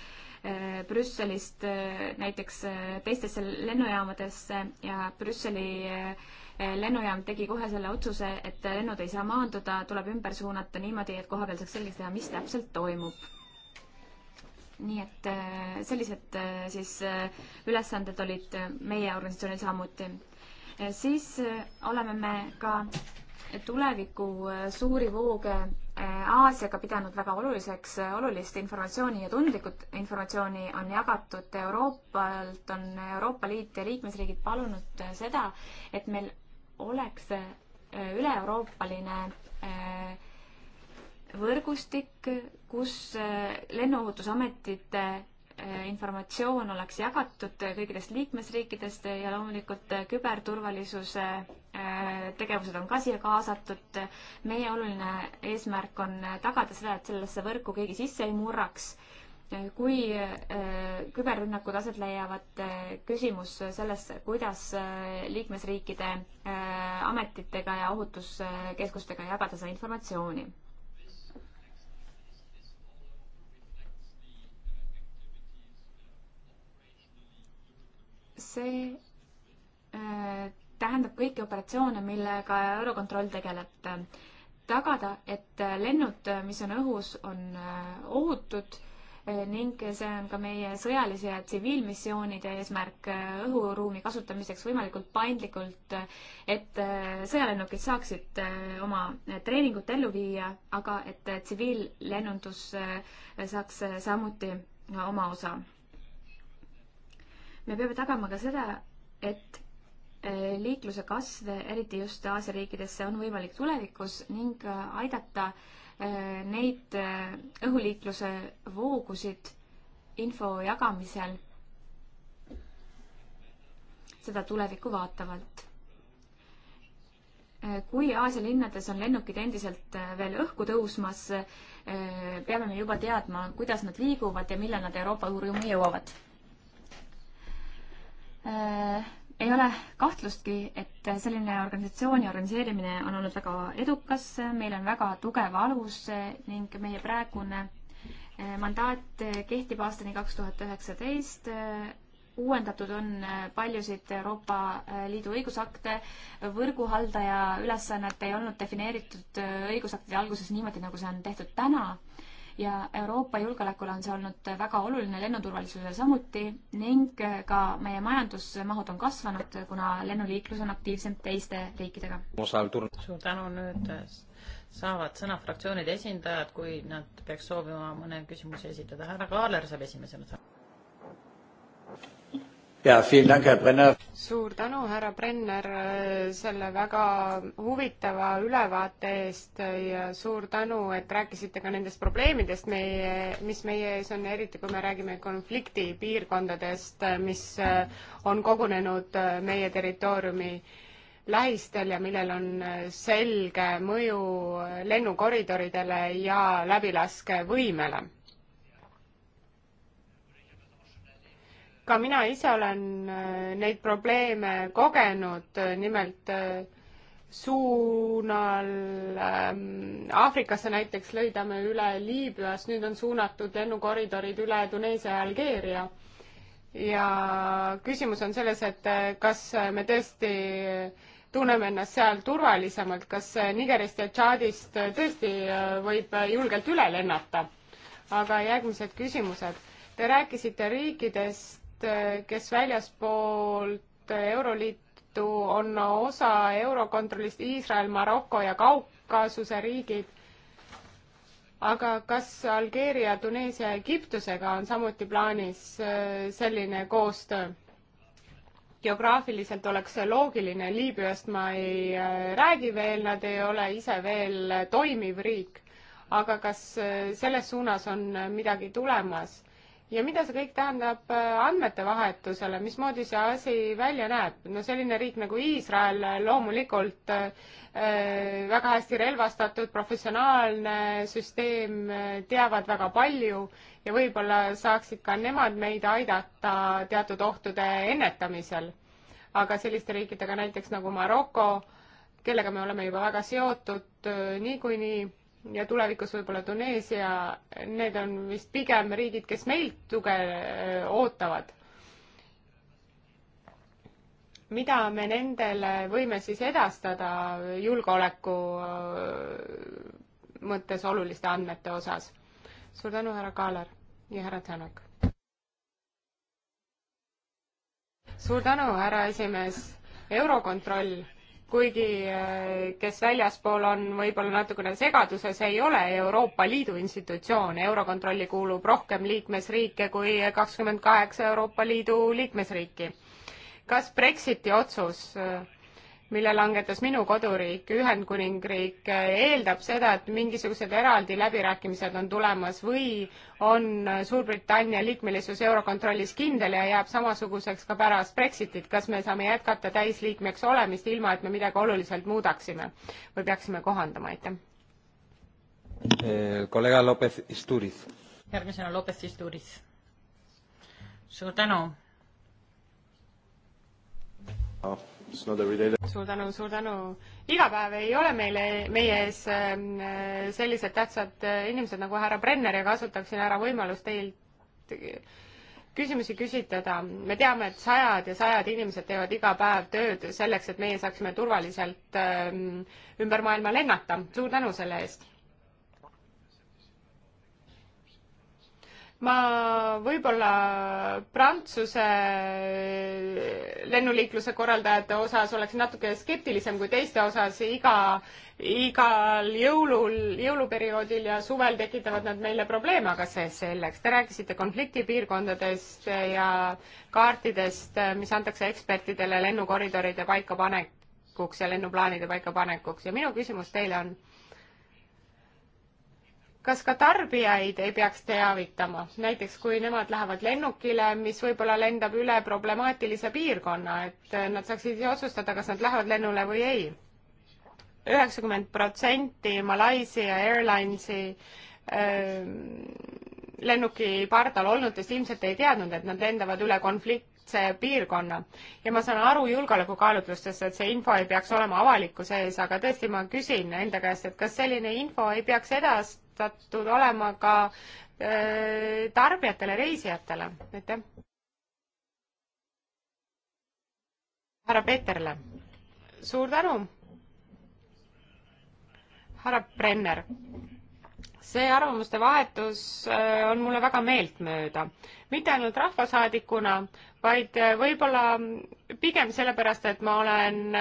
Äh, Brüsselist äh, näiteks äh, teistesse lennujaamadesse ja Brüsseli lennujaam tegi kohe selle otsuse, et lennud ei saa maanduda, tuleb ümber suunata niimoodi, et kohapeal saaks selgeks teha, mis täpselt toimub nii et sellised siis ülesanded olid meie organisatsioonil samuti. siis oleme me ka tuleviku suuri vooge Aasiaga pidanud väga oluliseks, olulist informatsiooni ja tundlikud informatsiooni on jagatud Euroopalt, on Euroopa Liit ja liikmesriigid palunud seda, et meil oleks äh, üle-euroopaline äh, võrgustik, kus äh, lennuohutusametite informatsioon oleks jagatud kõikidest liikmesriikidest ja loomulikult küberturvalisuse Äh, tegevused on ka siia kaasatud. meie oluline eesmärk on tagada seda, et sellesse võrku keegi sisse ei murraks. kui äh, küberrünnakud aset leiavad, äh, küsimus selles, kuidas liikmesriikide ametitega ja ohutuskeskustega jagada seda informatsiooni see tähendab kõiki operatsioone, millega Eurokontroll tegeleb. tagada, et lennud, mis on õhus, on äh, ohutud eh, ning see on ka meie sõjalise ja tsiviilmissioonide eesmärk äh, õhuruumi kasutamiseks võimalikult paindlikult, et äh, sõjalennukid saaksid oma treeningut ellu viia, aga et tsiviillennundus saaks samuti oma osa. me peame tagama ka seda, et liikluse kasv, eriti just Aasia riikidesse, on võimalik tulevikus ning äh, aidata äh, neid äh, õhuliikluse voogusid info jagamisel, seda tulevikku vaatavalt. kui Aasia linnades on lennukid endiselt veel õhku tõusmas, peame me juba teadma, kuidas nad liiguvad ja millal nad Euroopa õhuruumi jõuavad ei ole kahtlustki, et selline organisatsiooni organiseerimine on olnud väga edukas, meil on väga tugev alus ning meie praegune eh, mandaat kehtib aastani kaks tuhat üheksateist. uuendatud on paljusid Euroopa eh, Liidu õigusakte, võrguhaldaja ülesannet ei olnud defineeritud eh, õigusaktide alguses niimoodi, nagu see on tehtud täna ja Euroopa julgeolekule on see olnud väga oluline, lennuturvalisusele samuti, ning ka meie majandusmahud on kasvanud, kuna lennuliiklus on aktiivsem teiste riikidega. suur tänu, nüüd saavad sõna fraktsioonide esindajad, kui nad peaks soovima mõne küsimuse esitada. härra Kaaler saab esimesena sõna ja, dank, suur tänu, härra Brenner, selle väga huvitava ülevaate eest ja suur tänu, et rääkisite ka nendest probleemidest meie, mis meie ees on, eriti kui me räägime konfliktipiirkondadest, mis on kogunenud meie territooriumi lähistel ja millel on selge mõju lennukoridoridele ja läbilaskevõimele ka mina ise olen äh, neid probleeme kogenud, äh, nimelt äh, suunal ähm, Aafrikasse näiteks lõidame üle Liibüas, nüüd on suunatud lennukoridorid üle Tuneesia ja Algeeria. ja küsimus on selles, et kas me tõesti tunneme ennast seal turvalisemalt, kas Nigerist ja Tšaadist tõesti võib julgelt üle lennata? aga järgmised küsimused. Te rääkisite riikidest, Eh, kes väljaspoolt eh, Euroliitu on osa Eurokontrollist Iisrael, Maroko ja Kaukasuse riigid. aga kas Algeeria, Tuneesia ja Egiptusega on samuti plaanis eh, selline koostöö? geograafiliselt oleks see loogiline, Liibüast ma ei räägi veel, nad ei ole ise veel toimiv riik. aga kas selles suunas on midagi tulemas? ja mida see kõik tähendab äh, andmete vahetusele, mismoodi see asi välja näeb? no selline riik nagu Iisrael äh, loomulikult äh, äh, väga hästi relvastatud, professionaalne süsteem, teavad väga palju ja võib-olla saaksid ka nemad meid aidata teatud ohtude ennetamisel. aga selliste riikidega näiteks nagu Maroko, kellega me oleme juba väga seotud niikuinii nii ja tulevikus võib-olla Tuneesia, need on vist pigem riigid, kes meilt tuge ootavad. mida me nendele võime siis edastada julgeoleku mõttes oluliste andmete osas? suur tänu, härra Kaaler ja härra Tänak. suur tänu, härra esimees. eurokontroll kuigi äh, kes väljaspool on võib-olla natukene segaduses, ei ole Euroopa Liidu institutsioon, Eurokontrolli kuulub rohkem liikmesriike kui kakskümmend kaheksa Euroopa Liidu liikmesriiki. kas Brexiti otsus äh, mille langetas minu koduriik, Ühendkuningriik, eeldab seda, et mingisugused eraldi läbirääkimised on tulemas või on Suurbritannia liikmelisus Eurokontrollis kindel ja jääb samasuguseks ka pärast Brexitit, kas me saame jätkata täisliikmeks olemist, ilma et me midagi oluliselt muudaksime või peaksime kohandama, aitäh. Eh, kolleeg Lopez Isturiz. järgmisena Lopez Isturiz. suur tänu no oh suur tänu, suur tänu. iga päev ei ole meile, meie ees äh, sellised tähtsad äh, inimesed nagu härra Brenner ja kasutaksin ära võimalust teilt äh, küsimusi küsitleda. me teame, et sajad ja sajad inimesed teevad iga päev tööd selleks, et meie saaksime turvaliselt ähm, ümber maailma lennata. suur tänu selle eest ma võib-olla Prantsuse lennuliikluse korraldajate osas oleksin natuke skeptilisem kui teiste osas, iga, igal jõulul, jõuluperioodil ja suvel tekitavad nad meile probleeme, aga see selleks. Te rääkisite konfliktipiirkondadest ja kaartidest, mis antakse ekspertidele lennukoridoride paikapanekuks ja lennuplaanide paikapanekuks ja minu küsimus teile on kas ka tarbijaid ei peaks teavitama, näiteks kui nemad lähevad lennukile, mis võib-olla lendab üle problemaatilise piirkonna, et eh, nad saaksid ise otsustada, kas nad lähevad lennule või ei. üheksakümmend protsenti Malaisia Airlinesi öö, eh, lennuki pardal olnutest ilmselt ei teadnud, et nad lendavad üle konfliktse piirkonna ja ma saan aru julgeolekukaalutlustest, et see info ei peaks olema avalikkuse ees, aga tõesti, ma küsin enda käest, et kas selline info ei peaks edast-, kohaldatud olema ka äh, tarbijatele, reisijatele, aitäh. härra Peeterle, suur tänu. härra Brenner, see arvamuste vahetus äh, on mulle väga meeltmööda. mitte ainult rahvasaadikuna, vaid äh, võib-olla pigem sellepärast, et ma olen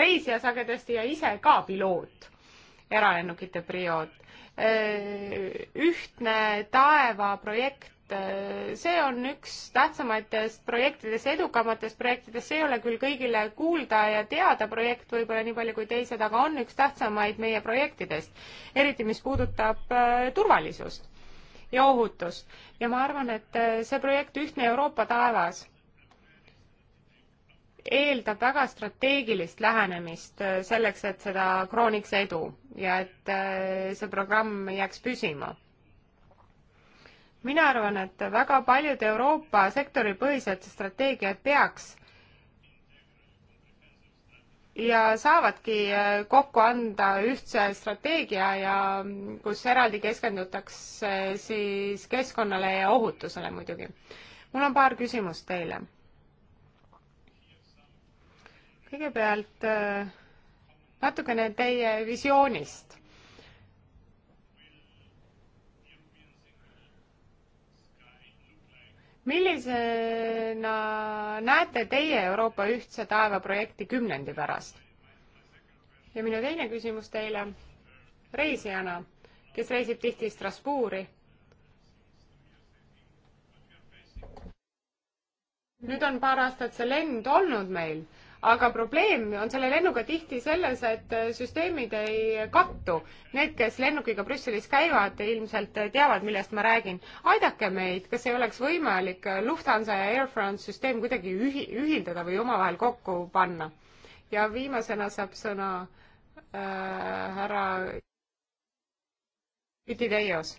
reisija sagedasti ja ise ka piloot, eralennukite prioot Äh, ühtne taevaprojekt, äh, see on üks tähtsamatest projektidest, edukamatest projektidest, see ei ole küll kõigile kuulda ja teada projekt võib-olla nii palju kui teised, aga on üks tähtsamaid meie projektidest, eriti mis puudutab äh, turvalisust ja ohutust. ja ma arvan, et see projekt Ühtne Euroopa taevas eeldab väga strateegilist lähenemist äh, selleks, et seda krooniks edu ja et äh, see programm jääks püsima. mina arvan, et väga paljud Euroopa sektoripõhised strateegiad peaks ja saavadki äh, kokku anda ühtse strateegia ja mm, kus eraldi keskendutakse siis keskkonnale ja ohutusele muidugi. mul on paar küsimust teile kõigepealt äh, natukene teie visioonist. millisena näete teie Euroopa ühtse taeva projekti kümnendi pärast? ja minu teine küsimus teile reisijana, kes reisib tihti Strasbourgi nüüd on paar aastat see lend olnud meil aga probleem on selle lennuga tihti selles, et äh, süsteemid ei kattu. Need, kes lennukiga Brüsselis käivad, ilmselt teavad, millest ma räägin. aidake meid, kas ei oleks võimalik äh, Lufthansa ja Air France süsteem kuidagi ühi-, ühildada või omavahel kokku panna? ja viimasena saab sõna äh, härra Üti Teios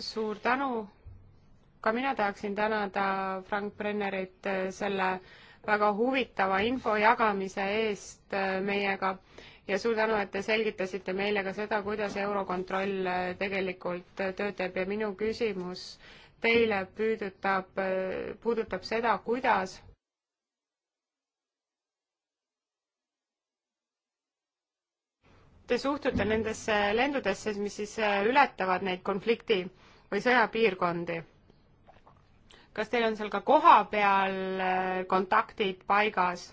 suur tänu ka mina tahaksin tänada Frank Brennerit äh, selle väga huvitava info jagamise eest äh, meiega ja suur tänu, et te selgitasite meile ka seda, kuidas Eurokontroll äh, tegelikult tööd teeb ja minu küsimus teile püüdutab, puudutab seda, kuidas te suhtute nendesse lendudesse, mis siis ületavad neid konflikti või sõjapiirkondi kas teil on seal ka kohapeal äh, kontaktid paigas?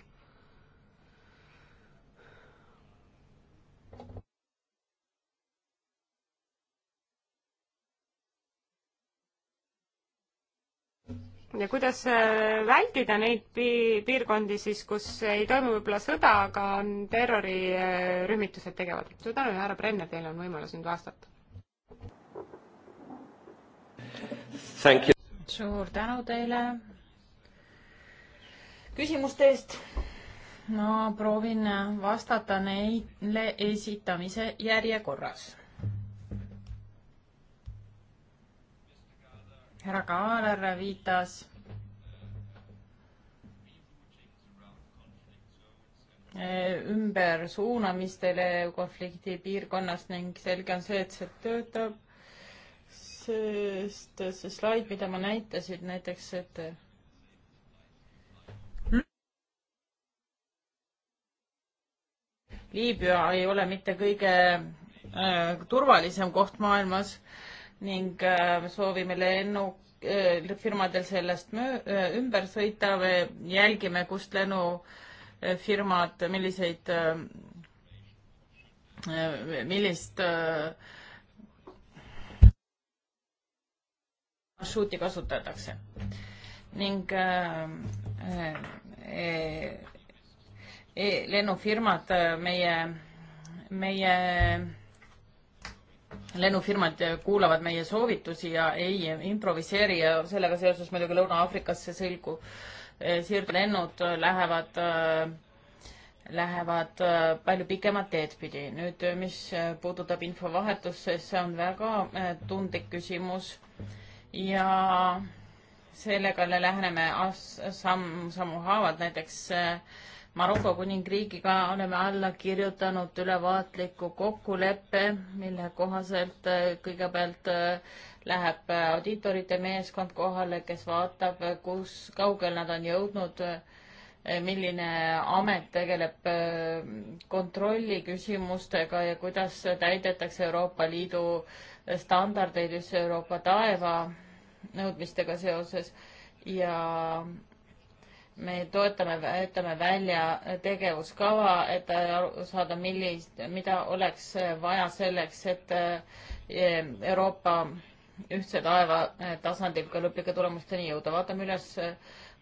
ja kuidas äh, vältida neid piirkondi siis, kus ei toimu võib-olla sõda, aga on terrorirühmitused äh, tegevad? suur tänu ja härra Brenner, teil on võimalus nüüd vastata suur tänu teile küsimuste eest. ma proovin vastata neile esitamise järjekorras. härra Kaaler viitas ümbersuunamistele konflikti piirkonnas ning selge on see, et see töötab sest see slaid, mida ma näitasin näiteks, et Liibüa ei ole mitte kõige äh, turvalisem koht maailmas ning äh, soovime lennufirmadel äh, sellest möö, äh, ümber sõita või jälgime, kust lennufirmad, äh, milliseid, äh, millist marsruuti kasutatakse. ning äh, äh, e, e lennufirmad, äh, meie, meie lennufirmad kuulavad meie soovitusi ja ei improviseeri ja sellega seoses muidugi Lõuna-Aafrikasse sõlgu äh, siirdelennud lähevad, äh, lähevad palju pikemat teed pidi. nüüd, mis puudutab infovahetusse, see on väga tundlik küsimus ja sellega läheneme samm, sammu haaval, näiteks äh, Maroko kuningriigiga oleme alla kirjutanud ülevaatliku kokkuleppe, mille kohaselt äh, kõigepealt äh, läheb audiitorite meeskond kohale, kes vaatab, kus kaugel nad on jõudnud Eh, milline amet tegeleb eh, kontrolli küsimustega ja kuidas täidetakse Euroopa Liidu standardeid just Euroopa taeva nõudmistega seoses ja me toetame, ütleme välja tegevuskava, et aru saada, millist, mida oleks vaja selleks, et eh, Euroopa ühtse taeva tasandil ka lõplike tulemusteni jõuda. vaatame üles äh,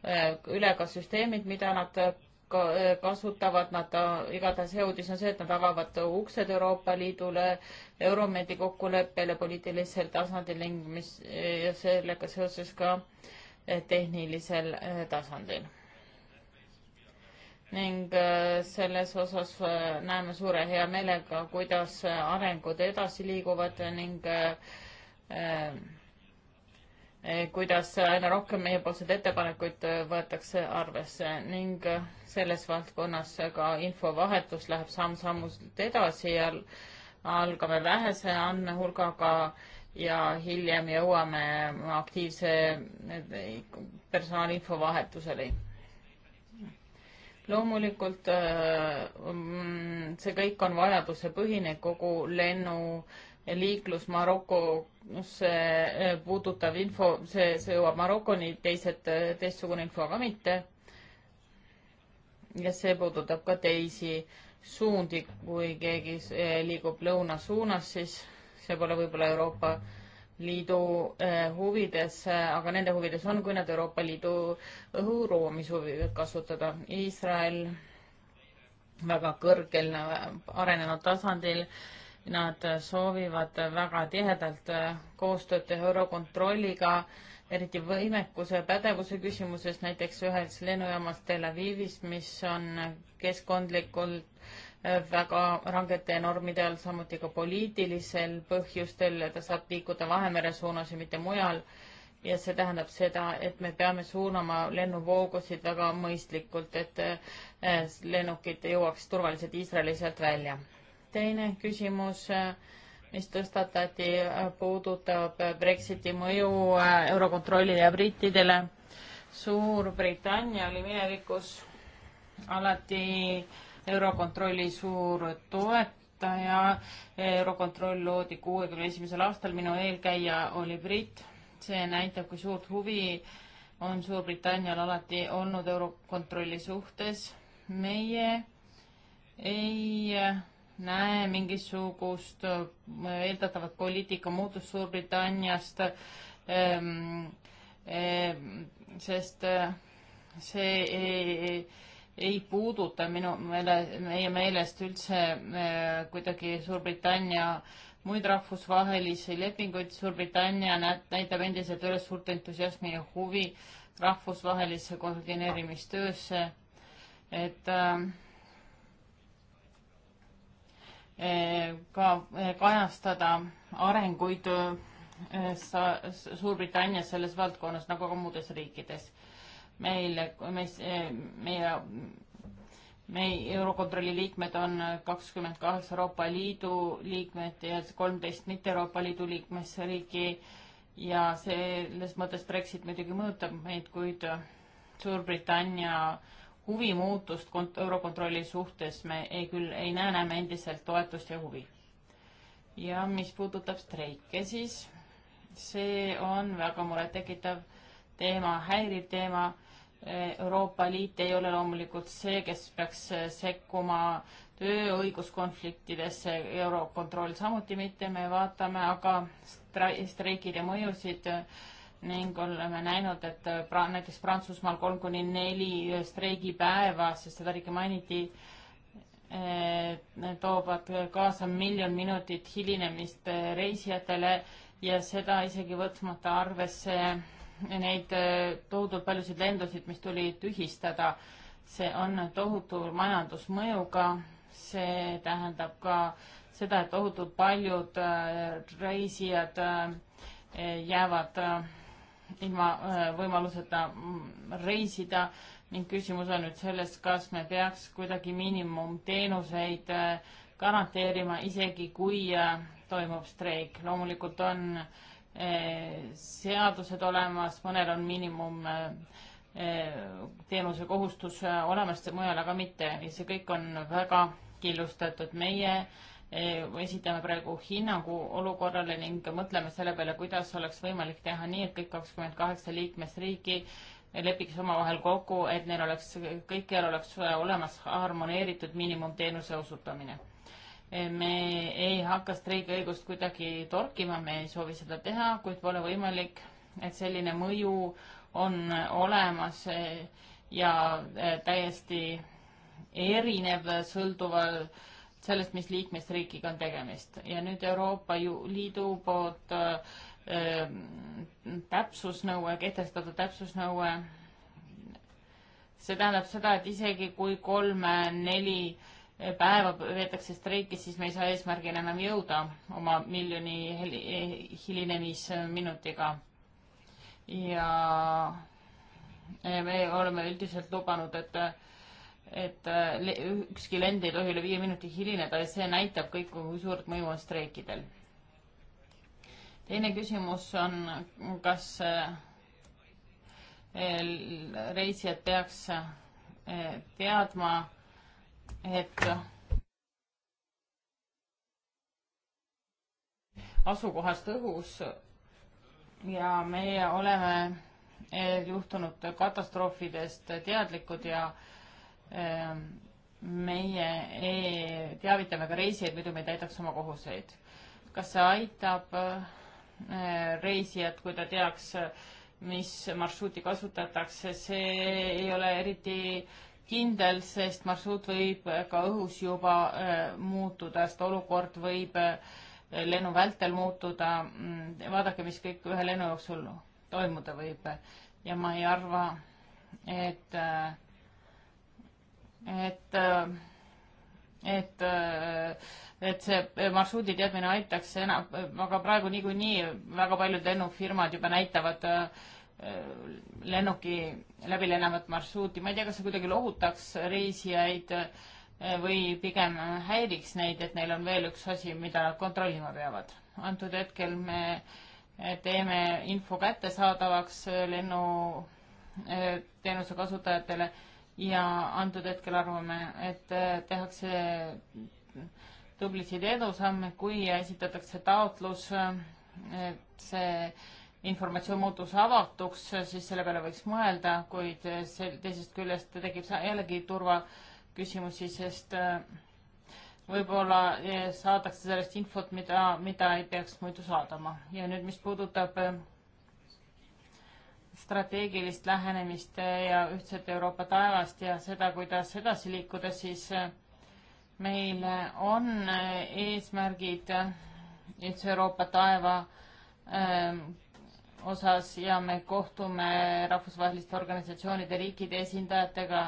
Äh, üle ka süsteemid, mida nad äh, äh, kasutavad, nad igatahes hea uudis on see, et nad avavad uksed Euroopa Liidule, Euromeedi kokkuleppele poliitilisel tasandil ning mis sellega seoses ka tehnilisel tasandil. ning selles osas näeme suure heameelega, kuidas arengud edasi liiguvad ning äh, Eh, kuidas aina rohkem meiepoolseid ettepanekuid eh, võetakse arvesse ning eh, selles valdkonnas ka infovahetus läheb samm-sammult edasi ja algame vähese andmehulgaga ja hiljem jõuame aktiivse personaalinfo vahetuseni. loomulikult mm, see kõik on vajadusepõhine, kogu lennu äh, liiklus Marokosse eh, puudutav info, see, see jõuab Marokoni, teised, eh, teistsugune info aga mitte. ja see puudutab ka teisi suundi, kui keegi eh, liigub lõuna suunas, siis see pole võib-olla Euroopa Liidu huvides, aga nende huvides on, kui nad Euroopa Liidu õhuruumi soovivad kasutada. Iisrael väga kõrgel arenenud tasandil äh, Nad soovivad väga tihedalt äh, koostööd teha Eurokontrolliga, eriti võimekuse ja pädevuse küsimuses, näiteks ühes lennujaamas Tel Avivis, mis on keskkondlikult äh, väga rangete normide all, samuti ka poliitilisel põhjustel, ta saab liikuda Vahemere suunas ja mitte mujal. ja see tähendab seda, et me peame suunama lennuvoogusid väga mõistlikult, et äh, lennukid jõuaks turvaliselt Iisraeli sealt välja teine küsimus, mis tõstatati, puudutab Brexiti mõju äh, Eurokontrollile ja brittidele. Suurbritannia oli minevikus alati Eurokontrolli suur toetaja. Eurokontroll loodi kuuekümne esimesel aastal, minu eelkäija oli britt. see näitab, kui suurt huvi on Suurbritannial alati olnud Eurokontrolli suhtes. meie ei näe mingisugust äh, eeldatavat poliitika muutust Suurbritanniast ähm,, ähm, sest äh, see ei, ei puuduta minu meele, meie meelest üldse äh, kuidagi Suurbritannia muid rahvusvahelisi lepinguid. Suurbritannia näeb, näitab endiselt üles suurt entusiasmi ja huvi rahvusvahelisse koordineerimistöösse. et äh, Eh, ka eh, kajastada arenguid eh, Suurbritannias selles valdkonnas nagu ka muudes riikides. meil, meis, meie, meie Eurokontrolli liikmed on kakskümmend kaheksa Euroopa Liidu liikmed ja kolmteist mitte Euroopa Liidu liikmesriiki ja selles mõttes Brexit muidugi mõjutab meid, kuid Suurbritannia äh, huvi muutust kont-, Eurokontrolli suhtes me ei, küll ei näe, näeme endiselt toetust ja huvi. ja mis puudutab streike, siis see on väga murettekitav teema, häiriv teema. Euroopa Liit ei ole loomulikult see, kes peaks sekkuma tööõiguskonfliktidesse, Eurokontroll samuti mitte, me vaatame aga streikide mõjusid äh, ning oleme näinud, et äh, pra-, näiteks Prantsusmaal kolm kuni neli streigipäeva, sest seda riiki mainiti, äh, toovad kaasa miljon minutit hilinemist äh, reisijatele ja seda isegi võtmata arvesse neid tohutult paljusid lendusid, mis tuli tühistada. see on tohutu majandusmõjuga, see tähendab ka seda, et tohutult paljud reisijad jäävad ilma äh, võimaluseta mm, reisida ning küsimus on nüüd selles, kas me peaks kuidagi miinimumteenuseid äh, garanteerima, isegi kui äh, toimub streik. loomulikult on seadused olemas, mõnel on miinimum teenuse kohustus olemas ja mujal aga mitte ja see kõik on väga killustatud. meie äh, Eh, esitame praegu hinnangu olukorrale ning mõtleme selle peale, kuidas oleks võimalik teha nii, et kõik kakskümmend kaheksa liikmesriiki lepiks omavahel kokku, et neil oleks, kõikjal oleks olemas harmoneeritud miinimumteenuse osutamine. Eh, me ei hakka streigiõigust kuidagi torkima, me ei soovi seda teha, kuid pole võimalik, et selline mõju on olemas eh, ja täiesti erinev sõltuval äh, sellest, mis liikmesriigiga on tegemist ja nüüd Euroopa Liidu poolt äh, täpsusnõue, kehtestatud täpsusnõue. see tähendab seda, et isegi kui kolme-neli päeva veetakse streiki, siis me ei saa eesmärgile enam jõuda oma miljoni hilinemisminutiga. ja me oleme üldiselt lubanud, et et äh, ükski lend ei tohi üle viie minuti hilineda ja see näitab kõik, kui suurt mõju on streikidel. teine küsimus on, kas äh, reisijad peaks äh, teadma, et asukohast õhus ja meie oleme juhtunud katastroofidest teadlikud ja äh, Ehm, meie e teavitame ka reisijaid, muidu me ei täidaks oma kohuseid. kas see aitab ehm, reisijat, kui ta teaks, mis marsruuti kasutatakse, see ei ole eriti kindel, sest marsruut võib ka õhus juba ehm, muutuda, sest olukord võib lennu vältel muutuda. Mm, vaadake, mis kõik ühe lennu jooksul toimuda võib ja ma ei arva, et äh, et, et, et see marsruudi teadmine aitaks enam, aga praegu niikuinii väga paljud lennufirmad juba näitavad lennuki läbi lennavat marsruuti, ma ei tea, kas see kuidagi lohutaks reisijaid või pigem häiriks neid, et neil on veel üks asi, mida nad kontrollima peavad. antud hetkel me teeme info kättesaadavaks lennuteenuse kasutajatele ja antud hetkel arvame, et äh, tehakse tublisid edusamme, kui esitatakse taotlus, äh, et see informatsioon muutus avatuks, siis selle peale võiks mõelda, kuid äh, sel-, teisest küljest tekib jällegi turvaküsimusi, sest võib-olla saadakse sellest infot, mida, mida ei peaks muidu saadama. ja nüüd, mis puudutab strateegilist lähenemist ja ühtset Euroopa taevast ja seda, kuidas edasi liikuda, siis äh, meil on äh, eesmärgid äh, ühtse Euroopa taeva osas ja me kohtume rahvusvaheliste organisatsioonide riikide esindajatega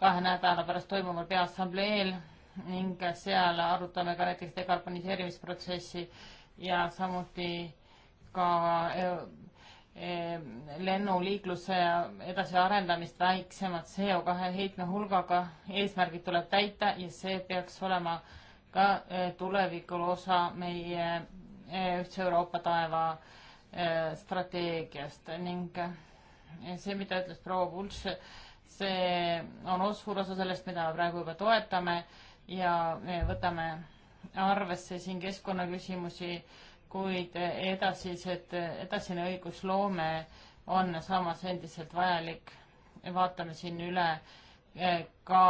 kahe nädala pärast toimuval peaassambleel ning seal arutame ka näiteks dekarboniseerimisprotsessi ja samuti ka Eh, lennuliikluse edasiarendamist väiksema CO2 heitme hulgaga, eesmärgid tuleb täita ja see peaks olema ka eh, tulevikul osa meie eh, Ühtse Euroopa taeva strateegiast ning see, mida ütles proua Pulš, see on suur osa sellest, mida me praegu juba toetame ja me võtame arvesse siin keskkonnaküsimusi kuid edasised, edasine õigusloome on samas endiselt vajalik. vaatame siin üle eh, ka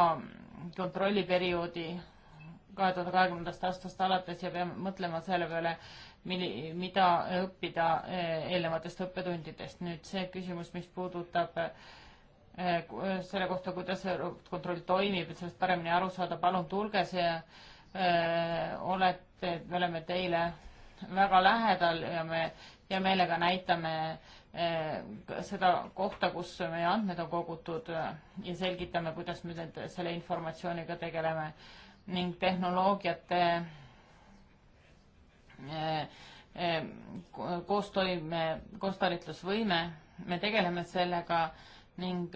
kontrolliperioodi kahe tuhande kahekümnendast aastast alates ja peame mõtlema selle peale, milli-, mida õppida eh, eelnevatest õppetundidest. nüüd see küsimus, mis puudutab eh, selle kohta, kuidas kontroll toimib, et sellest paremini aru saada, palun tulge siia. olete, me oleme teile väga lähedal ja me hea meelega näitame eh, seda kohta, kus meie andmed on kogutud eh, ja selgitame, kuidas me selle informatsiooniga tegeleme ning tehnoloogiate eh, koostoime, koostalitlusvõime, me tegeleme sellega ning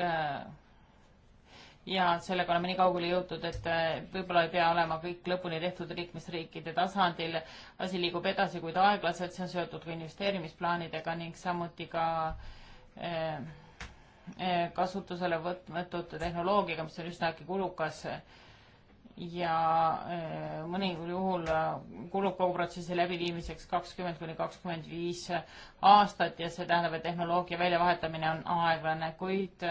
ja sellega oleme nii kaugele jõutud, et äh, võib-olla ei pea olema kõik lõpuni tehtud liikmesriikide tasandil. asi liigub edasi, kuid aeglaselt, see on seotud ka investeerimisplaanidega ning samuti ka äh, äh, kasutusele võtmatud tehnoloogiaga, mis on üsnagi kulukas ja mõningul juhul kulub kogu protsessi läbiviimiseks kakskümmend kuni kakskümmend viis aastat ja see tähendab, et tehnoloogia väljavahetamine on aeglane, kuid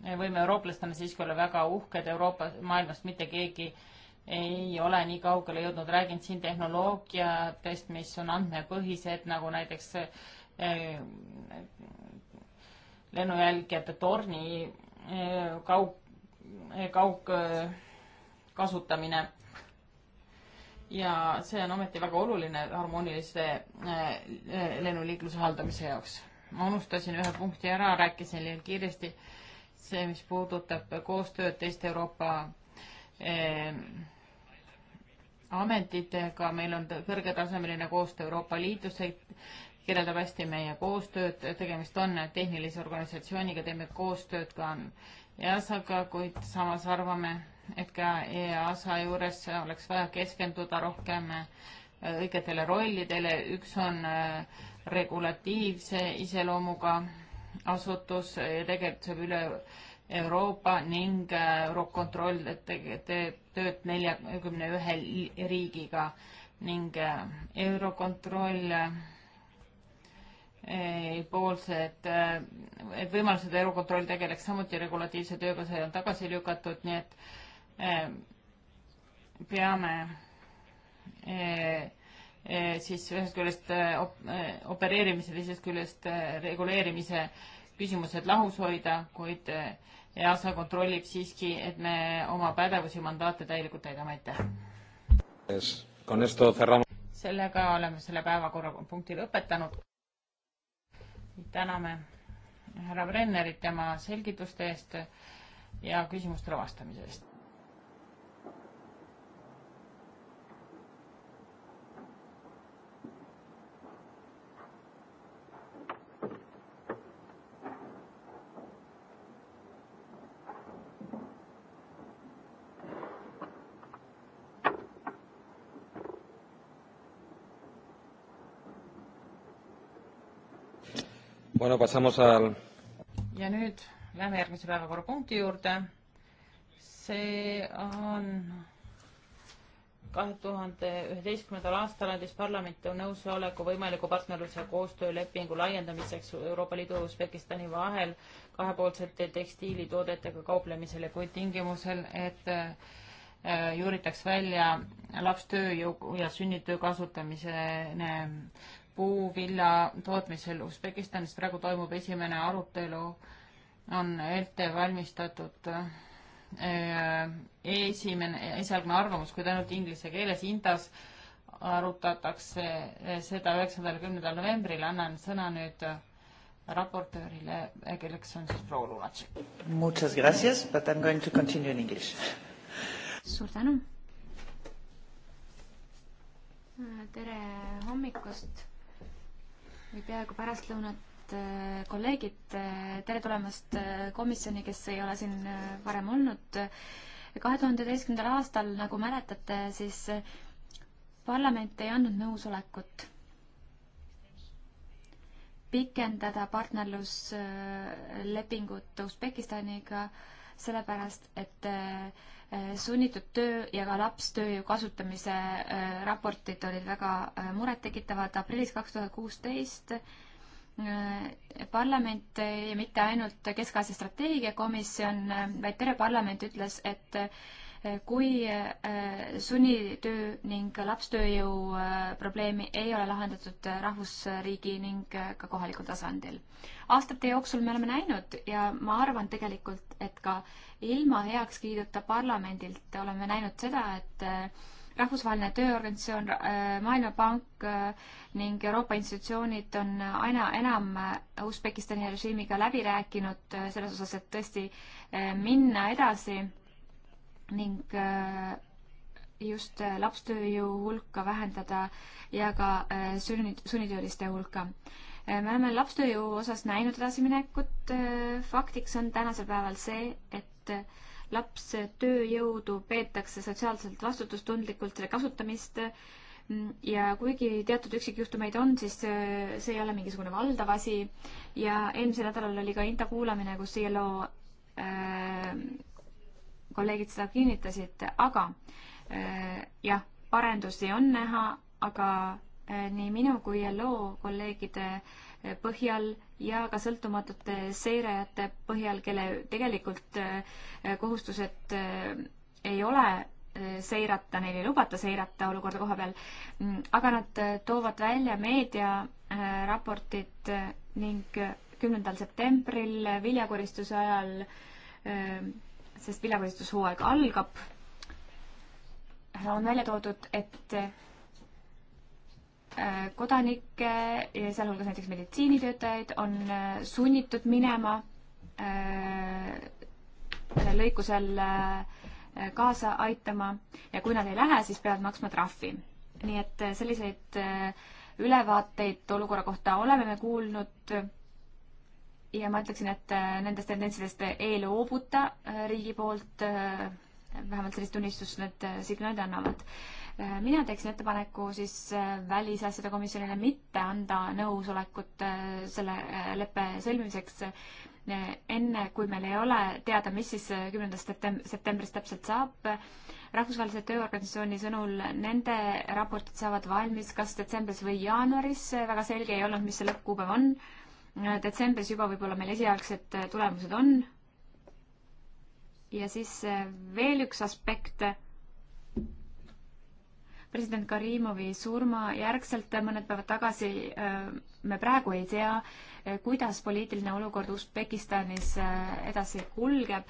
võime eurooplastena siiski olla väga uhked Euroopa, maailmast mitte keegi ei ole nii kaugele jõudnud, räägin siin tehnoloogiatest, mis on andmepõhised, nagu näiteks eh, lennujälgijate torni eh, kaug, kaugkasutamine eh, eh ja see on ometi väga oluline harmoonilise eh, eh, lennuliikluse haldamise jaoks. ma unustasin ühe punkti ära, rääkisin liialt kiiresti see, mis puudutab koostööd teiste Euroopa eh, ametitega, meil on kõrgetasemeline koostöö Euroopa Liidus, see kirjeldab hästi meie koostööd, tegemist on tehnilise organisatsiooniga, teeme koostööd ka EASA-ga, kuid samas arvame, et ka EASA juures oleks vaja keskenduda rohkem äh, õigetele rollidele, üks on äh, regulatiivse iseloomuga asutus tegutseb üle Euroopa ning äh, Eurokontroll teeb te, tööd neljakümne ühe riigiga ning äh, Eurokontroll äh, poolsed võimalused Eurokontroll tegeleks samuti regulatiivse tööga, see on tagasi lükatud, nii et peame Eh, siis ühest küljest eh, eh, opereerimise, teisest küljest reguleerimise küsimused lahus hoida, kuid EASA kontrollib siiski, et me oma pädevusi, mandaate täielikult täidame, aitäh yes.. sellega oleme selle päevakorrapunkti lõpetanud. täname härra Brennerit tema selgituste eest ja küsimustele vastamise eest. Bueno, pasamos al... ja nüüd lähme järgmise päevakorrapunkti juurde. see on kahe tuhande üheteistkümnendal aastal andis parlament nõusoleku võimaliku partnerluse koostöölepingu laiendamiseks Euroopa Liidu ja Usbekistani vahel kahepoolsete tekstiilitoodetega kauplemisele, kuid tingimusel, et äh, juuritaks välja lapstööjõu ja sünnitöö kasutamise puuvilja tootmisel Usbekistanis. praegu toimub esimene arutelu, on ette valmistatud äh, esimene, esialgne arvamus, kuid ainult inglise keeles. Intas arutatakse äh, seda üheksandal ja kümnendal novembril. annan sõna nüüd äh, raportöörile, kelleks on siis proua Lunatšik. Muchas gracias, but I am going to continue in english. suur tänu. tere hommikust peaaegu pärastlõunat äh, kolleegid, äh, tere tulemast äh, komisjoni, kes ei ole siin varem olnud. kahe tuhande üheteistkümnendal aastal, nagu mäletate, siis parlament ei andnud nõusolekut pikendada partnerluslepingut Usbekistaniga, sellepärast et äh, Äh, sunnitud töö ja ka lapstööjõu kasutamise äh, raportid olid väga äh, murettekitavad aprillis kaks tuhat kuusteist parlament ja mitte ainult Kesk-Aasia strateegiakomisjon, vaid terve parlament ütles, et kui äh, sunnitöö ning lapstööjõu äh, probleemi ei ole lahendatud rahvusriigi ning äh, ka kohalikul tasandil. aastate jooksul me oleme näinud ja ma arvan tegelikult, et ka ilma heakskiiduta parlamendilt oleme näinud seda, et rahvusvaheline tööorganisatsioon, Maailmapank ning Euroopa institutsioonid on aina enam Usbekistani režiimiga läbi rääkinud selles osas, et tõesti minna edasi ning äh, just äh, lapstööjõu hulka vähendada ja ka äh, sunnitööliste sünnitööliste hulka. me oleme lapstööjõu osas näinud edasiminekut. faktiks on tänasel päeval see, et laps tööjõudu peetakse sotsiaalselt vastutustundlikult, selle kasutamist mm, ja kuigi teatud üksikjuhtumeid on, siis see ei ole mingisugune valdav asi ja eelmisel nädalal oli ka Inta kuulamine, kus ILO äh, kolleegid seda kinnitasid, aga äh, jah, parendusi on näha, aga äh, nii minu kui LO kolleegide äh, põhjal ja ka sõltumatute seirajate põhjal, kelle tegelikult kohustused ei ole seirata, neil ei lubata seirata olukorda koha peal, mm, aga nad toovad välja meediaraportid ning kümnendal septembril viljakoristuse ajal sest viljakoolistushooaeg algab. on välja toodud, et äh, kodanikke ja sealhulgas näiteks meditsiinitöötajaid on äh, sunnitud minema äh, lõikusel kaasa aitama ja kui nad ei lähe, siis peavad maksma trahvi. nii et selliseid ülevaateid olukorra kohta oleme me kuulnud ja ma ütleksin, et äh, nendest tendentsidest ei loobuta äh, riigi poolt, äh, vähemalt sellist tunnistust need signaalid annavad. mina teeksin ettepaneku siis Välisasjade komisjonile mitte anda nõusolekut selle leppe sõlmimiseks, enne kui meil ei ole teada, mis siis kümnendast septembrist täpselt saab. rahvusvahelise Tööorganisatsiooni sõnul nende raportid saavad valmis kas detsembris või jaanuaris, väga selge ei olnud, mis see lõppkuupäev on Äh, detsembris juba võib-olla meil esialgsed äh, tulemused on. ja siis äh, veel üks aspekt. president Karimovi surma järgselt mõned päevad tagasi me praegu ei tea, kuidas poliitiline olukord Usbekistanis edasi kulgeb.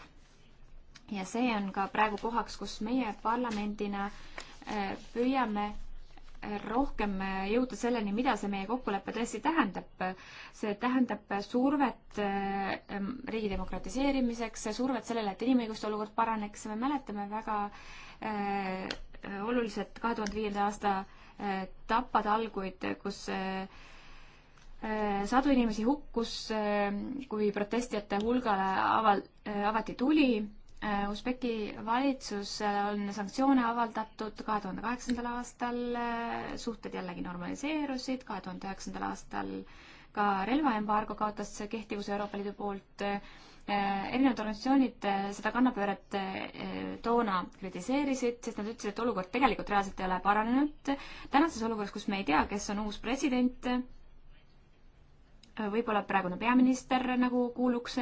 ja see on ka praegu kohaks, kus meie parlamendina püüame rohkem äh, jõuda selleni, mida see meie kokkulepe tõesti tähendab. see tähendab survet äh, ähm, riigi demokratiseerimiseks, survet sellele, et inimõiguste olukord paraneks, me mäletame väga äh, oluliselt kahe tuhande viienda aasta äh, tapade alguid, kus äh, äh, sadu inimesi hukkus, kui protestijate hulgale aval-, avati tuli Usbeki valitsusele on sanktsioone avaldatud kahe tuhande kaheksandal aastal, suhted jällegi normaliseerusid, kahe tuhande üheksandal aastal ka relvaembargo kaotas kehtivuse Euroopa Liidu poolt. erinevad organisatsioonid seda kannapööret eh, toona kritiseerisid, sest nad ütlesid, et olukord tegelikult reaalselt ei ole paranenud. tänases olukorras, kus me ei tea, kes on uus president, võib-olla praegune peaminister nagu kuuluks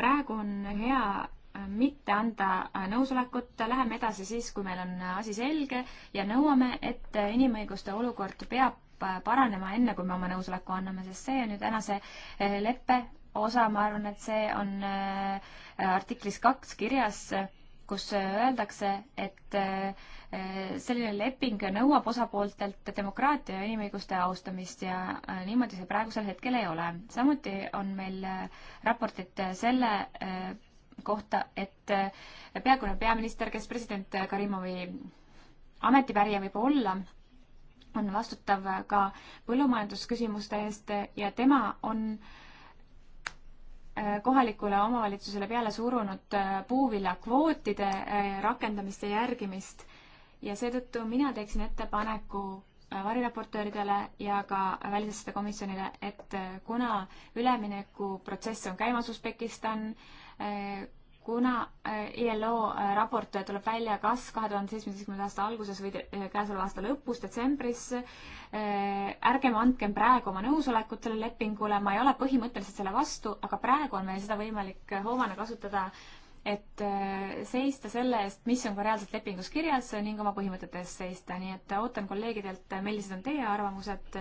praegu on hea äh, mitte anda äh, nõusolekut, läheme edasi siis, kui meil on äh, asi selge ja nõuame, et inimõiguste olukord peab paranema enne, kui me oma nõusoleku anname, sest see on ju tänase leppe osa, ma arvan, et see on artiklis kaks kirjas, kus öeldakse, et Eh, selline leping nõuab osapooltelt demokraatia ja inimõiguste austamist ja eh, niimoodi see praegusel hetkel ei ole. samuti on meil eh, raportid selle kohta, et peaaegune peaminister, kes president Karimovi ametipärija võib olla, on vastutav ka põllumajandusküsimuste eest ja tema on kohalikule omavalitsusele peale surunud puuviljakvootide rakendamist ja järgimist ja seetõttu mina teeksin ettepaneku äh, variraportööridele ja ka välisasjade komisjonile, et äh, kuna üleminekuprotsess on käimas Usbekistan, äh, kuna ILO raport tuleb välja kas kahe tuhande seitsmeteistkümnenda aasta alguses või käesoleva aasta lõpus, detsembris, ärgem andkem praegu oma nõusolekut sellele lepingule, ma ei ole põhimõtteliselt selle vastu, aga praegu on meil seda võimalik hoovana kasutada et äh, seista selle eest, mis on ka reaalselt lepingus kirjas ning oma põhimõtete eest seista, nii et ootan kolleegidelt, äh, millised on teie arvamused.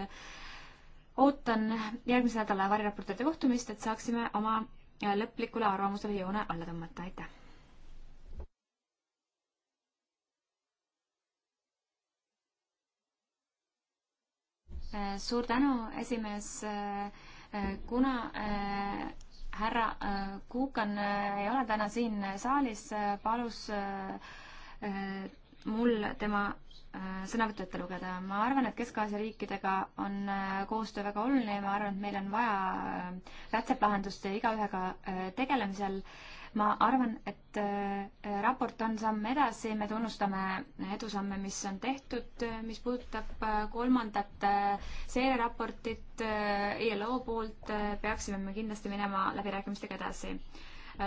ootan järgmise nädala variraportööde kohtumist, et saaksime oma äh, lõplikule arvamusele joone alla tõmmata, aitäh. suur tänu, esimees. kuna härra äh, Kuukan äh, ei ole täna siin saalis, äh, palus mul tema sõnavõttu ette lugeda. ma arvan, et Kesk-Aasia riikidega on koostöö väga oluline ja ma arvan, et meil on vaja rätseplahendust igaühega tegelemisel ma arvan, et äh, raport on samm edasi, me tunnustame edusamme, mis on tehtud, äh, mis puudutab äh, kolmandat seireraportit ILO poolt, peaksime me kindlasti minema läbirääkimistega edasi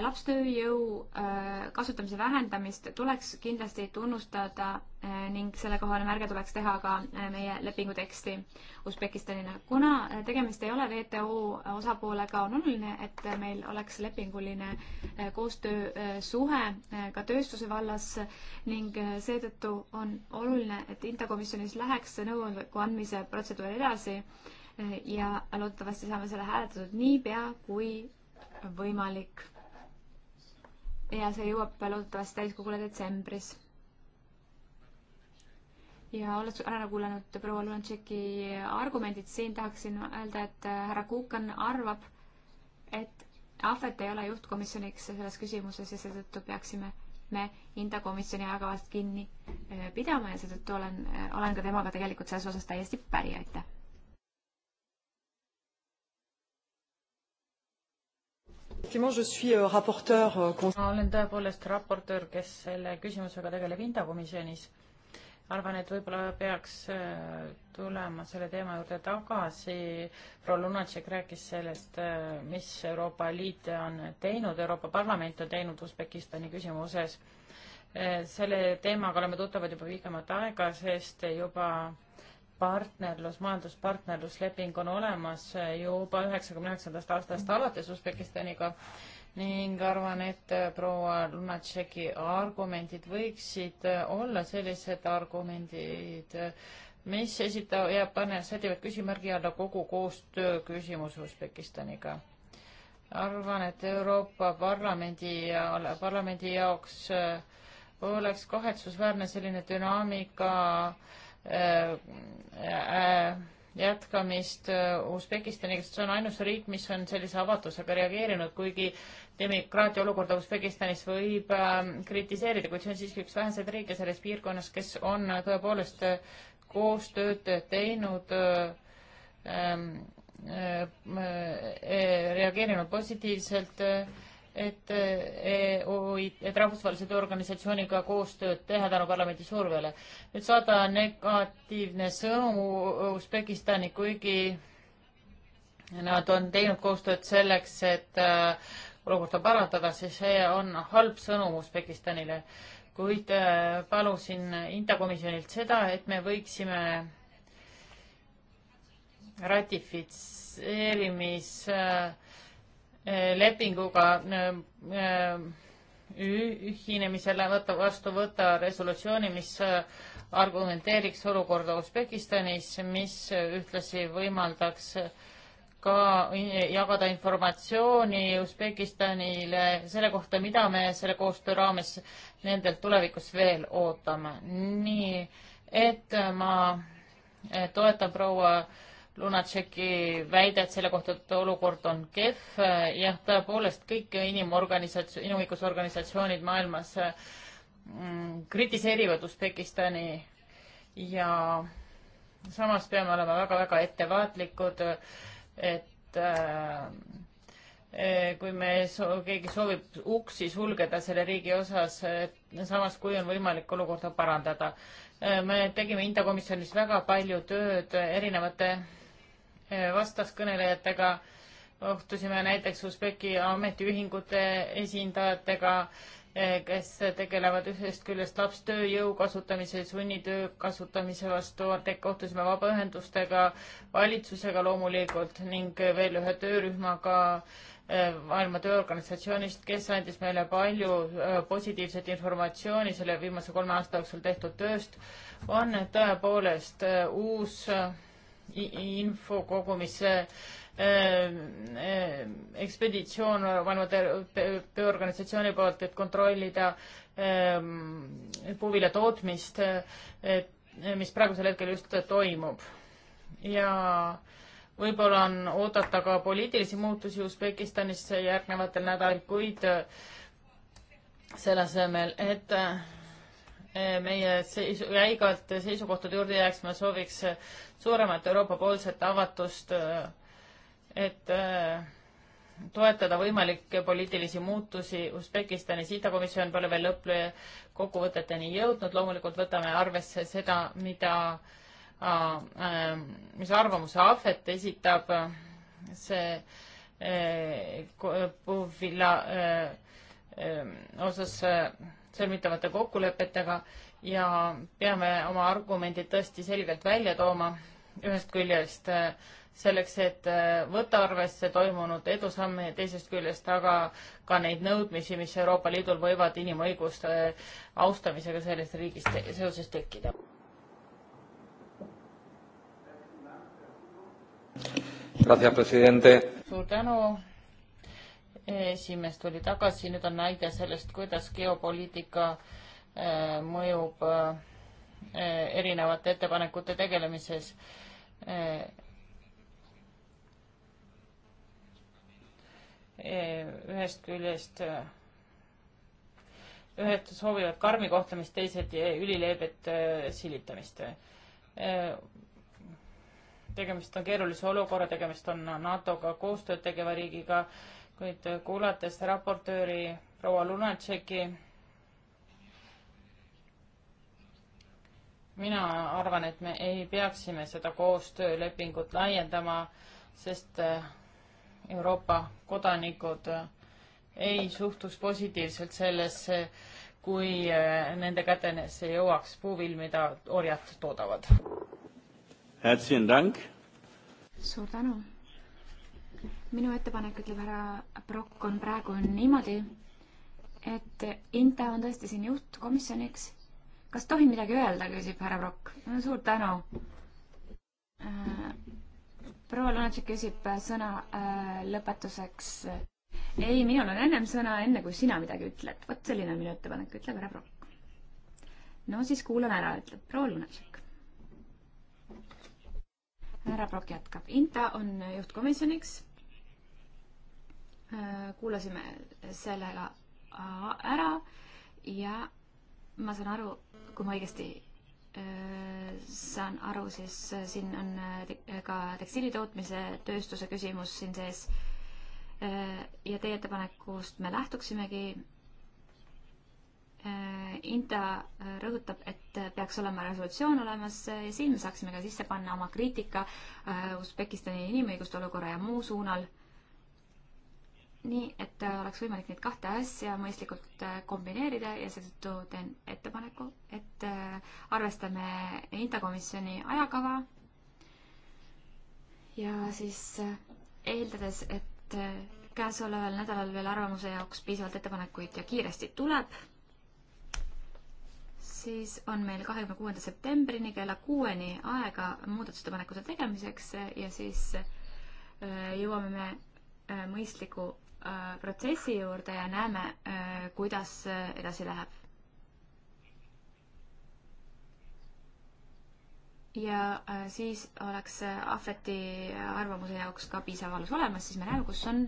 lapstööjõu äh, kasutamise vähendamist tuleks kindlasti tunnustada äh, ning sellekohane märge tuleks teha ka äh, meie lepingu teksti Usbekistanile. kuna tegemist ei ole WTO osapoolega, on oluline, et meil oleks lepinguline koostöösuhe ka tööstuse vallas ning seetõttu on oluline, et Inta komisjonis läheks nõuandeku andmise protseduur edasi ja loodetavasti saame selle hääletatud niipea kui võimalik ja see jõuab loodetavasti täiskogule detsembris. ja olles ära kuulanud proua Lunatšeki argumendid, siin tahaksin öelda, et härra Kuukan arvab, et ahvet ei ole juhtkomisjoniks selles küsimuses ja seetõttu peaksime me Inda komisjoni ajakavast kinni äh, pidama ja seetõttu olen, äh, olen ka temaga tegelikult selles osas täiesti päri, aitäh Euh, euh, ma olen tõepoolest raportöör, kes selle küsimusega tegeleb Inta komisjonis. arvan, et võib-olla peaks äh, tulema selle teema juurde tagasi. proua Lunatšek rääkis sellest, äh, mis Euroopa Liit on teinud, Euroopa Parlament on teinud Usbekistani küsimuses. Äh, selle teemaga oleme tuttavad juba pikemat aega, sest juba partnerlus, majanduspartnerlusleping on olemas juba üheksakümne üheksandast aastast alates Usbekistaniga ning arvan, et proua Lunatšeki argumendid võiksid olla sellised argumendid, mis esita- ja pane-, sätivad küsimärgi alla kogu koostöö küsimus Usbekistaniga. arvan, et Euroopa Parlamendi ja parlamendi jaoks oleks kahetsusväärne selline dünaamika äh, Äh, äh, jätkamist äh, Usbekistaniga, sest see on ainus riik, mis on sellise avatusega reageerinud, kuigi demokraatia olukorda Usbekistanis võib ähm, kritiseerida, kuid see on siiski üks väheseid riike selles piirkonnas, kes on tõepoolest koostööd teinud ähm, äh, äh, reageerinud positiivselt äh, et, eh, e-, et rahvusvahelise tööorganisatsiooniga koostööd teha tänu parlamendi survele. nüüd saada negatiivne sõnum Usbekistani, kuigi nad on teinud koostööd selleks, et eh, olukorda parandada, siis see on halb sõnum Usbekistanile. kuid eh, palusin Inta komisjonilt seda, et me võiksime ratifitseerimis äh, Äh, lepinguga äh, äh, ühinemisele võtta, vastu võtta resolutsiooni, mis argumenteeriks olukorda Usbekistanis, mis ühtlasi võimaldaks ka jagada informatsiooni Usbekistanile selle kohta, mida me selle koostöö raames nendelt tulevikus veel ootame. nii et ma toetan proua äh, Lunatšeki väidet selle kohta, et olukord on kehv. jah, tõepoolest kõik inimorganisatsioon, inimõigusorganisatsioonid maailmas mm, kritiseerivad Usbekistani ja samas peame olema väga-väga ettevaatlikud, et äh, eh, kui me soo,, keegi soovib uksi sulgeda selle riigi osas, samas kui on võimalik olukorda parandada. Äh, me tegime India komisjonis väga palju tööd erinevate vastaskõnelejatega, kohtusime näiteks Usbeki ametiühingute esindajatega, eh, kes tegelevad ühest küljest lapstööjõu kasutamise, sunnitöö kasutamise vastu, kohtusime vabaühendustega, valitsusega loomulikult ning veel ühe töörühmaga eh, Maailma Tööorganisatsioonist, kes andis meile palju eh, positiivset informatsiooni selle viimase kolme aasta jooksul tehtud tööst, on tõepoolest uus info kogumise äh, äh, ekspeditsioon Maailma Tööorganisatsiooni poolt, et kontrollida ähm, puuvilja tootmist, mis praegusel hetkel just toimub. ja võib-olla on oodata ka poliitilisi muutusi Usbekistanis järgnevatel nädalal, kuid äh, selle asemel, et meie seisu, jäigalt seisukohtade juurde jääks, ma sooviks suuremat Euroopa-poolset avatust, et äh, toetada võimalikke poliitilisi muutusi Usbekistanis. Ida-komisjon pole veel lõppkokkuvõteteni jõudnud, loomulikult võtame arvesse seda, mida, äh, äh, mis arvamuse ahvet esitab see eh, Puhvilla eh, eh, osas sõlmitavate kokkulepetega ja peame oma argumendid tõesti selgelt välja tooma ühest küljest äh, selleks, et äh, võtta arvesse toimunud edusamme ja teisest küljest aga ka neid nõudmisi, mis Euroopa Liidul võivad inimõiguste äh, austamisega selles riigis te seoses tekkida. suur tänu esimest tuli tagasi, nüüd on näide sellest, kuidas geopoliitika äh, mõjub äh, erinevate ettepanekute tegelemises. Äh, ühest küljest ühed soovivad karmi kohtlemist, teised ülileebet silitamist. tegemist on keerulise olukorra, tegemist on NATO-ga koostööd tegeva riigiga kuid äh, kuulates raportööri proua Lunatšeki, mina arvan, et me ei peaksime seda koostöölepingut laiendama, sest äh, Euroopa kodanikud äh, ei suhtuks positiivselt sellesse, kui nende kätenesse jõuaks puuvill, mida orjad toodavad. suur tänu minu ettepanek, ütleb härra Prokk, on praegu on niimoodi, et Inta on tõesti siin juhtkomisjoniks. kas tohin midagi öelda, küsib härra Prokk. no suur tänu. Äh, proua Lunatšik küsib sõna äh, lõpetuseks. ei, minul on ennem sõna, enne kui sina midagi ütled. vot selline on minu ettepanek, ütleb härra Prokk. no siis kuulan ära, ütleb proua Lunatšik härra Prokk jätkab. Inta on juhtkomisjoniks Äh, kuulasime selle ära ja ma saan aru, kui ma õigesti äh, saan aru, siis äh, siin on ka tekstiilitootmise tööstuse küsimus siin sees. ja teie ettepanekust me lähtuksimegi Inta rõhutab, et peaks olema resolutsioon olemas ja siin me saaksime ka sisse panna oma kriitika Usbekistani inimõiguste olukorra ja muu suunal nii, et äh, oleks võimalik neid kahte asja mõistlikult äh, kombineerida ja seetõttu teen ettepaneku, et äh, arvestame hindakomisjoni ajakava ja siis eeldades, et käesoleval nädalal veel arvamuse jaoks piisavalt ettepanekuid ja kiiresti tuleb, siis on meil kahekümne kuuenda septembrini kella kuueni aega muudatusettepanekute tegemiseks ja siis jõuame me mõistliku Äh, protsessi juurde ja näeme, äh, kuidas äh, edasi läheb. ja siis oleks Ahveti arvamuse jaoks ka piisav alus olemas, siis me näeme, kus on,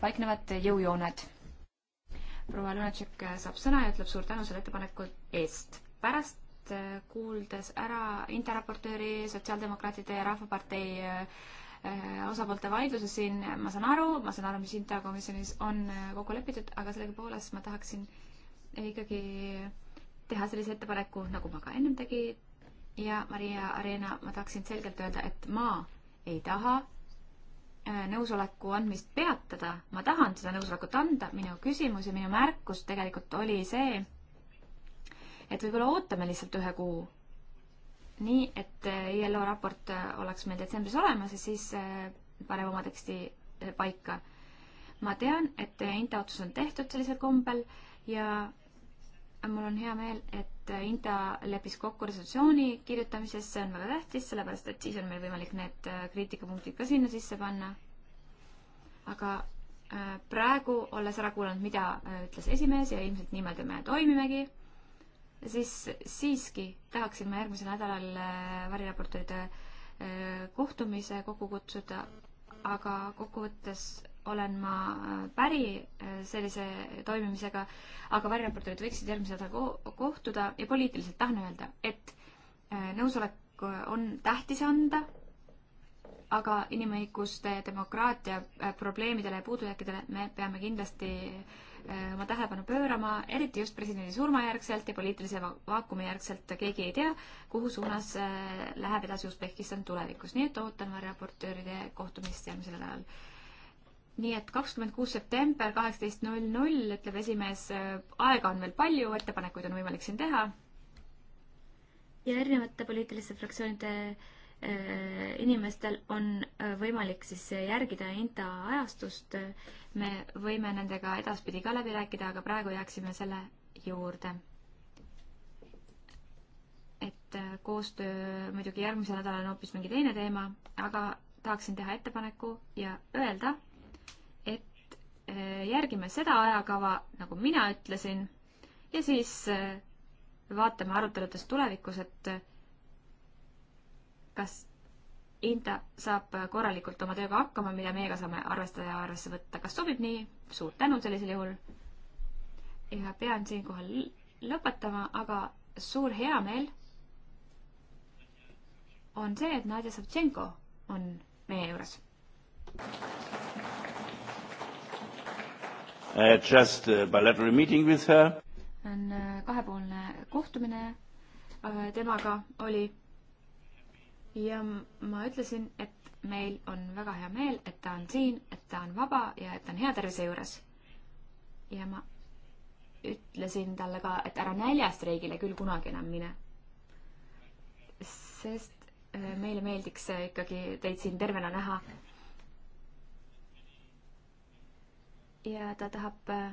paiknevad jõujooned. proua Lunatšek saab sõna ja ütleb suur tänu selle ettepaneku eest. pärast kuuldes ära interraportööri, Sotsiaaldemokraatide ja Rahvapartei Äh, osapoolte vaidluse siin, ma saan aru, ma saan aru, mis Inta komisjonis on äh, kokku lepitud, aga sellegipoolest ma tahaksin ikkagi teha sellise ettepaneku, nagu ma ka ennem tegin ja Maria Arena, ma tahaksin selgelt öelda, et ma ei taha äh, nõusoleku andmist peatada, ma tahan seda nõusolekut anda, minu küsimus ja minu märkus tegelikult oli see, et võib-olla ootame lihtsalt ühe kuu nii, et äh, ILO raport äh, oleks meil detsembris olemas ja siis äh, paneme oma teksti paika. ma tean, et INTA otsus on tehtud sellisel kombel ja mul on hea meel, et INTA leppis kokku resolutsiooni kirjutamises, see on väga tähtis, sellepärast et siis on meil võimalik need kriitikapunktid ka sinna sisse panna. aga praegu, olles ära kuulanud, mida ütles esimees ja ilmselt niimoodi me toimimegi siis siiski tahaksin ma järgmisel nädalal äh, variraportööride äh, kohtumise kokku kutsuda, aga kokkuvõttes olen ma äh, päri sellise toimimisega, aga variraportöörid võiksid järgmisel nädalal kohtuda ja poliitiliselt tahan öelda, et nõusolek on tähtis anda, aga inimõiguste, demokraatia probleemidele ja puudujääkidele me peame kindlasti äh, Äh, oma tähelepanu pöörama, eriti just presidendi surmajärgselt ja poliitilise vaakumi järgselt keegi ei tea, kuhu suunas äh, läheb edasi Usbekistan tulevikus, nii et ootan variraportööride kohtumist järgmisel nädalal. nii et kakskümmend kuus september kaheksateist null null, ütleb esimees, äh, aega on veel palju, ettepanekuid on võimalik siin teha. ja erinevate poliitiliste fraktsioonide Äh, inimestel on äh, võimalik siis äh, järgida enda ajastust. me võime nendega edaspidi ka läbi rääkida, aga praegu jääksime selle juurde. et koostöö muidugi järgmisel nädalal on hoopis mingi teine teema, aga tahaksin teha ettepaneku ja öelda, et järgime seda ajakava, nagu mina ütlesin, ja siis vaatame aruteludes tulevikus, et kas Inta saab korralikult oma tööga hakkama, mida meiega saame arvestada ja arvesse võtta. kas sobib nii? suur tänu sellisel juhul. ja pean siinkohal lõpetama, aga suur heameel on see, et Nadja Savtšenko on meie juures. Just a uh, bilateral meeting with her. on äh, kahepoolne kohtumine äh, temaga oli ja ma ütlesin, et meil on väga hea meel, et ta on siin, et ta on vaba ja et ta on hea tervise juures. ja ma ütlesin talle ka, et ära näljastreigile küll kunagi enam mine. sest äh, meile meeldiks ikkagi teid siin tervena näha. ja ta tahab äh,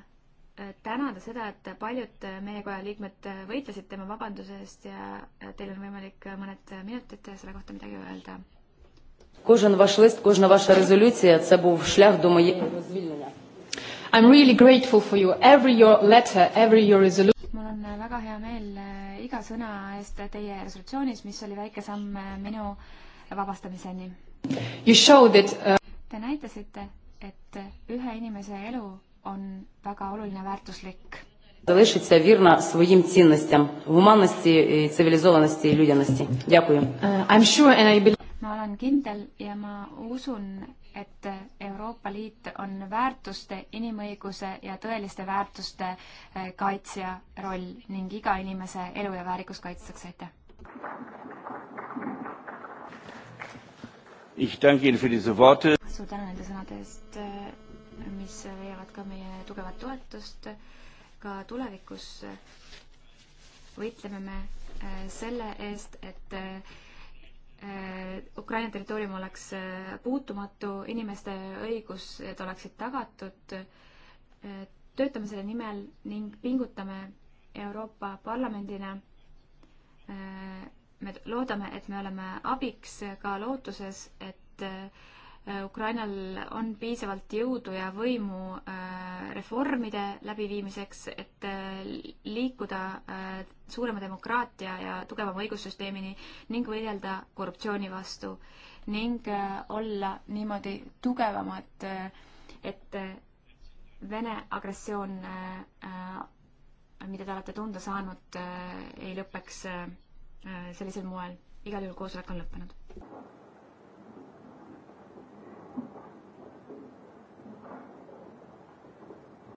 Äh, tänada seda, et paljud äh, meie koja liikmed äh, võitlesid tema vabanduse eest ja teil on võimalik mõned minutid selle kohta midagi öelda. Кожен ваш лист, кожна ваша резолюція це був шлях до моєї звільнення. I'm really grateful for you, every your letter, every your resolution. mul on väga hea meel iga sõna eest teie resolutsioonis, mis oli väike samm minu vabastamiseni. You showed it uh.... Te näitasite, et ühe inimese elu on väga oluline väärtuslik. Залишить верно своим ценностям, гуманности, цивилизованности и людяности. Дякую. I'm sure and I believe... ma olen kindel ja ma usun, et Euroopa Liit on väärtuste, inimõiguse ja tõeliste väärtuste e, kaitsja roll ning iga inimese elu ja väärikus kaitstakse, aitäh! Ich danke Ihnen für diese Worte. suur tänu nende sõnade eest. E, mis leiavad ka meie tugevat toetust. ka tulevikus võitleme me äh, selle eest, et äh, Ukraina territoorium oleks äh, puutumatu, inimeste õigused oleksid tagatud. töötame selle nimel ning pingutame Euroopa Parlamendina. me loodame, et me oleme abiks ka lootuses, et Äh, Ukrainal on piisavalt jõudu ja võimu äh, reformide läbiviimiseks, et äh, liikuda suurema demokraatia ja tugevama õigussüsteemini ning võidelda korruptsiooni vastu ning olla niimoodi tugevamad, et Vene agressioon, mida te olete tunda saanud, ei lõpeks sellisel moel. igal juhul koosolek on lõppenud.